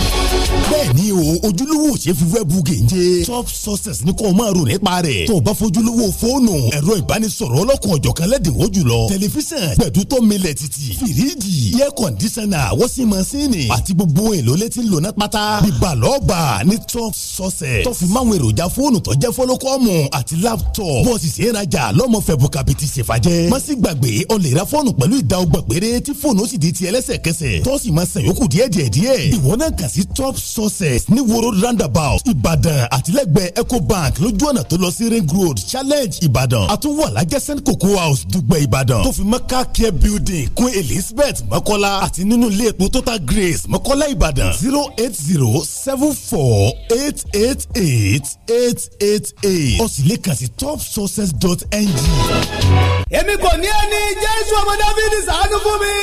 bẹ́ẹ̀ni o ojúlówó ṣe fífẹ́ bu gèje top success ní kò máa rò nípa rẹ̀ tó o bá fojúlówó fóònù ẹ̀rọ ìbánisọ̀rọ̀ ọlọ́kùn ọ̀jọ̀kan lẹ́dínwó jùlọ tẹlifíṣàn gbẹ̀dútọ́ milẹ̀ títì fìríjì air conditioner wọ́sí masínì àti gbogbo èlò létí lónà pátá bíbalọ́ọ̀bà ní top success tó fi máwọn èròjà fóònù tó jẹ́ fọ́lọ́ kọ́mù àti laptop bọ́ọ̀sì sì ń rajà lọ́mọ fẹ̀bù kàbìtì ṣèfàjẹ́ má sì gbàgbé ọ lè ra fọ́ọ̀nù pẹ̀lú ìdá ọgbà péré tí fóònù ó sì di tiẹ̀ lẹ́sẹ̀kẹsẹ̀ tọ́sí máa san yòókù díẹ̀ díẹ̀ díẹ̀ ìwọ náà kàn sí top sources ní woro roundabout ìbàdàn àtìlẹ́gbẹ̀ẹ́ ecobank lójú ọ̀nà tó lọ sí ring road challenge ìbàdàn àtúwọ̀ alájẹsẹ́ni Coco house dùgbẹ̀ ìbàdàn tó fi mẹ́ka care building kún elizabeth mọ́kọ́lá àti nínú ilé epo total grace mọ́kọ́lá ìbàdàn zero eight zero seven four eight eight eight eight eight eight o sì lè kàn sí topsources.ng. èmi kò ní ẹni jésù ọmọ dáfídì ṣàánú fún mi.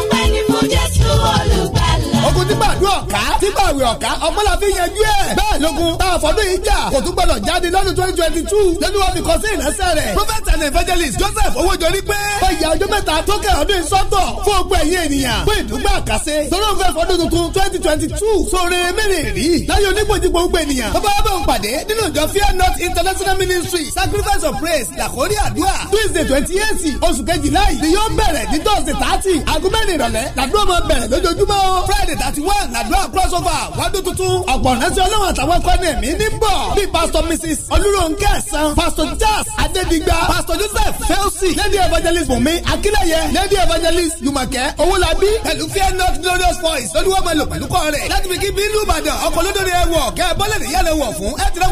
ọpẹ́ ni fún jésù olùkọ́ ogun tí gbàdúrà ọ̀ká tí gbàwé ọ̀ká ọmọlá fi yanjú ẹ̀. bẹ́ẹ̀ lógun tá a fọdún yìí jà kò tún gbọdọ̀ jáde lọ́dún twenty twenty two lẹ́nu wọn fi kọ sí ìrẹsẹ̀ rẹ̀. prophet and evangelist joseph owójorí pé. ó yà ọjọ́ mẹ́ta tó kẹ́ ọdún sọ́tọ̀ fún ogun ẹ̀yìn ènìyàn fún ìdúgbò àkàṣe tọ́lọ́ fẹ́ fọdún tuntun twenty twenty two sóore mẹ́rẹ̀ẹ̀rì láyé onígbòjìgbò gbogbo ènìyàn. bàbá bá ń pàdé nínú ìjọ fear not international ministry sacrifice of praise làkórí àdúrà tuesday twenty eight oṣù kejìlá yìí ni yóò bẹ̀rẹ̀ ní thursday thirty agunmẹ́rin ìrọ̀lẹ́ làdúrà máa bẹ̀rẹ̀ lójoojúmọ́ friday friday thirty one làdúrà crossover wádùn tuntun ọ̀pọ̀ ránṣẹ́ ọlọ́run àtàwọn ẹ̀kọ́ ní ẹ̀mí ní ń bọ̀ bí pastor mrs olúrónkẹ́ san pastor jazz adédigba pastor joseph felsi lady evangelist bùnmi akínlẹ̀yẹ lady evangelist jumoke owólabí pẹ̀lú fear not glorious voice olúwọ́mọlò pẹ̀lú kọ́ọ̀rẹ́ láti fi kí bínú ìbàdàn ọkọ̀ lódò